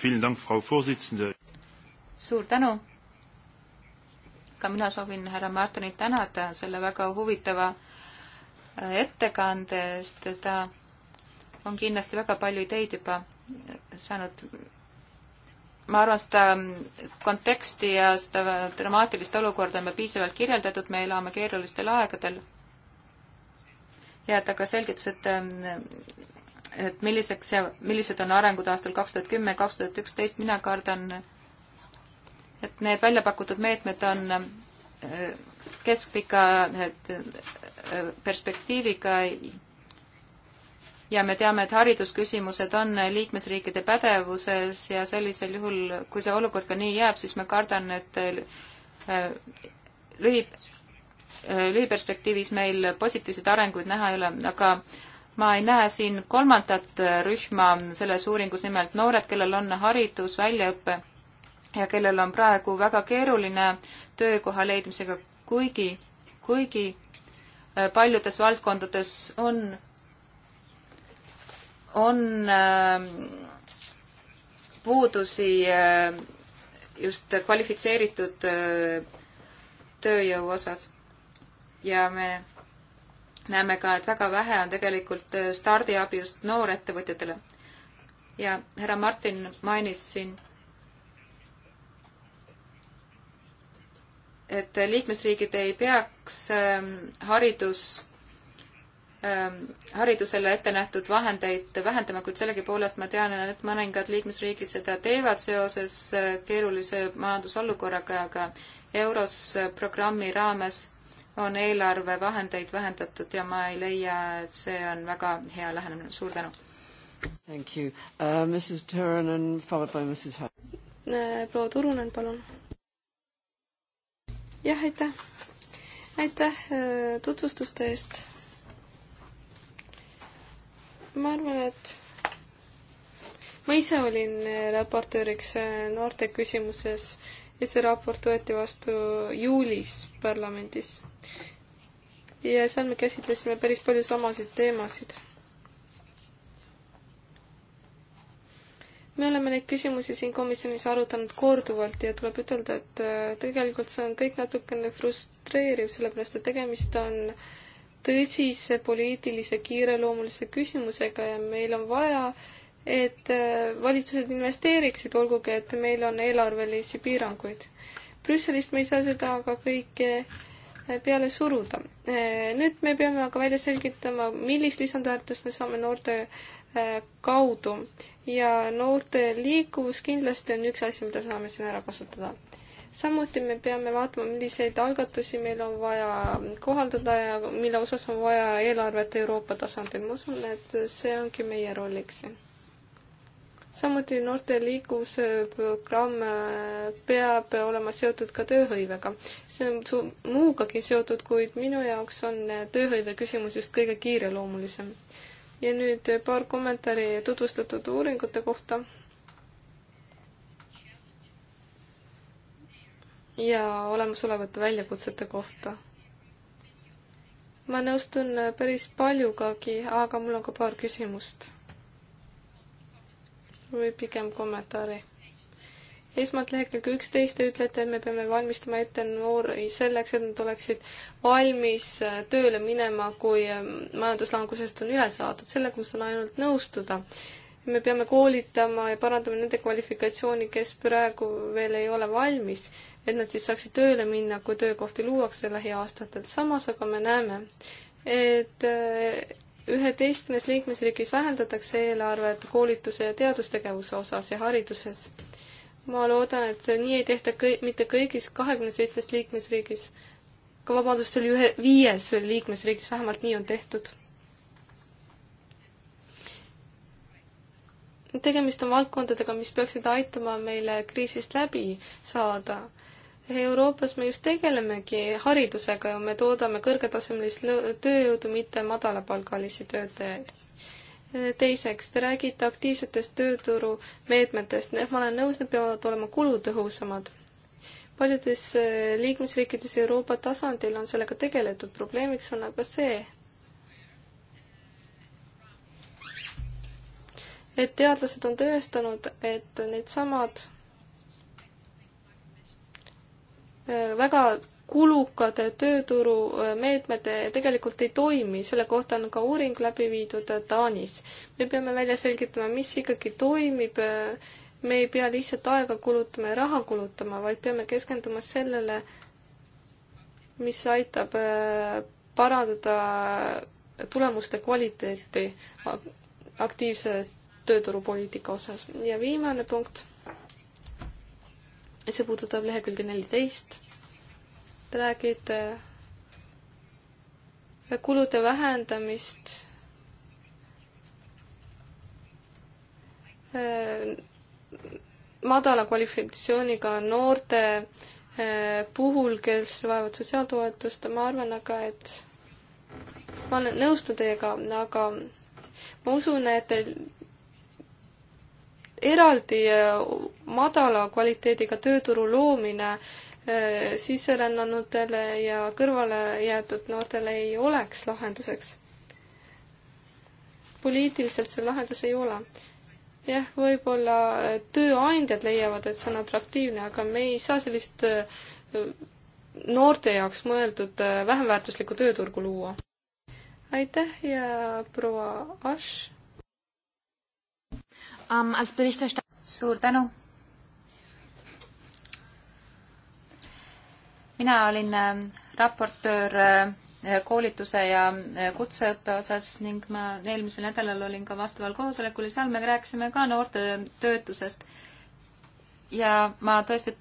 suur tänu ka mina soovin härra Martinit tänada selle väga huvitava ettekande eest, ta on kindlasti väga palju ideid juba saanud. ma arvan, seda konteksti ja seda dramaatilist olukorda on piisavalt kirjeldatud, me elame keerulistel aegadel. ja ta ka selgitas, et et milliseks ja millised on arengud aastal kaks tuhat kümme, kaks tuhat üksteist, mina kardan, et need välja pakutud meetmed on eh, keskpika, need perspektiiviga ja me teame, et haridusküsimused on liikmesriikide pädevuses ja sellisel juhul, kui see olukord ka nii jääb, siis ma kardan, et äh, lühi, äh, lühiperspektiivis meil positiivseid arenguid näha ei ole, aga ma ei näe siin kolmandat rühma selles uuringus, nimelt noored, kellel on haridus, väljaõpe ja kellel on praegu väga keeruline töökoha leidmisega, kuigi, kuigi Äh, paljudes valdkondades on, on ähm, puudusi äh, just kvalifitseeritud äh, tööjõu osas. ja me näeme ka, et väga vähe on tegelikult stardiabi just noorettevõtjatele. ja härra Martin mainis siin et liikmesriigid ei peaks ähm, haridus, ähm, haridusele ette nähtud vahendeid vähendama, kuid sellegipoolest ma tean, et mõningad liikmesriigid seda teevad seoses äh, keerulise majandusolukorraga, aga EUROS äh, programmi raames on eelarvevahendeid vähendatud ja ma ei leia, et see on väga hea lähenemine. suur tänu! Thank you uh,. Mrs Turunen followed by Mrs Hart. Äh, proua Turunen, palun jah, aitäh. aitäh äh, tutvustuste eest. ma arvan, et ma ise olin äh, raportööriks äh, noorte küsimuses ja see raport võeti vastu juulis parlamendis. ja seal me käsitlesime päris palju samasid teemasid me oleme neid küsimusi siin komisjonis arutanud korduvalt ja tuleb ütelda, et äh, tegelikult see on kõik natukene frustreeriv, sellepärast et tegemist on tõsise poliitilise kiireloomulise küsimusega ja meil on vaja, et äh, valitsused investeeriksid, olgugi et meil on eelarvelisi piiranguid. Brüsselist me ei saa seda aga kõike äh, peale suruda. nüüd me peame aga välja selgitama, millist lisandväärtust me saame noorte Äh, kaudu ja noorte liikuvus kindlasti on üks asi, mida saame siin ära kasutada. samuti me peame vaatama, milliseid algatusi meil on vaja kohaldada ja mille osas on vaja eelarvet Euroopa tasandil. ma usun, et see ongi meie rolliks siin. samuti noorte liikuvuse programm äh, peab olema seotud ka tööhõivega. see on muugagi seotud, kuid minu jaoks on äh, tööhõive küsimus just kõige kiireloomulisem ja nüüd paar kommentaari tutvustatud uuringute kohta. ja olemasolevate väljakutsete kohta. ma nõustun päris paljugagi, aga mul on ka paar küsimust. või pigem kommentaari esmalt lehekülg üksteist te ütlete, et me peame valmistama ette noori selleks, et nad oleksid valmis äh, tööle minema, kui ähm, majanduslangusest on üle saadud. sellega ma saan ainult nõustuda. me peame koolitama ja parandama nende kvalifikatsiooni, kes praegu veel ei ole valmis, et nad siis saaksid tööle minna, kui töökohti luuakse lähiaastatel. samas aga me näeme, et äh, üheteistkümnes liikmesriigis vähendatakse eelarvet koolituse ja teadustegevuse osas ja hariduses ma loodan, et nii ei tehta kõi-, mitte kõigis kahekümne seitsmest liikmesriigis. ka vabandust, see oli ühe, viies liikmesriigis, vähemalt nii on tehtud. tegemist on valdkondadega, mis peaksid aitama meile kriisist läbi saada. Euroopas me just tegelemegi haridusega ja me toodame kõrgetasemelist tööjõudu, mitte madalapalgalisi töötajaid teiseks, te räägite aktiivsetest tööturumeetmetest, ma olen nõus, need peavad olema kulutõhusamad. paljudes eh, liikmesriikides Euroopa tasandil on sellega tegeletud, probleemiks on aga see, et teadlased on tõestanud, et needsamad eh, väga kulukad tööturumeetmed äh, äh, tegelikult ei toimi, selle kohta on ka uuring läbi viidud äh, Taanis. me peame välja selgitama, mis ikkagi toimib, me ei pea lihtsalt aega kulutama ja raha kulutama, vaid peame keskenduma sellele, mis aitab parandada tulemuste kvaliteeti aktiivse tööturupoliitika osas. ja viimane punkt, see puudutab lehekülge neliteist Te räägite äh, kulude vähendamist äh, madala kvalifikatsiooniga noorte äh, puhul, kes vajavad sotsiaaltoetust, ma arvan aga, et ma olen, nõustun teiega, aga ma usun, et eraldi madala kvaliteediga tööturu loomine äh, Äh, sisserännanutele ja kõrvale jäetud noortele ei oleks lahenduseks. poliitiliselt see lahendus ei ole. jah, võib-olla äh, tööandjad leiavad, et see on atraktiivne, aga me ei saa sellist äh, noorte jaoks mõeldud vähem väärtuslikku tööturgu luua. aitäh ja proua Ash um,. suur tänu mina olin ähm, raportöör äh, koolituse ja äh, kutseõppe osas ning ma eelmisel nädalal olin ka vastaval koosolekul ja seal me rääkisime ka noorte töötusest. ja ma tõesti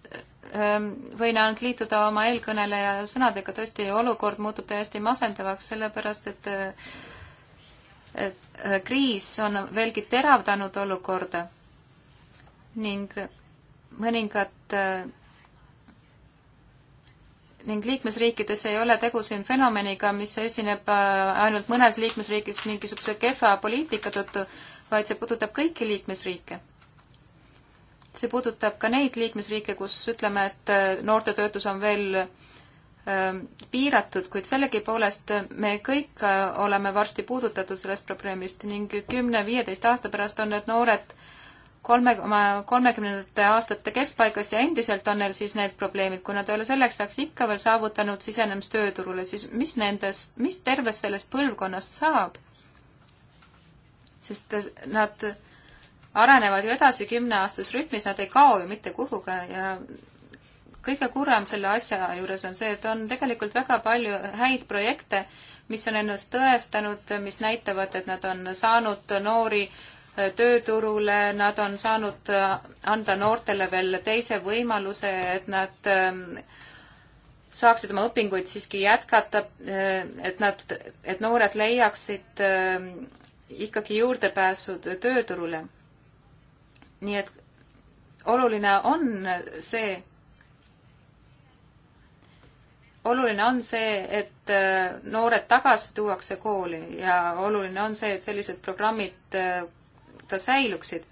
ähm, võin ainult liituda oma eelkõneleja sõnadega, tõesti olukord muutub täiesti masendavaks, sellepärast et, äh, et kriis on veelgi teravdanud olukorda ning mõningad ning liikmesriikides ei ole tegu siin fenomeniga, mis esineb äh, ainult mõnes liikmesriigis mingisuguse kehva poliitika tõttu, vaid see puudutab kõiki liikmesriike. see puudutab ka neid liikmesriike, kus ütleme, et äh, noorte töötus on veel äh, piiratud, kuid sellegipoolest me kõik oleme varsti puudutatud sellest probleemist ning kümne-viieteist aasta pärast on need noored kolme, kolmekümnendate aastate keskpaigas ja endiselt on neil siis need probleemid, kui nad ei ole selleks ajaks ikka veel saavutanud sisenemist tööturule, siis mis nendest, mis tervest sellest põlvkonnast saab? sest nad arenevad ju edasi kümneaastases rütmis, nad ei kao ju mitte kuhugi ja kõige kurvem selle asja juures on see, et on tegelikult väga palju häid projekte, mis on ennast tõestanud, mis näitavad, et nad on saanud noori äh, tööturule, nad on saanud anda noortele veel teise võimaluse, et nad ähm, saaksid oma õpinguid siiski jätkata, äh, et nad, et noored leiaksid ähm, ikkagi juurdepääsu tööturule. nii et oluline on see, oluline on see, et äh, noored tagasi tuuakse kooli ja oluline on see, et sellised programmid äh, tegelikult säiluksid.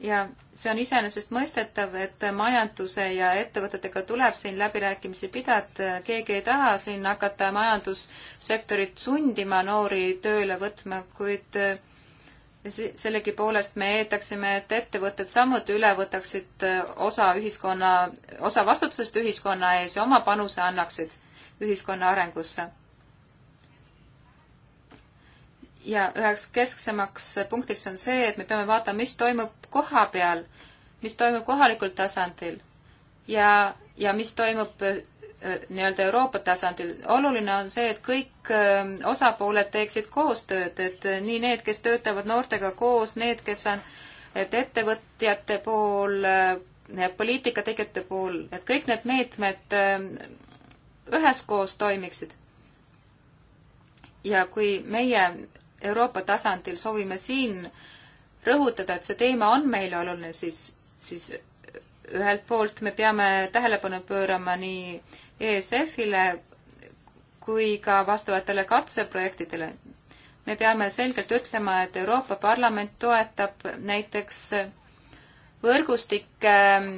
ja see on iseenesestmõistetav, et majanduse ja ettevõtetega tuleb siin läbirääkimisi pidada, keegi ei taha siin hakata majandussektorit sundima noori tööle võtma, kuid sellegipoolest me eeldaksime, et ettevõtted samuti üle võtaksid osa ühiskonna, osa vastutusest ühiskonna ees ja oma panuse annaksid ühiskonna arengusse ja üheks kesksemaks punktiks on see, et me peame vaatama, mis toimub koha peal, mis toimub kohalikul tasandil ja, ja mis toimub äh, nii-öelda Euroopa tasandil. oluline on see, et kõik äh, osapooled teeksid koostööd, et äh, nii need, kes töötavad noortega koos, need, kes on et ettevõtjate pool, poliitikategijate pool, et kõik need meetmed üheskoos toimiksid. ja kui meie Euroopa tasandil soovime siin rõhutada, et see teema on meile oluline, siis, siis ühelt poolt me peame tähelepanu pöörama nii ESF-ile kui ka vastavatele katseprojektidele. me peame selgelt ütlema, et Euroopa Parlament toetab näiteks võrgustike ähm,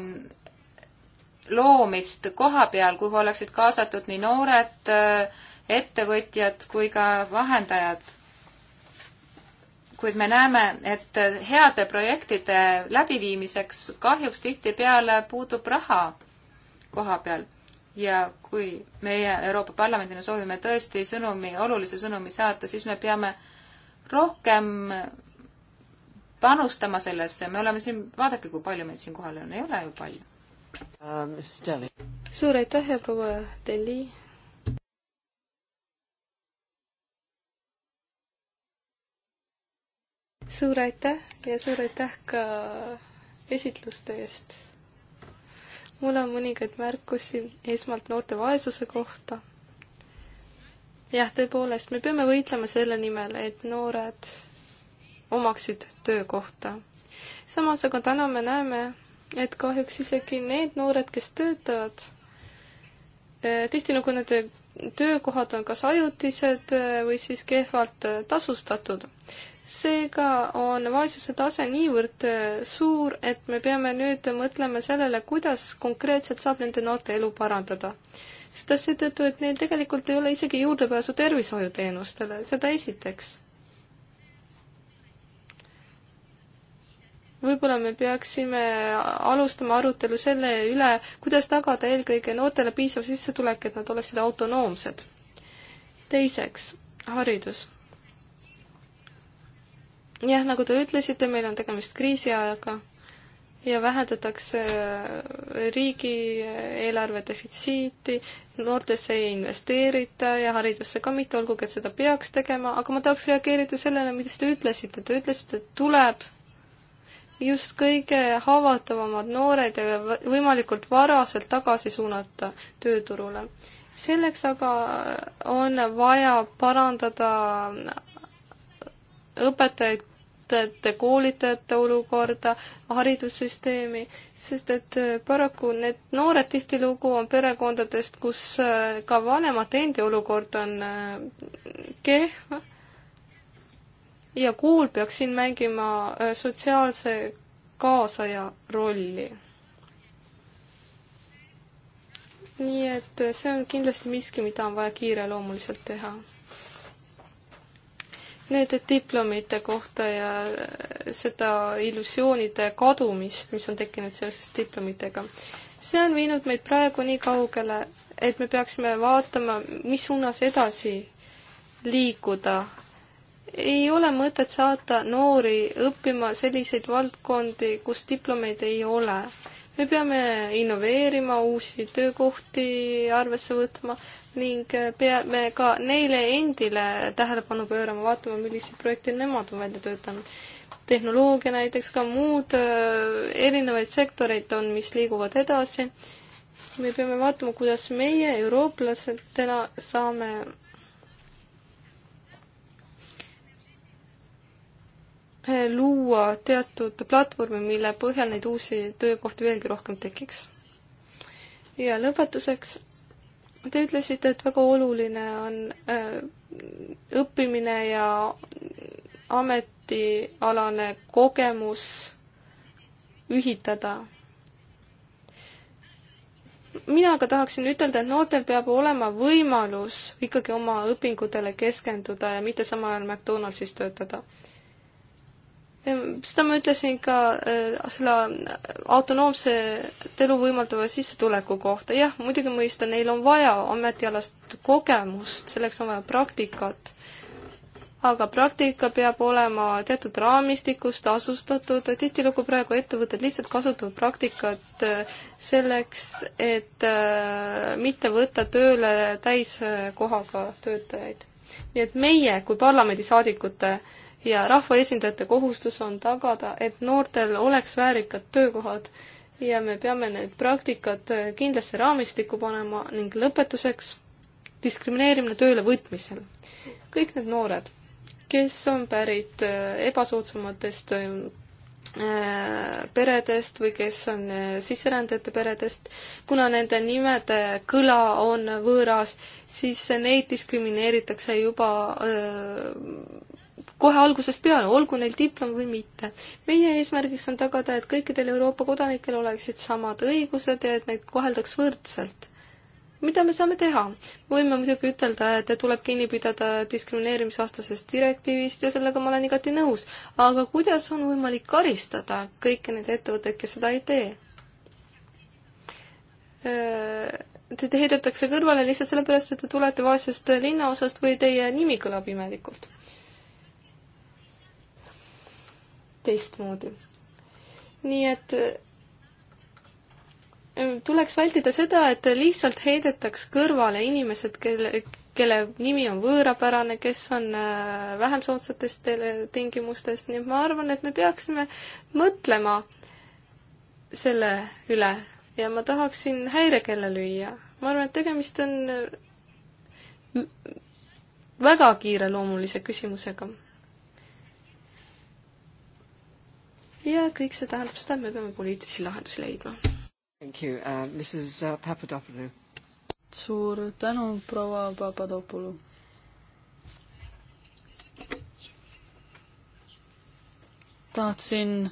loomist koha peal, kuhu oleksid kaasatud nii noored äh, ettevõtjad kui ka vahendajad kuid me näeme, et heade projektide läbiviimiseks kahjuks tihtipeale puudub raha koha peal. ja kui meie Euroopa Parlamendina soovime tõesti sõnumi, olulise sõnumi saata, siis me peame rohkem panustama sellesse, me oleme siin, vaadake, kui palju meid siin kohal on, ei ole ju palju. Äh, suur aitäh ja proua Deli suur aitäh ja suur aitäh ka esitluste eest. mul on mõningaid märkusi esmalt noorte vaesuse kohta. jah, tõepoolest, me peame võitlema selle nimel, et noored omaksid töökohta. samas aga täna me näeme, et kahjuks isegi need noored, kes töötavad, eh, tihti nagu nende töökohad on kas ajutised eh, või siis kehvalt tasustatud seega on vaesuse tase niivõrd äh, suur, et me peame nüüd mõtlema sellele, kuidas konkreetselt saab nende noorte elu parandada. seda seetõttu, et neil tegelikult ei ole isegi juurdepääsu tervishoiuteenustele, seda esiteks. võib-olla me peaksime alustama arutelu selle üle, kuidas tagada eelkõige noortele piisav sissetulek, et nad oleksid autonoomsed. teiseks, haridus jah, nagu te ütlesite, meil on tegemist kriisiajaga ja vähendatakse äh, riigieelarve äh, defitsiiti, noortesse ei investeerita ja haridusse ka mitte, olgugi et seda peaks tegema, aga ma tahaks reageerida sellele, mida te ütlesite, te ütlesite, et tuleb just kõige haavatavamad noored ja võimalikult varaselt tagasi suunata tööturule. selleks aga on vaja parandada õpetajaid õpetajate, koolitajate olukorda, haridussüsteemi, sest et äh, paraku need noored tihtilugu on perekondadest, kus äh, ka vanemate endi olukord on äh, kehv ja kool peaks siin mängima sotsiaalse kaasaja rolli nii et see on kindlasti miski, mida on vaja kiireloomuliselt teha Need diplomite kohta ja seda illusioonide kadumist, mis on tekkinud seoses diplomitega, see on viinud meid praegu nii kaugele, et me peaksime vaatama, mis suunas edasi liikuda. ei ole mõtet saata noori õppima selliseid valdkondi, kus diplomeid ei ole me peame innoveerima, uusi töökohti arvesse võtma, ning äh, peame ka neile endile tähelepanu pöörama, vaatama, milliseid projekte nemad on välja töötanud. tehnoloogia näiteks, ka muud äh, erinevaid sektoreid on, mis liiguvad edasi. me peame vaatama, kuidas meie, eurooplased, täna saame luua teatud platvormi, mille põhjal neid uusi töökohti veelgi rohkem tekiks. ja lõpetuseks Te ütlesite, et väga oluline on äh, õppimine ja ametialane kogemus ühitada. mina aga tahaksin ütelda, et noortel peab olema võimalus ikkagi oma õpingutele keskenduda ja mitte samal ajal McDonaldsis töötada seda ma ütlesin ka e, selle autonoomse elu võimaldava sissetuleku kohta. jah, muidugi mõista, neil on vaja ametialast kogemust, selleks on vaja praktikat. aga praktika peab olema teatud raamistikus tasustatud, tihtilugu praegu ettevõtted lihtsalt kasutavad praktikat e, selleks, et e, mitte võtta tööle täiskohaga töötajaid. nii et meie kui parlamendisaadikute äh, ja rahvaesindajate kohustus on tagada, et noortel oleks väärikad töökohad ja me peame need praktikad kindlasse raamistikku panema ning lõpetuseks diskrimineerimine tööle võtmisel. kõik need noored, kes on pärit äh, ebasoodsamatest äh, peredest või kes on äh, sisserändajate peredest, kuna nende nimede kõla on võõras, siis neid diskrimineeritakse juba öö, kohe algusest peale, olgu neil diplom või mitte. meie eesmärgiks on tagada, et kõikidel Euroopa kodanikel oleksid samad õigused ja et neid koheldaks võrdselt. mida me saame teha? võime muidugi ütelda, et tuleb kinni pidada diskrimineerimisvastasest direktiivist ja sellega ma olen igati nõus, aga kuidas on võimalik karistada kõiki neid ettevõtteid, kes seda ei tee? Äh, te heidetakse kõrvale lihtsalt sellepärast, et te tulete vaesest linnaosast või teie nimi kõlab imelikult teistmoodi. nii et äh, tuleks vältida seda, et lihtsalt heidetaks kõrvale inimesed, kelle, kelle nimi on võõrapärane, kes on äh, vähem soodsatest tingimustest, nii et ma arvan, et me peaksime mõtlema selle üle ja ma tahaksin häirekella lüüa. ma arvan, et tegemist on äh, väga kiireloomulise küsimusega ja kõik see tähendab seda, et me peame poliitilisi lahendusi leidma. Thank you uh,, Mrs uh, Papadopoulou. suur tänu, proua Papadopoulou. tahtsin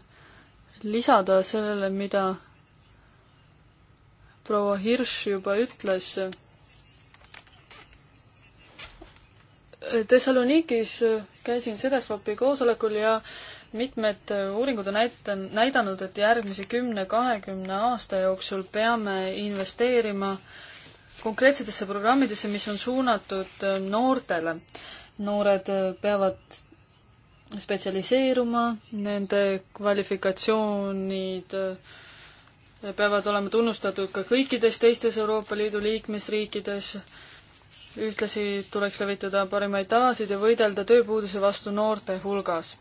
lisada sellele, mida proua Hirš juba ütles. Thessalonikis käisin Sedefopi koosolekul ja mitmed uuringud on näitan-, näidanud, et järgmise kümne-kahekümne aasta jooksul peame investeerima konkreetsetesse programmidesse, mis on suunatud äh, noortele. noored äh, peavad spetsialiseeruma, nende kvalifikatsioonid äh, peavad olema tunnustatud ka kõikides teistes Euroopa Liidu liikmesriikides ühtlasi tuleks levitada parimaid tavasid ja võidelda tööpuuduse vastu noorte hulgas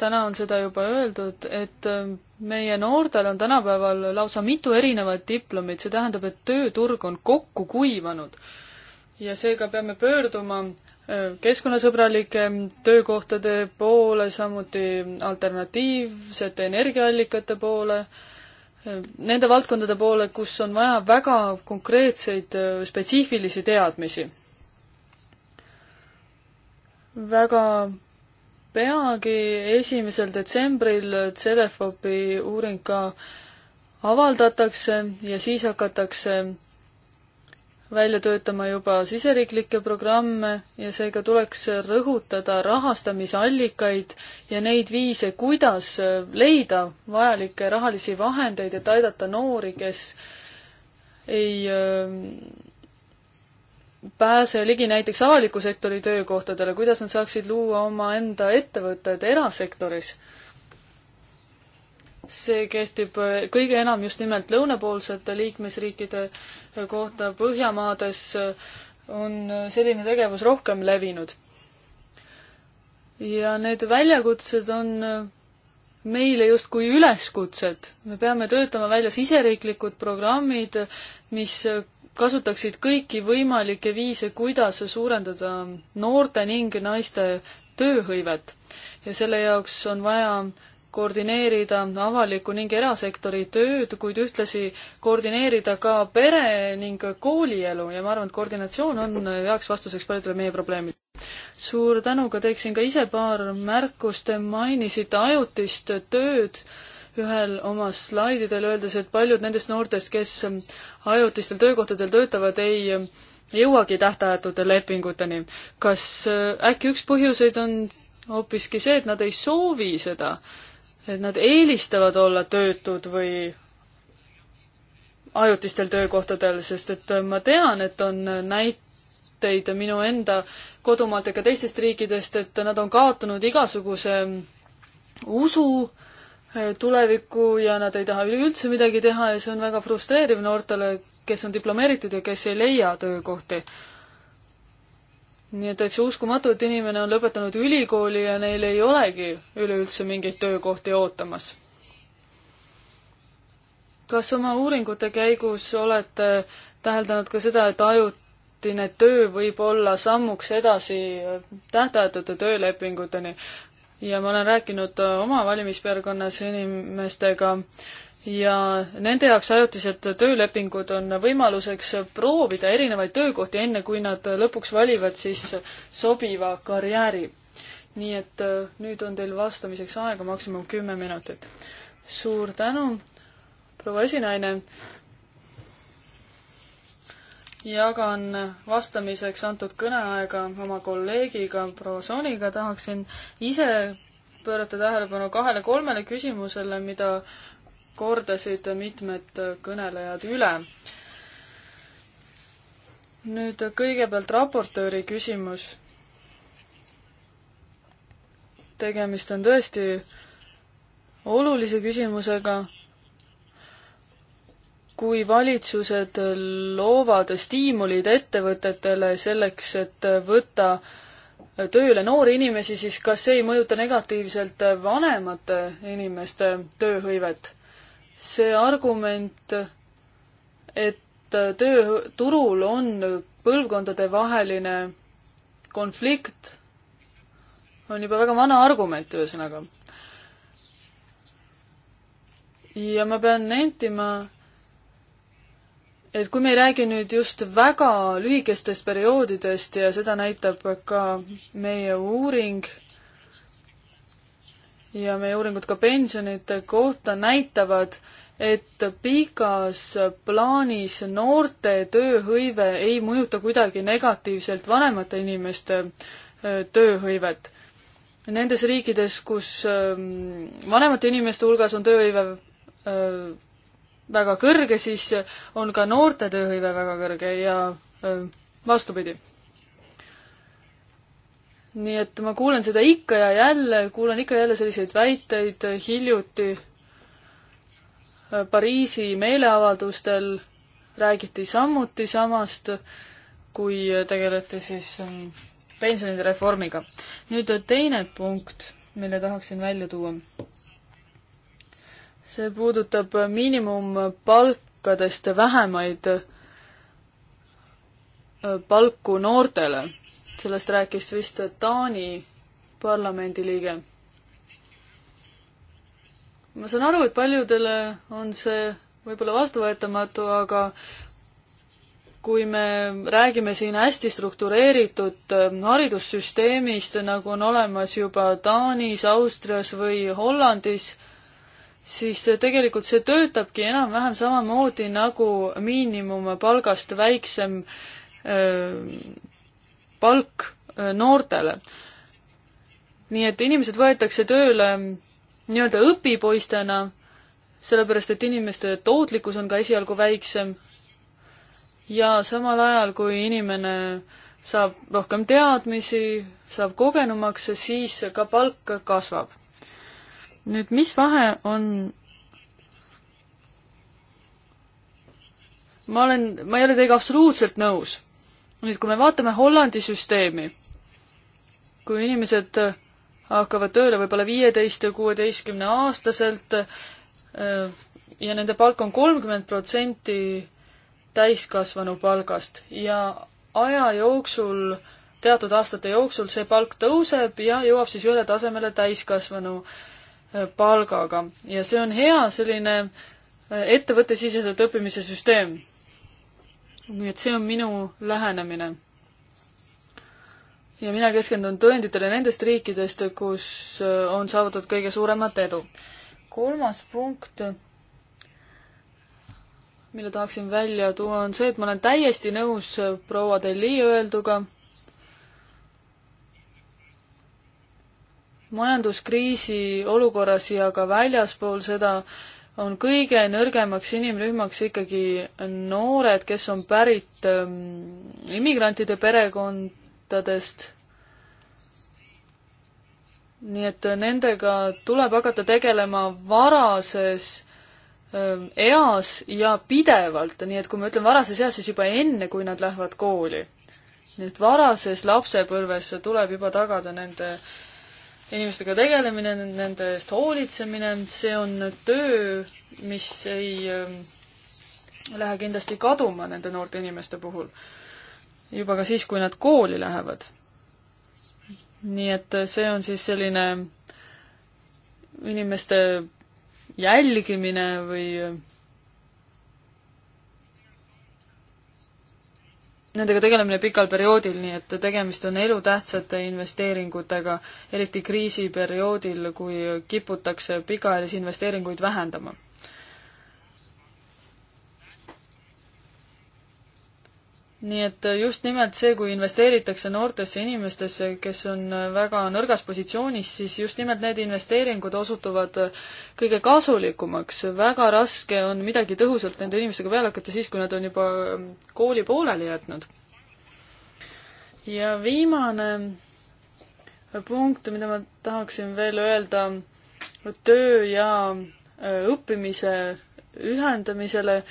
täna on seda juba öeldud, et ähm, meie noortel on tänapäeval lausa mitu erinevat diplomit, see tähendab, et tööturg on kokku kuivanud. ja seega peame pöörduma äh, keskkonnasõbralike ähm, töökohtade poole, samuti alternatiivsete energiaallikate poole, äh, nende valdkondade poole, kus on vaja väga konkreetseid äh, spetsiifilisi teadmisi. väga peagi, esimesel detsembril Celefopi uuring ka avaldatakse ja siis hakatakse välja töötama juba siseriiklikke programme ja seega tuleks rõhutada rahastamisallikaid ja neid viise, kuidas leida vajalikke rahalisi vahendeid, et aidata noori, kes ei pääse ligi näiteks avaliku sektori töökohtadele, kuidas nad saaksid luua omaenda ettevõtted erasektoris? see kehtib kõige enam just nimelt lõunapoolsete liikmesriikide kohta, Põhjamaades on selline tegevus rohkem levinud. ja need väljakutsed on meile justkui üleskutsed, me peame töötama välja siseriiklikud programmid, mis kasutaksid kõiki võimalikke viise, kuidas suurendada noorte ning naiste tööhõivet. ja selle jaoks on vaja koordineerida avaliku ning erasektori tööd, kuid ühtlasi koordineerida ka pere ning koolielu ja ma arvan, et koordinatsioon on heaks vastuseks paljudele meie probleemidele. suur tänu, ka teeksin ka ise paar märkust, te mainisite ajutist tööd ühel oma slaididel, öeldes, et paljud nendest noortest, kes ajutistel töökohtadel töötavad, ei jõuagi tähtajatute lepinguteni. kas äh, äkki üks põhjuseid on hoopiski see, et nad ei soovi seda, et nad eelistavad olla töötud või ajutistel töökohtadel, sest et äh, ma tean, et on äh, näiteid minu enda kodumaalt ega teistest riikidest, et nad on kaotanud igasuguse mm, usu tulevikku ja nad ei taha üleüldse midagi teha ja see on väga frustreeriv noortele, kes on diplomeeritud ja kes ei leia töökohti. nii et täitsa uskumatu, et inimene on lõpetanud ülikooli ja neil ei olegi üleüldse mingeid töökohti ootamas. kas oma uuringute käigus olete täheldanud ka seda, et ajutine töö võib olla sammuks edasi tähtajatute töölepinguteni? ja ma olen rääkinud äh, oma valimispiirkonnas inimestega ja nende jaoks ajutised töölepingud on võimaluseks proovida erinevaid töökohti, enne kui nad lõpuks valivad siis sobiva karjääri. nii et äh, nüüd on teil vastamiseks aega maksimum kümme minutit. suur tänu, proua esinaine jagan vastamiseks antud kõneaega oma kolleegiga proua Soniga, tahaksin ise pöörata tähelepanu kahele-kolmele küsimusele, mida kordasid mitmed kõnelejad üle. nüüd kõigepealt raportööri küsimus. tegemist on tõesti olulise küsimusega kui valitsused loovad stiimulid ettevõtetele selleks, et võtta tööle noori inimesi, siis kas see ei mõjuta negatiivselt vanemate inimeste tööhõivet? see argument, et tööturul on põlvkondadevaheline konflikt, on juba väga vana argument, ühesõnaga. ja ma pean nentima, et kui me ei räägi nüüd just väga lühikestest perioodidest ja seda näitab ka meie uuring ja meie uuringud ka pensionite kohta näitavad, et pikas plaanis noorte tööhõive ei mõjuta kuidagi negatiivselt vanemate inimeste tööhõivet. Nendes riikides, kus vanemate inimeste hulgas on tööhõive väga kõrge, siis on ka noorte tööhõive väga kõrge ja vastupidi. nii et ma kuulen seda ikka ja jälle, kuulen ikka ja jälle selliseid väiteid hiljuti Pariisi meeleavaldustel räägiti samuti samast, kui tegeleti siis pensionide reformiga. nüüd teine punkt, mille tahaksin välja tuua see puudutab miinimumpalkadest vähemaid äh, palku noortele. sellest rääkis vist Taani parlamendiliige. ma saan aru, et paljudele on see võib-olla vastuvõetamatu, aga kui me räägime siin hästi struktureeritud äh, haridussüsteemist, nagu on olemas juba Taanis, Austrias või Hollandis, siis tegelikult see töötabki enam-vähem samamoodi nagu miinimumpalgast väiksem öö, palk öö, noortele. nii et inimesed võetakse tööle nii-öelda õpipoistena, sellepärast et inimeste tootlikkus on ka esialgu väiksem ja samal ajal, kui inimene saab rohkem teadmisi, saab kogenumaks, siis ka palk kasvab nüüd, mis vahe on ma olen, ma ei ole teiega absoluutselt nõus. nüüd, kui me vaatame Hollandi süsteemi, kui inimesed hakkavad tööle võib-olla viieteist ja kuueteistkümne aastaselt äh, ja nende palk on kolmkümmend protsenti täiskasvanu palgast ja aja jooksul, teatud aastate jooksul see palk tõuseb ja jõuab siis ühele tasemele täiskasvanu äh, palgaga ja see on hea selline äh, ettevõttesiseselt õppimise süsteem. nii et see on minu lähenemine. ja mina keskendun tõenditele nendest riikidest, kus äh, on saavutatud kõige suuremat edu. kolmas punkt, mille tahaksin välja tuua, on see, et ma olen täiesti nõus äh, proua Deli öelduga majanduskriisi olukorras ja ka väljaspool seda on kõige nõrgemaks inimrühmaks ikkagi noored, kes on pärit ähm, immigrantide perekondadest. nii et nendega tuleb hakata tegelema varases ähm, eas ja pidevalt, nii et kui ma ütlen varases eas, siis juba enne, kui nad lähevad kooli. nii et varases lapsepõlves tuleb juba tagada nende äh, inimestega tegelemine, nende eest hoolitsemine, see on töö, mis ei ähm, lähe kindlasti kaduma nende noorte inimeste puhul. juba ka siis, kui nad kooli lähevad. nii et äh, see on siis selline inimeste jälgimine või äh, nendega tegelemine pikal perioodil, nii et tegemist on elutähtsate investeeringutega, eriti kriisiperioodil, kui kiputakse pikaajalisi investeeringuid vähendama. nii et äh, just nimelt see, kui investeeritakse noortesse inimestesse, kes on äh, väga nõrgas positsioonis, siis just nimelt need investeeringud osutuvad äh, kõige kasulikumaks. väga raske on midagi tõhusalt nende inimestega peale hakata siis, kui nad on juba ähm, kooli pooleli jätnud. ja viimane punkt, mida ma tahaksin veel öelda töö ja õppimise ühendamisele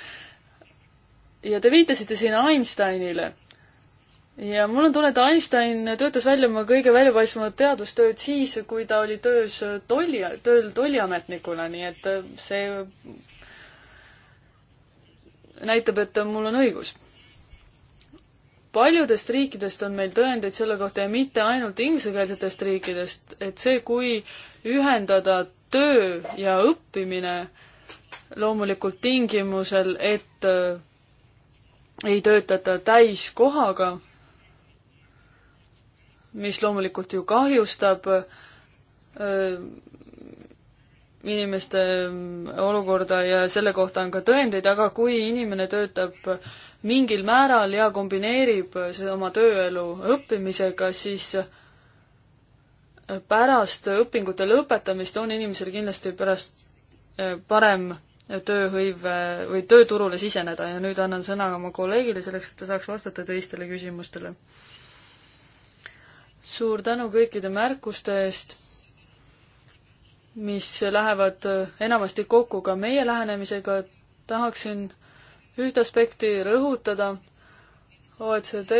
ja te viitasite siin Einsteinile. ja mul on tunne, et Einstein töötas välja oma kõige väljapaistvad teadustööd siis, kui ta oli töös tolli, tööl tolliametnikuna, nii et see näitab, et mul on õigus paljudest riikidest on meil tõendeid selle kohta ja mitte ainult inglisekeelsetest riikidest, et see, kui ühendada töö ja õppimine loomulikult tingimusel, et ei töötata täiskohaga, mis loomulikult ju kahjustab öö, inimeste mm, olukorda ja selle kohta on ka tõendeid, aga kui inimene töötab mingil määral ja kombineerib seda oma tööelu õppimisega, siis pärast õpingute lõpetamist on inimesel kindlasti pärast parem tööhõive või tööturule siseneda ja nüüd annan sõna oma kolleegile selleks, et ta saaks vastata teistele küsimustele. suur tänu kõikide märkuste eest, mis lähevad enamasti kokku ka meie lähenemisega, tahaksin ühte aspekti rõhutada. OECD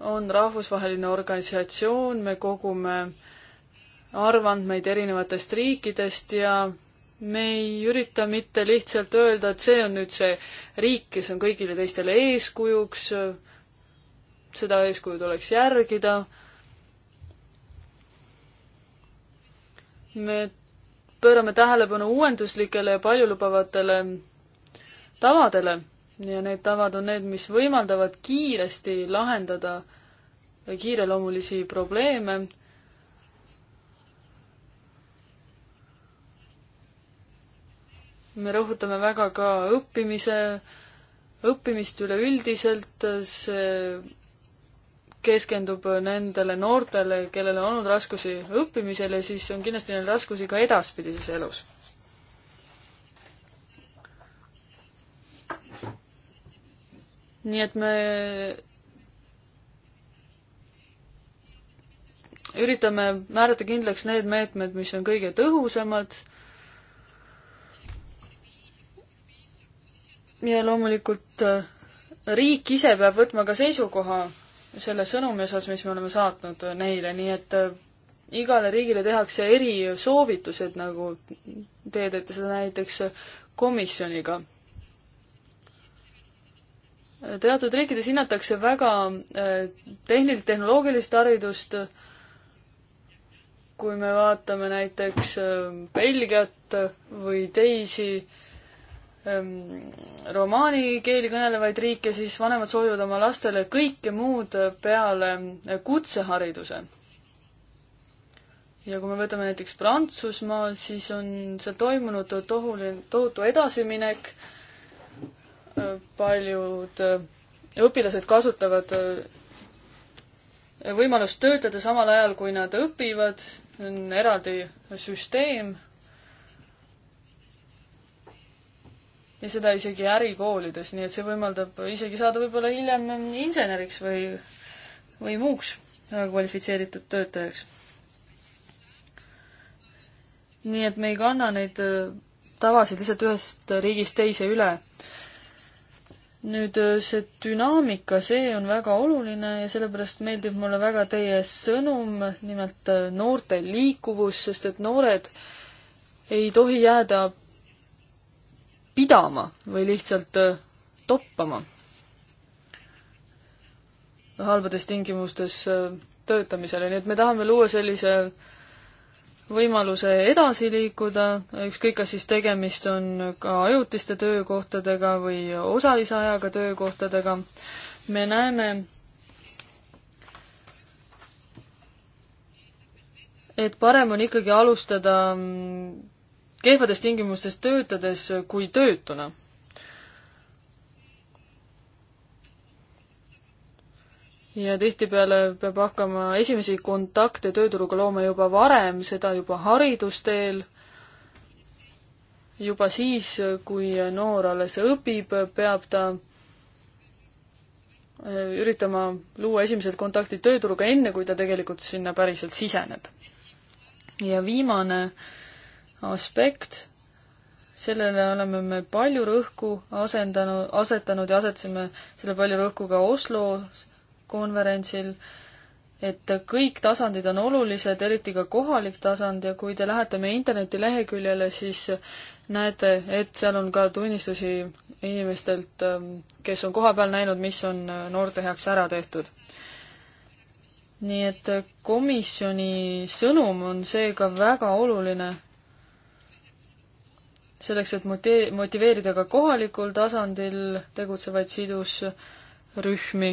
on rahvusvaheline organisatsioon, me kogume arvandmeid erinevatest riikidest ja me ei ürita mitte lihtsalt öelda, et see on nüüd see riik, kes on kõigile teistele eeskujuks, seda eeskuju tuleks järgida. me pöörame tähelepanu uuenduslikele ja paljulubavatele tavadele ja need tavad on need, mis võimaldavad kiiresti lahendada kiireloomulisi probleeme me rõhutame väga ka õppimise, õppimist üleüldiselt, see keskendub nendele noortele, kellel on olnud raskusi õppimisel ja siis on kindlasti neil raskusi ka edaspidises elus. nii et me üritame määrata kindlaks need meetmed, mis on kõige tõhusamad ja loomulikult äh, riik ise peab võtma ka seisukoha selle sõnumi osas, mis me oleme saatnud äh, neile, nii et äh, igale riigile tehakse erisoovitused, nagu teie teete seda näiteks komisjoniga. teatud riikides hinnatakse väga tehnilist, tehnoloogilist haridust, kui me vaatame näiteks Belgiat või teisi äh, romaani keeli kõnelevaid riike, siis vanemad soovivad oma lastele kõike muud peale kutsehariduse. ja kui me võtame näiteks Prantsusmaa, siis on seal toimunud tohuline, tohutu edasiminek, paljud õpilased kasutavad võimalust töötada samal ajal, kui nad õpivad, on eraldi süsteem ja seda isegi ärikoolides, nii et see võimaldab isegi saada võib-olla hiljem inseneriks või, või muuks kvalifitseeritud töötajaks. nii et me ei kanna neid äh, tavasid lihtsalt ühest riigist teise üle. nüüd äh, see dünaamika, see on väga oluline ja sellepärast meeldib mulle väga teie sõnum, nimelt äh, noorte liikuvus, sest et noored ei tohi jääda pidama või lihtsalt äh, toppama halbades tingimustes äh, töötamisele, nii et me tahame luua sellise võimaluse edasi liikuda, ükskõik, kas siis tegemist on ka ajutiste töökohtadega või osalise ajaga töökohtadega, me näeme, et parem on ikkagi alustada mm, kehvades tingimustes töötades kui töötuna. ja tihtipeale peab hakkama esimesi kontakte tööturuga looma juba varem, seda juba haridusteel, juba siis, kui noor alles õpib, peab ta äh, üritama luua esimesed kontaktid tööturuga, enne kui ta tegelikult sinna päriselt siseneb. ja viimane äh, aspekt, sellele oleme me palju rõhku asendanud, asetanud ja asetasime selle palju rõhku ka Oslo konverentsil, et kõik tasandid on olulised, eriti ka kohalik tasand ja kui te lähete meie internetileheküljele, siis näete, et seal on ka tunnistusi inimestelt, ähm, kes on kohapeal näinud, mis on äh, noorte heaks ära tehtud. nii et äh, komisjoni sõnum on seega väga oluline selleks, et motee-, motiveerida ka kohalikul tasandil tegutsevaid sidusrühmi.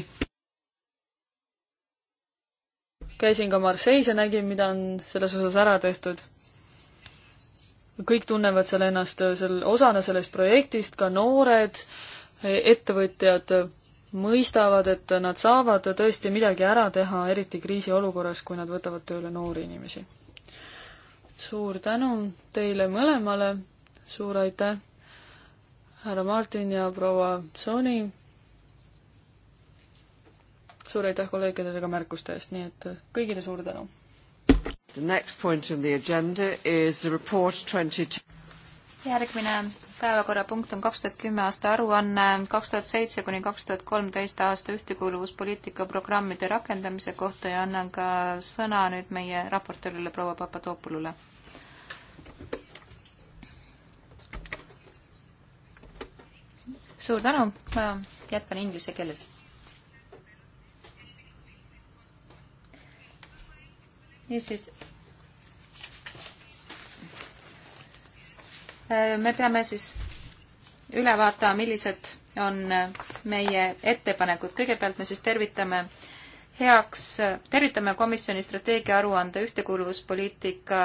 käisin ka Marseilles ja nägin, mida on selles osas ära tehtud. kõik tunnevad seal ennast seal osana sellest projektist, ka noored, ettevõtjad mõistavad, et nad saavad tõesti midagi ära teha, eriti kriisiolukorras, kui nad võtavad tööle noori inimesi. suur tänu teile mõlemale suur aitäh, härra Martin ja proua Sony. suur aitäh kolleegidele ka märkuste eest, nii et äh, kõigile suur tänu. The next point on the agenda is the report twenty 20... järgmine päevakorrapunkt on kaks tuhat kümme aasta aruanne kaks tuhat seitse kuni kaks tuhat kolmteist aasta ühtekuuluvuspoliitika programmide rakendamise kohta ja annan ka sõna nüüd meie raportöörile proua Papadopolule suur tänu, ma jätkan inglise keeles. niisiis. me peame siis üle vaatama, millised on meie ettepanekud. kõigepealt me siis tervitame heaks, tervitame komisjoni strateegia aruande ühtekuuluvuspoliitika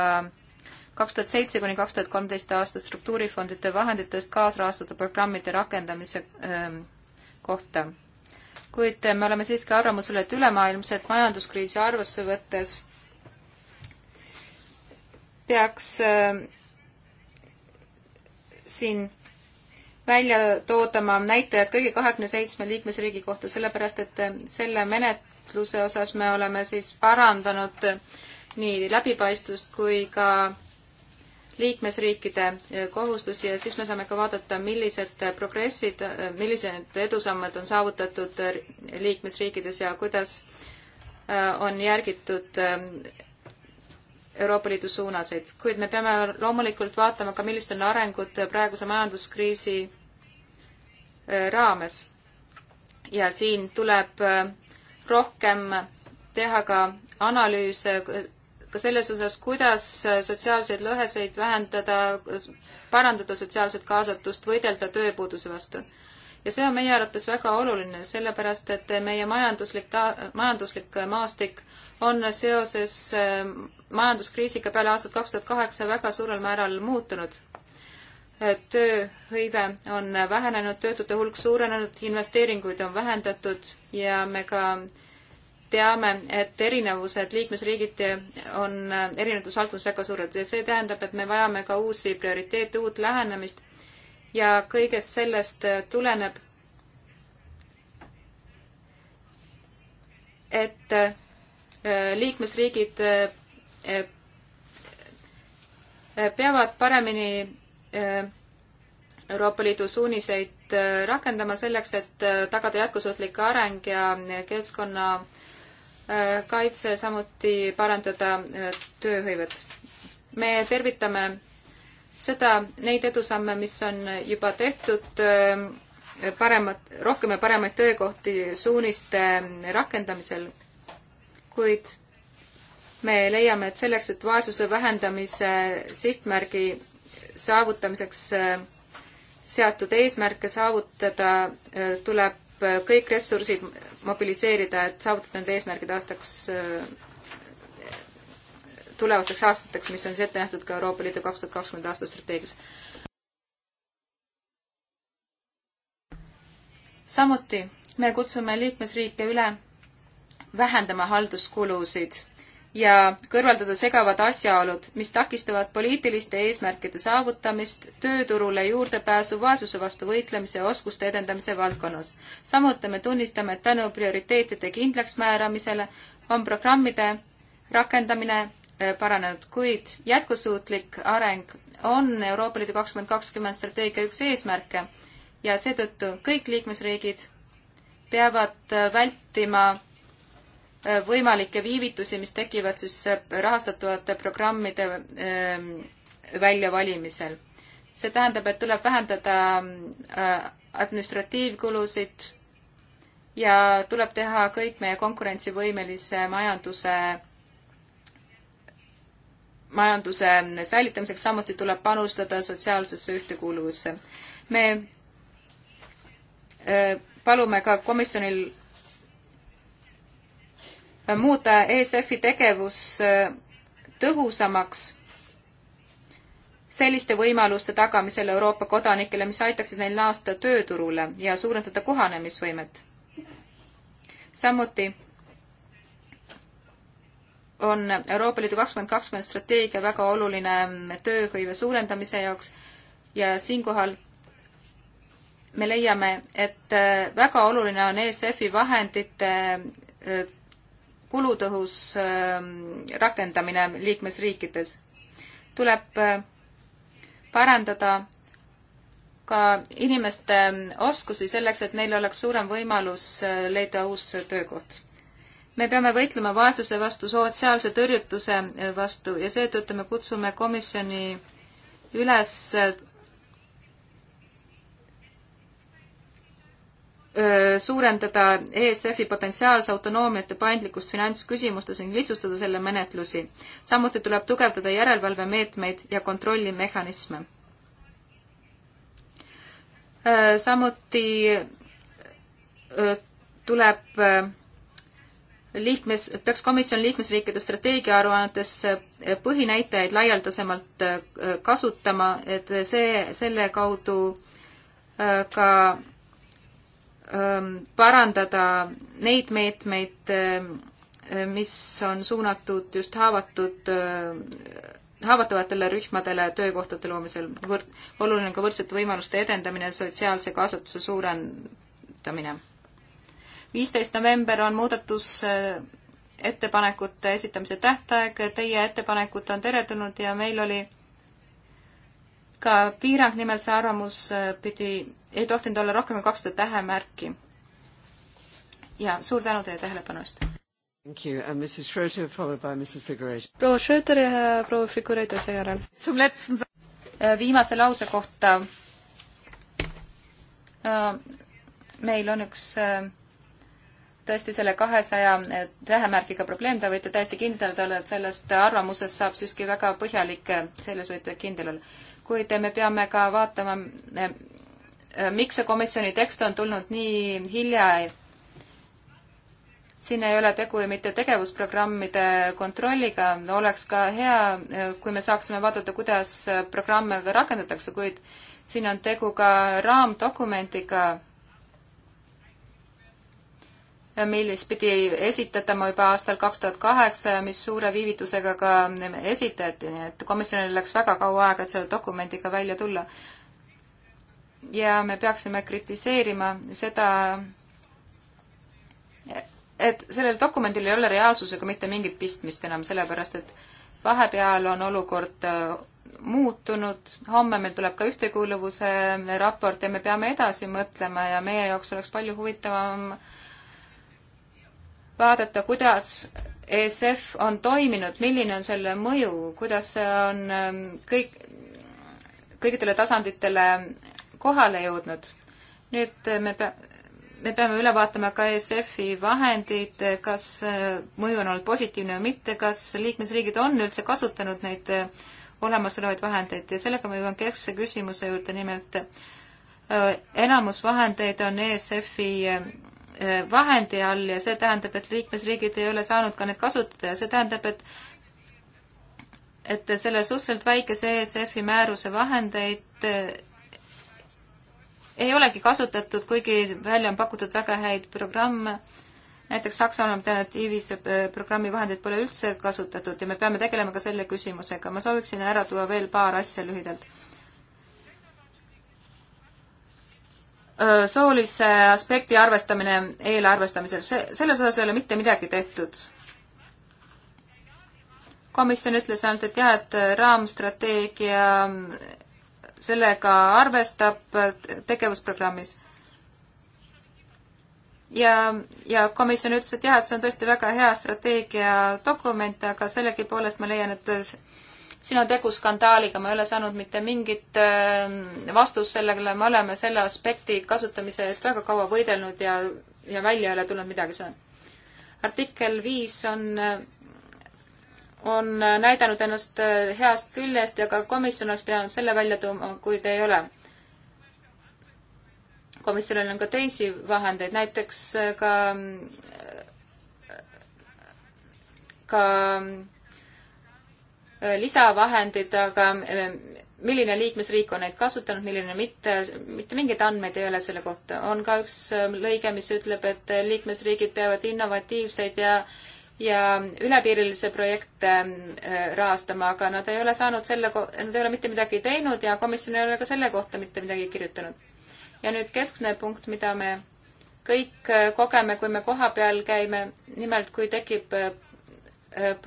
kaks tuhat seitse kuni kaks tuhat kolmteist aasta struktuurifondide vahenditest kaasrahastada programmide rakendamise ähm, kohta. kuid me oleme siiski arvamusel, et ülemaailmset majanduskriisi arvesse võttes peaks ähm, siin välja toodama näitajad kõigi kahekümne seitsme liikmesriigi kohta, sellepärast et ähm, selle menetluse osas me oleme siis parandanud äh, nii läbipaistvust kui ka liikmesriikide eh, kohustusi ja siis me saame ka vaadata, millised eh, progressid, eh, millised edusammad on saavutatud liikmesriikides ja kuidas on järgitud Euroopa Liidu suunaseid. kuid me peame loomulikult vaatama ka, millised on arengud praeguse majanduskriisi raames. ja siin tuleb rohkem teha ka analüüse ka selles osas, kuidas sotsiaalseid lõheseid vähendada, parandada sotsiaalset kaasatust, võidelda tööpuuduse vastu. ja see on meie arvates väga oluline, sellepärast et meie majanduslik ta-, majanduslik maastik on seoses äh, majanduskriisiga peale aastat kaks tuhat kaheksa väga suurel määral muutunud. tööhõive on vähenenud, töötute hulk suurenenud, investeeringuid on vähendatud ja me ka äh, teame, et erinevused liikmesriigid on erinevates valdkondades väga suured ja see tähendab, et me vajame ka uusi prioriteete, uut lähenemist ja kõigest sellest tuleneb, et äh, liikmesriigid äh, peavad paremini äh, Euroopa Liidu suuniseid rakendama selleks, et tagada jätkusuutlik areng ja keskkonna kaitse, samuti parandada äh, tööhõivet. me tervitame seda, neid edusamme, mis on juba tehtud, äh, paremat, rohkem ja paremaid töökohti suuniste rakendamisel, kuid me leiame, et selleks, et vaesuse vähendamise sihtmärgi saavutamiseks äh, seatud eesmärke saavutada, tuleb kõik ressursid mobiliseerida, et saavutada need eesmärgid aastaks, äh, tulevasteks aastateks, mis on siis ette nähtud ka Euroopa Liidu kaks tuhat kakskümmend aasta strateegias. samuti me kutsume liikmesriike üle vähendama halduskulusid ja kõrvaldada segavad asjaolud, mis takistavad poliitiliste eesmärkide saavutamist, tööturule juurdepääsu, vaesuse vastu võitlemise ja oskuste edendamise valdkonnas. samuti me tunnistame, et tänu prioriteetide kindlaksmääramisele on programmide rakendamine äh, paranenud, kuid jätkusuutlik areng on Euroopa Liidu kakskümmend kakskümmend strateegia üks eesmärke ja seetõttu kõik liikmesriigid peavad äh, vältima võimalikke viivitusi, mis tekivad siis rahastatavate programmide ehm, väljavalimisel. see tähendab, et tuleb vähendada äh, administratiivkulusid ja tuleb teha kõik meie konkurentsivõimelise majanduse, majanduse säilitamiseks, samuti tuleb panustada sotsiaalsesse ühtekuuluvusse. me äh, palume ka komisjonil muuta ESF-i tegevus äh, tõhusamaks selliste võimaluste tagamisel Euroopa kodanikele, mis aitaksid neil naasta tööturule ja suurendada kohanemisvõimet. samuti on Euroopa Liidu kakskümmend kakskümmend strateegia väga oluline tööhõive suurendamise jaoks ja siinkohal me leiame, et äh, väga oluline on ESF-i vahendite äh, kulutõhus ähm, rakendamine liikmesriikides. tuleb äh, parandada ka inimeste ähm, oskusi selleks, et neil oleks suurem võimalus äh, leida uus töökoht. me peame võitlema vaesuse vastu, sotsiaalse tõrjutuse äh, vastu ja seetõttu me kutsume komisjoni üles suurendada ESF-i potentsiaalse autonoomiat ja paindlikkust finantsküsimustes ning lihtsustada selle menetlusi. samuti tuleb tugevdada järelevalvemeetmeid ja kontrollimehhanisme. samuti tuleb liikmes, peaks komisjon liikmesriikide strateegiaaruannetes põhinäitajaid laialdasemalt kasutama, et see, selle kaudu ka Ähm, parandada neid meetmeid, ähm, mis on suunatud just haavatud, äh, haavatavatele rühmadele töökohtade loomisel. Võrd-, oluline on ka võrdsete võimaluste edendamine ja sotsiaalse kaasatuse suurendamine. viisteist november on muudatus äh, ettepanekute esitamise tähtaeg, teie ettepanekud on teretulnud ja meil oli ka piirang, nimelt see arvamus äh, pidi, ei tohtinud olla rohkem kui kakssada tähemärki. ja suur tänu teie tähelepanu eest! proua Schröter ja äh, proua Figureida seejärel. Äh, viimase lause kohta. meil on üks tõesti selle kahesaja tähemärgiga probleem, te võite täiesti kindlad olla, et sellest arvamusest saab siiski väga põhjalik, selles võite kindel olla kuid me peame ka vaatama, miks see komisjoni tekst on tulnud nii hilja. siin ei ole tegu ju mitte tegevusprogrammide kontrolliga, oleks ka hea, kui me saaksime vaadata, kuidas programme rakendatakse, kuid siin on tegu ka raamdokumendiga millis pidi esitatama juba aastal kaks tuhat kaheksa ja mis suure viivitusega ka esitati, nii et komisjonil läks väga kaua aega, et selle dokumendiga välja tulla. ja me peaksime kritiseerima seda, et sellel dokumendil ei ole reaalsusega mitte mingit pistmist enam, sellepärast et vahepeal on olukord äh, muutunud, homme meil tuleb ka ühtekuuluvuse raport ja me peame edasi mõtlema ja meie jaoks oleks palju huvitavam äh, vaadata, kuidas ESF on toiminud, milline on selle mõju, kuidas see on ähm, kõik, kõikidele tasanditele kohale jõudnud. nüüd äh, me pea-, me peame üle vaatama ka ESF-i vahendid, äh, kas äh, mõju on olnud positiivne või mitte, kas liikmesriigid on üldse kasutanud neid olemasolevaid vahendeid ja sellega ma jõuan keskse küsimuse juurde, nimelt enamus vahendeid on ESF-i Eh, vahendi all ja see tähendab, et liikmesriigid ei ole saanud ka neid kasutada ja see tähendab, et et selle suhteliselt väikese ESF-i määruse vahendeid eh, ei olegi kasutatud, kuigi välja on pakutud väga häid programme. näiteks Saksamaal on alternatiivis eh, programmi vahendeid pole üldse kasutatud ja me peame tegelema ka selle küsimusega. ma sooviksin ära tuua veel paar asja lühidalt soolise aspekti arvestamine eelarvestamisel, see, selles osas ei ole mitte midagi tehtud. komisjon ütles ainult, et jah, et raamstrateegia sellega arvestab tegevusprogrammis. ja, ja komisjon ütles, et jah, et see on tõesti väga hea strateegiadokument, aga sellegipoolest ma leian, et siin on tegu skandaaliga, ma ei ole saanud mitte mingit ähm, vastust sellele, me oleme selle aspekti kasutamise eest väga kaua võidelnud ja, ja välja ei ole tulnud midagi saanud. artikkel viis on, äh, on näidanud ennast äh, heast küljest ja ka komisjon oleks pidanud selle välja tooma, kuid ei ole. komisjonil on ka teisi vahendeid, näiteks äh, ka, ka Äh, lisavahendid, aga äh, milline liikmesriik on neid kasutanud, milline mitte, mitte mingeid andmeid ei ole selle kohta. on ka üks äh, lõige, mis ütleb, et liikmesriigid peavad innovatiivseid ja ja ülepiirilisi projekte rahastama, aga nad ei ole saanud selle, nad ei ole mitte midagi teinud ja komisjon ei ole ka selle kohta mitte midagi kirjutanud. ja nüüd keskne punkt, mida me kõik kogeme, kui me kohapeal käime, nimelt kui tekib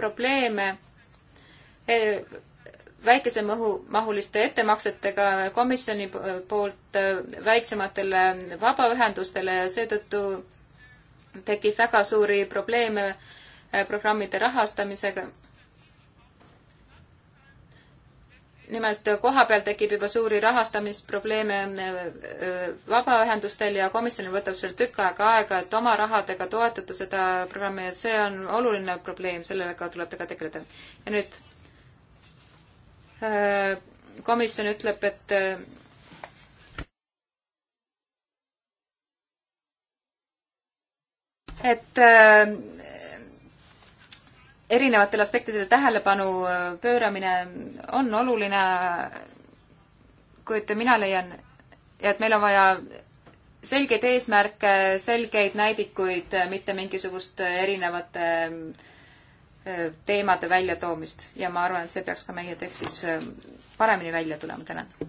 probleeme väikesemahuliste ettemaksetega komisjoni poolt äh, väiksematele vabaühendustele ja seetõttu tekib väga suuri probleeme äh, programmide rahastamisega. nimelt äh, koha peal tekib juba suuri rahastamisprobleeme vabaühendustel ja komisjon võtab seal tükk aega aega, et oma rahadega toetada seda programmi, et see on oluline probleem, sellega tuleb ka tegeleda. ja nüüd Äh, komisjon ütleb, et äh, et äh, erinevatele aspektidele tähelepanu pööramine on oluline, kuid mina leian, et meil on vaja selgeid eesmärke, selgeid näidikuid, mitte mingisugust erinevate äh, teemade väljatoomist ja ma arvan, et see peaks ka meie tekstis äh, paremini välja tulema, tänan. Äh,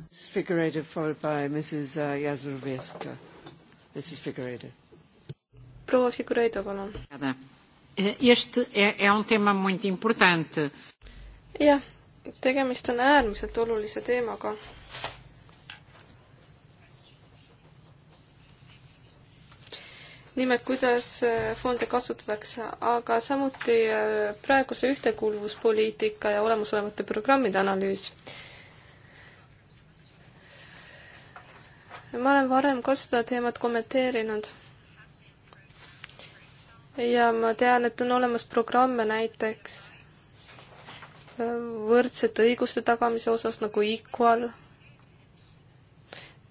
proua Figureido, palun. E, um jah, tegemist on äärmiselt olulise teemaga nimelt kuidas äh, fonde kasutatakse, aga samuti äh, praeguse ühtekuuluvuspoliitika ja olemasolevate programmide analüüs. ma olen varem ka seda teemat kommenteerinud. ja ma tean, et on olemas programme näiteks äh, võrdsete õiguste tagamise osas nagu Equal,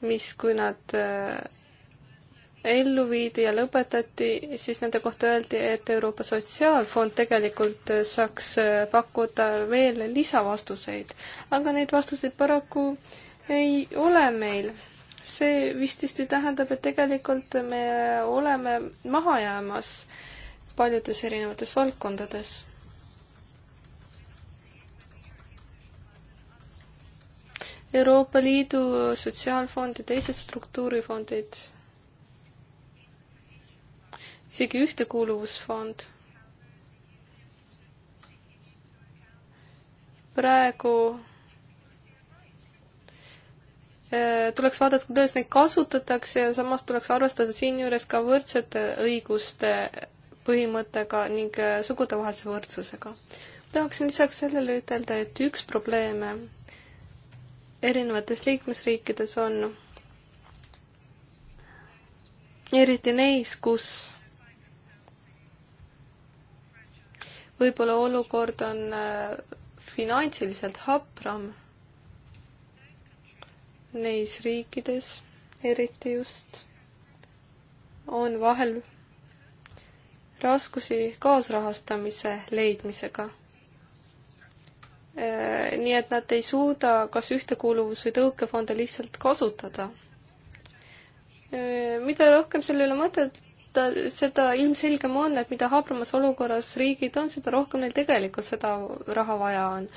mis, kui nad ellu viidi ja lõpetati, siis nende kohta öeldi, et Euroopa Sotsiaalfond tegelikult äh, saaks äh, pakkuda veel lisavastuseid, aga neid vastuseid paraku ei ole meil see vist tõesti tähendab, et tegelikult me oleme maha jäämas paljudes erinevates valdkondades. Euroopa Liidu sotsiaalfond ja teised struktuurifondid isegi ühtekuuluvusfond. praegu äh, tuleks vaadata, kuidas neid kasutatakse ja samas tuleks arvestada siinjuures ka võrdsete õiguste põhimõttega ning äh, sugudevahelise võrdsusega. tahaksin lisaks sellele ütelda, et üks probleeme erinevates liikmesriikides on eriti neis, kus võib-olla olukord on äh, finantsiliselt hapram neis riikides eriti just on vahel raskusi kaasrahastamise leidmisega. Äh, nii et nad ei suuda kas ühtekuuluvus- või tõukefonde lihtsalt kasutada. Äh, mida rohkem selle üle mõtled, seda, äh, seda ilmselgem on, et mida habramas olukorras riigid on, seda rohkem neil tegelikult seda raha vaja on.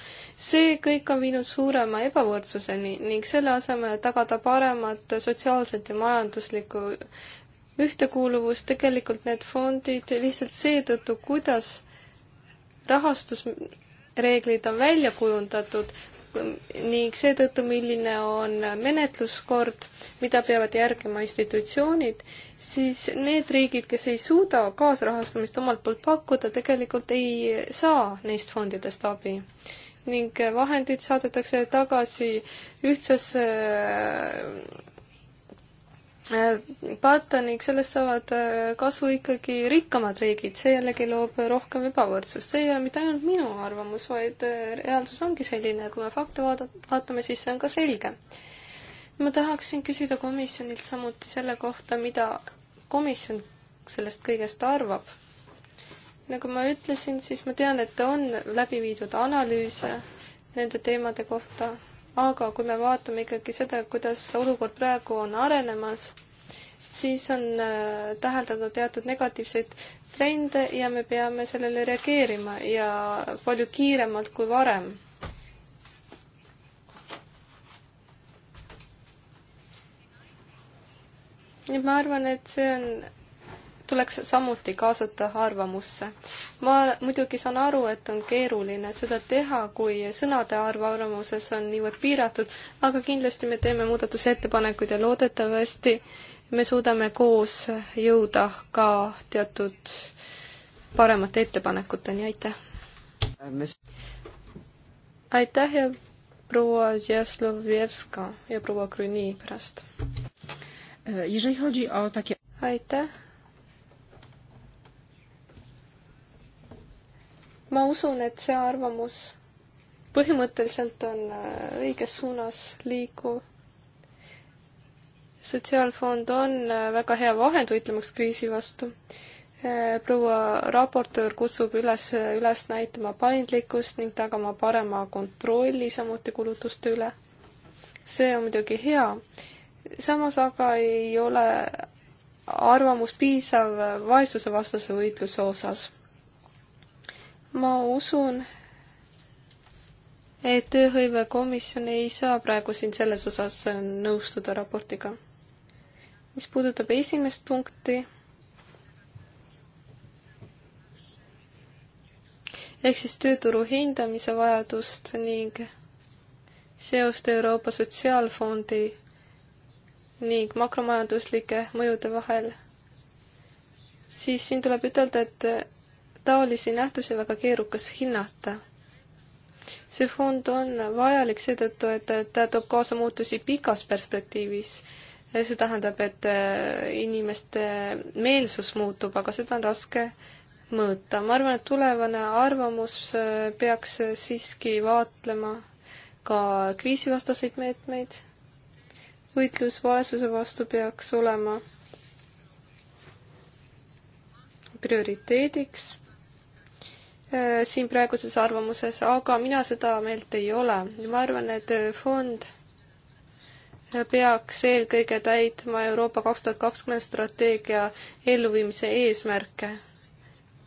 see kõik on viinud suurema ebavõrdsuseni ning selle asemel, et tagada paremat sotsiaalset ja majanduslikku ühtekuuluvust, tegelikult need fondid lihtsalt seetõttu, kuidas rahastusreeglid on välja kujundatud, ning seetõttu, milline on menetluskord, mida peavad järgima institutsioonid, siis need riigid, kes ei suuda kaasrahastamist omalt poolt pakkuda, tegelikult ei saa neist fondidest abi. ning vahendid saadetakse tagasi ühtsesse patoniks, sellest saavad äh, kasu ikkagi rikkamad riigid, see jällegi loob rohkem ebavõrdsust. see ei ole mitte ainult minu arvamus, vaid äh, reaalsus ongi selline, kui me fakte vaada-, vaatame, siis see on ka selge. ma tahaksin küsida komisjonilt samuti selle kohta, mida komisjon sellest kõigest arvab. nagu ma ütlesin, siis ma tean, et on läbi viidud analüüse nende teemade kohta aga kui me vaatame ikkagi seda, kuidas olukord praegu on arenemas, siis on äh, täheldada teatud negatiivseid trende ja me peame sellele reageerima ja palju kiiremalt kui varem. nii et ma arvan, et see on tuleks samuti kaasata arvamusse. ma muidugi saan aru, et on keeruline seda teha, kui sõnade arv arvamuses on niivõrd piiratud, aga kindlasti me teeme muudatusettepanekuid ja loodetavasti me suudame koos jõuda ka teatud paremate ettepanekuteni, aitäh! aitäh ja proua Jaslovjevska ja proua Grüni pärast! Äh, jeżeli chodzi o takie... Aitäh! ma usun, et see arvamus põhimõtteliselt on äh, õiges suunas liikuv. sotsiaalfond on äh, väga hea vahend võitlemaks kriisi vastu. Äh, proua raportöör kutsub üles, üles näitama paindlikkust ning tagama parema kontrolli samuti kulutuste üle. see on muidugi hea. samas aga ei ole arvamus piisav vaesusevastase võitluse osas ma usun, et tööhõivekomisjon ei saa praegu siin selles osas nõustuda raportiga. mis puudutab esimest punkti, ehk siis tööturu hindamise vajadust ning seost Euroopa Sotsiaalfondi ning makromajanduslike mõjude vahel, siis siin tuleb ütelda, et taolisi nähtusi väga keerukas hinnata. see fond on vajalik seetõttu, et ta toob kaasa muutusi pikas perspektiivis. see tähendab, et äh, inimeste meelsus muutub, aga seda on raske mõõta. ma arvan, et tulevane arvamus äh, peaks siiski vaatlema ka kriisivastaseid meetmeid. võitlus vaesuse vastu peaks olema prioriteediks. Äh, siin praeguses arvamuses, aga mina seda meelt ei ole. ma arvan, et äh, fond äh, peaks eelkõige täitma Euroopa kaks tuhat kakskümmend strateegia elluviimise eesmärke.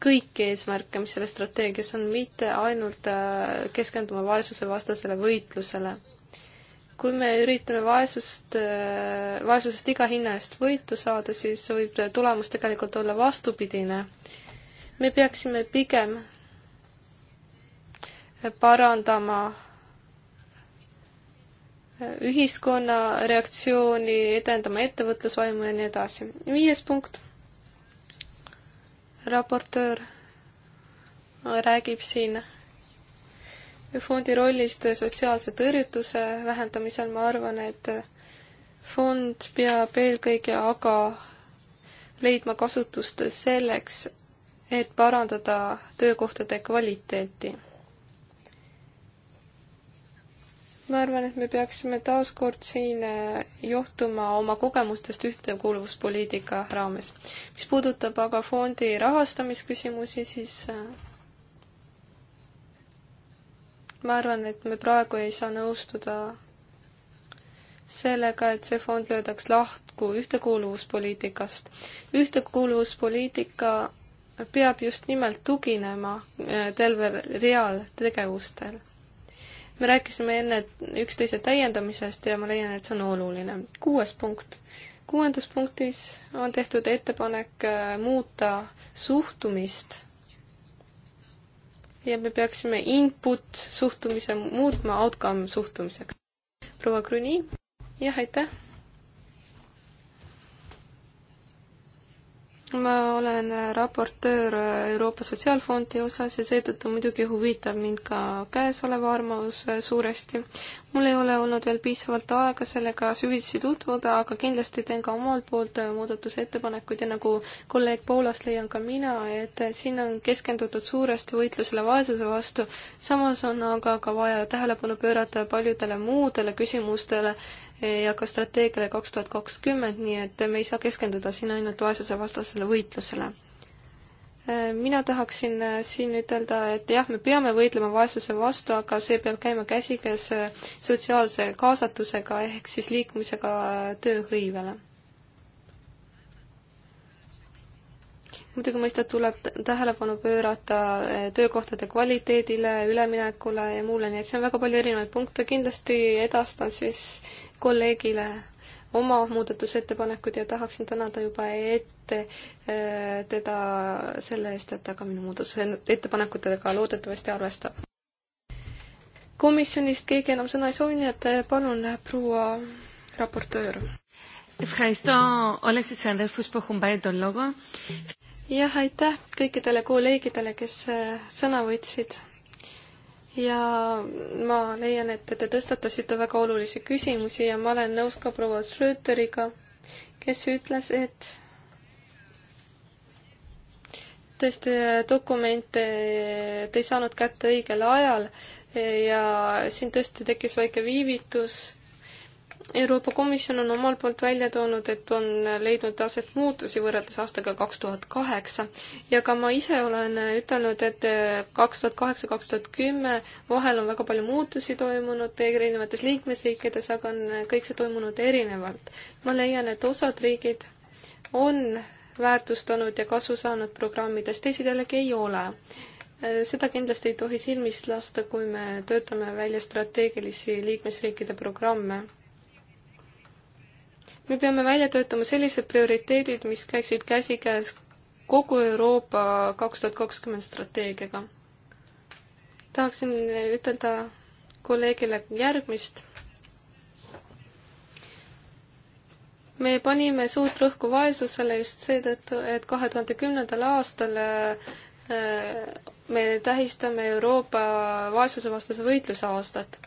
kõiki eesmärke, mis selles strateegias on, mitte ainult keskenduma vaesusevastasele võitlusele. kui me üritame vaesust, vaesusest iga hinna eest võitu saada, siis võib tulemus tegelikult olla vastupidine. me peaksime pigem parandama ühiskonna reaktsiooni, edendama ettevõtlusvaimu ja nii edasi. viies punkt. raportöör räägib siin fondi rollist sotsiaalse tõrjutuse vähendamisel, ma arvan, et fond peab eelkõige aga leidma kasutust selleks, et parandada töökohtade kvaliteeti ma arvan, et me peaksime taaskord siin äh, johtuma oma kogemustest ühtekuuluvuspoliitika raames. mis puudutab aga fondi rahastamisküsimusi, siis äh, ma arvan, et me praegu ei saa nõustuda sellega, et see fond löödaks lahku ühtekuuluvuspoliitikast. ühtekuuluvuspoliitika peab just nimelt tuginema äh, tervel real tegevustel me rääkisime enne üksteise täiendamisest ja ma leian, et see on oluline. kuues punkt. kuuendas punktis on tehtud ettepanek äh, muuta suhtumist ja me peaksime input suhtumise muutma outcome suhtumiseks. proua Krüni, jah, aitäh! ma olen raportöör Euroopa Sotsiaalfondi osas ja seetõttu muidugi huvitab mind ka käesolev arvamus suuresti. mul ei ole olnud veel piisavalt aega sellega süvitsi tutvuda, aga kindlasti teen ka omalt poolt muudatusettepanekuid ja nagu kolleeg Poolast leian ka mina, et siin on keskendutud suuresti võitlusele vaesuse vastu, samas on aga ka vaja tähelepanu pöörata paljudele muudele küsimustele, ja ka strateegiale kaks tuhat kakskümmend, nii et me ei saa keskenduda siin ainult vaesusevastasele võitlusele. mina tahaksin äh, siin ütelda, et jah, me peame võitlema vaesuse vastu, aga see peab käima käsikäes äh, sotsiaalse kaasatusega ehk siis liikumisega äh, tööhõivele. muidugi mõista tuleb tähelepanu pöörata töökohtade kvaliteedile, üleminekule ja muule, nii et siin on väga palju erinevaid punkte, kindlasti edastan siis äh, kolleegile oma muudatusettepanekud ja tahaksin tänada juba ette äh, teda selle eest, et ta ka minu muudatusettepanekutega loodetavasti arvestab. komisjonist keegi enam sõna ei soovi, nii et äh, palun, proua raportöör. jah, aitäh kõikidele kolleegidele, kes äh, sõna võtsid ja ma leian, et te tõstatasite väga olulisi küsimusi ja ma olen nõus ka proua Schröteriga, kes ütles, et tõesti dokumente te ei saanud kätte õigel ajal ja siin tõesti tekkis väike viivitus Euroopa Komisjon on omalt poolt välja toonud, et on leidnud aset muutusi võrreldes aastaga kaks tuhat kaheksa ja ka ma ise olen ütelnud, et kaks tuhat kaheksa, kaks tuhat kümme vahel on väga palju muutusi toimunud erinevates liikmesriikides, aga on kõik see toimunud erinevalt. ma leian, et osad riigid on väärtustanud ja kasu saanud programmidest, teised jällegi ei ole seda kindlasti ei tohi silmist lasta, kui me töötame välja strateegilisi liikmesriikide programme me peame välja töötama sellised prioriteedid, mis käiksid käsikäes kogu Euroopa kaks tuhat kakskümmend strateegiaga. tahaksin ütelda kolleegile järgmist. me panime suurt rõhku vaesusele just seetõttu, et kahe tuhande kümnendal aastal äh, me tähistame Euroopa vaesusevastase võitluse aastat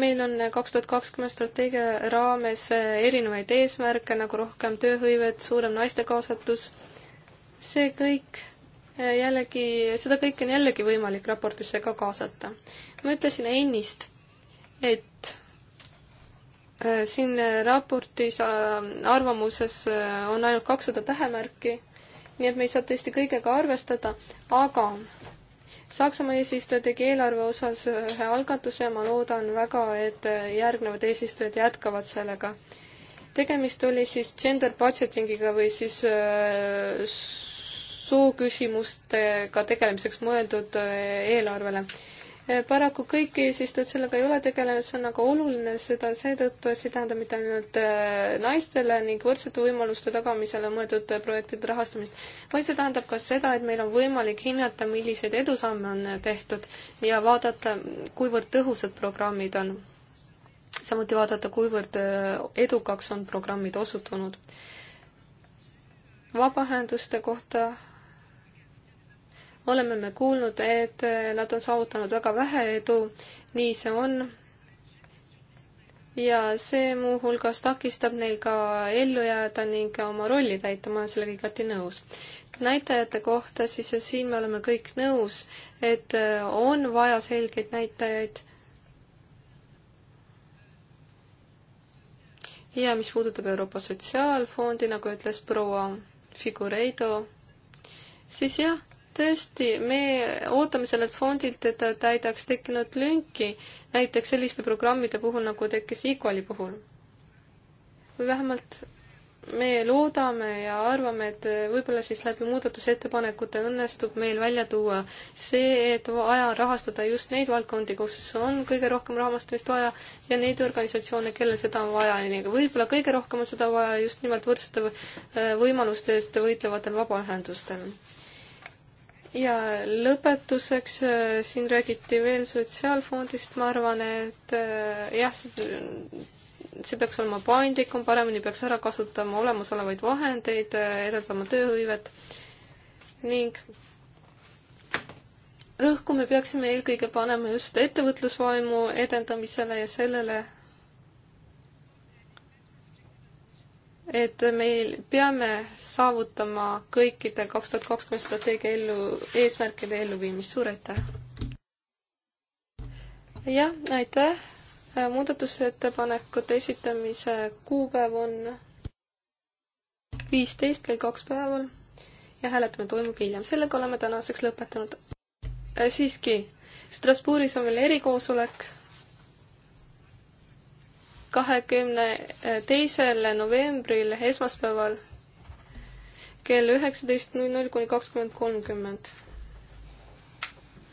meil on kaks tuhat kakskümmend strateegia raames erinevaid eesmärke, nagu rohkem tööhõivet, suurem naiste kaasatus. see kõik eh, jällegi, seda kõike on jällegi võimalik raportisse ka kaasata. ma ütlesin ennist, et eh, siin raportis eh, arvamuses on ainult kakssada tähemärki, nii et me ei saa tõesti kõigega arvestada, aga Saksamaa eesistuja tegi eelarve osas ühe äh, algatuse ja ma loodan väga, et äh, järgnevad eesistujad jätkavad sellega. tegemist oli siis gender budgetingiga või siis äh, sooküsimustega tegelemiseks mõeldud eelarvele. Eh, paraku kõik eesistujad sellega ei ole tegelenud, see on aga oluline seda seetõttu, et see ei tähenda mitte ainult eh, naistele ning võrdsete võimaluste tagamisele mõeldud eh, projektide rahastamist, vaid see tähendab ka seda, et meil on võimalik hinnata, milliseid edusamme on tehtud ja vaadata, kuivõrd tõhusad programmid on. samuti vaadata, kuivõrd edukaks on programmid osutunud. vabaühenduste kohta oleme me kuulnud, et eh, nad on saavutanud väga vähe edu, nii see on. ja see muuhulgas takistab neil ka ellu jääda ning oma rolli täita, ma olen sellega igati nõus. näitajate kohta, siis siin me oleme kõik nõus, et eh, on vaja selgeid näitajaid ja mis puudutab Euroopa Sotsiaalfondi, nagu ütles proua Figureido, siis jah, tõesti, me ootame sellelt fondilt, et ta täidaks tekkinud lünki, näiteks selliste programmide puhul, nagu tekkis Equali puhul. või vähemalt me loodame ja arvame, et võib-olla siis läbi muudatusettepanekute õnnestub meil välja tuua see, et vaja on rahastada just neid valdkondi, kus on kõige rohkem rahastamist vaja ja neid organisatsioone, kellel seda on vaja, võib-olla kõige rohkem on seda vaja just nimelt võrdsete äh, võimaluste eest võitlevatel vabaühendustel ja lõpetuseks äh, siin räägiti veel sotsiaalfondist, ma arvan, et äh, jah, see peaks olema paindlikum, paremini peaks ära kasutama olemasolevaid vahendeid, äh, edendama tööhõivet ning rõhku me peaksime eelkõige panema just ettevõtlusvaimu edendamisele ja sellele, et meil peame saavutama kõikide kaks tuhat kakskümmend strateegia ellu, eesmärkide elluviimist, suur aitäh! jah, aitäh! muudatusettepanekute esitamise kuupäev on viisteist kell kaks päeval ja hääletamine toimub hiljem. sellega oleme tänaseks lõpetanud. Äh, siiski, Strasbourgis on veel erikoosolek kahekümne teisel novembril, esmaspäeval kell üheksateist null null kuni kakskümmend kolmkümmend.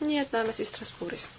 nii et näeme siis Strasbourgis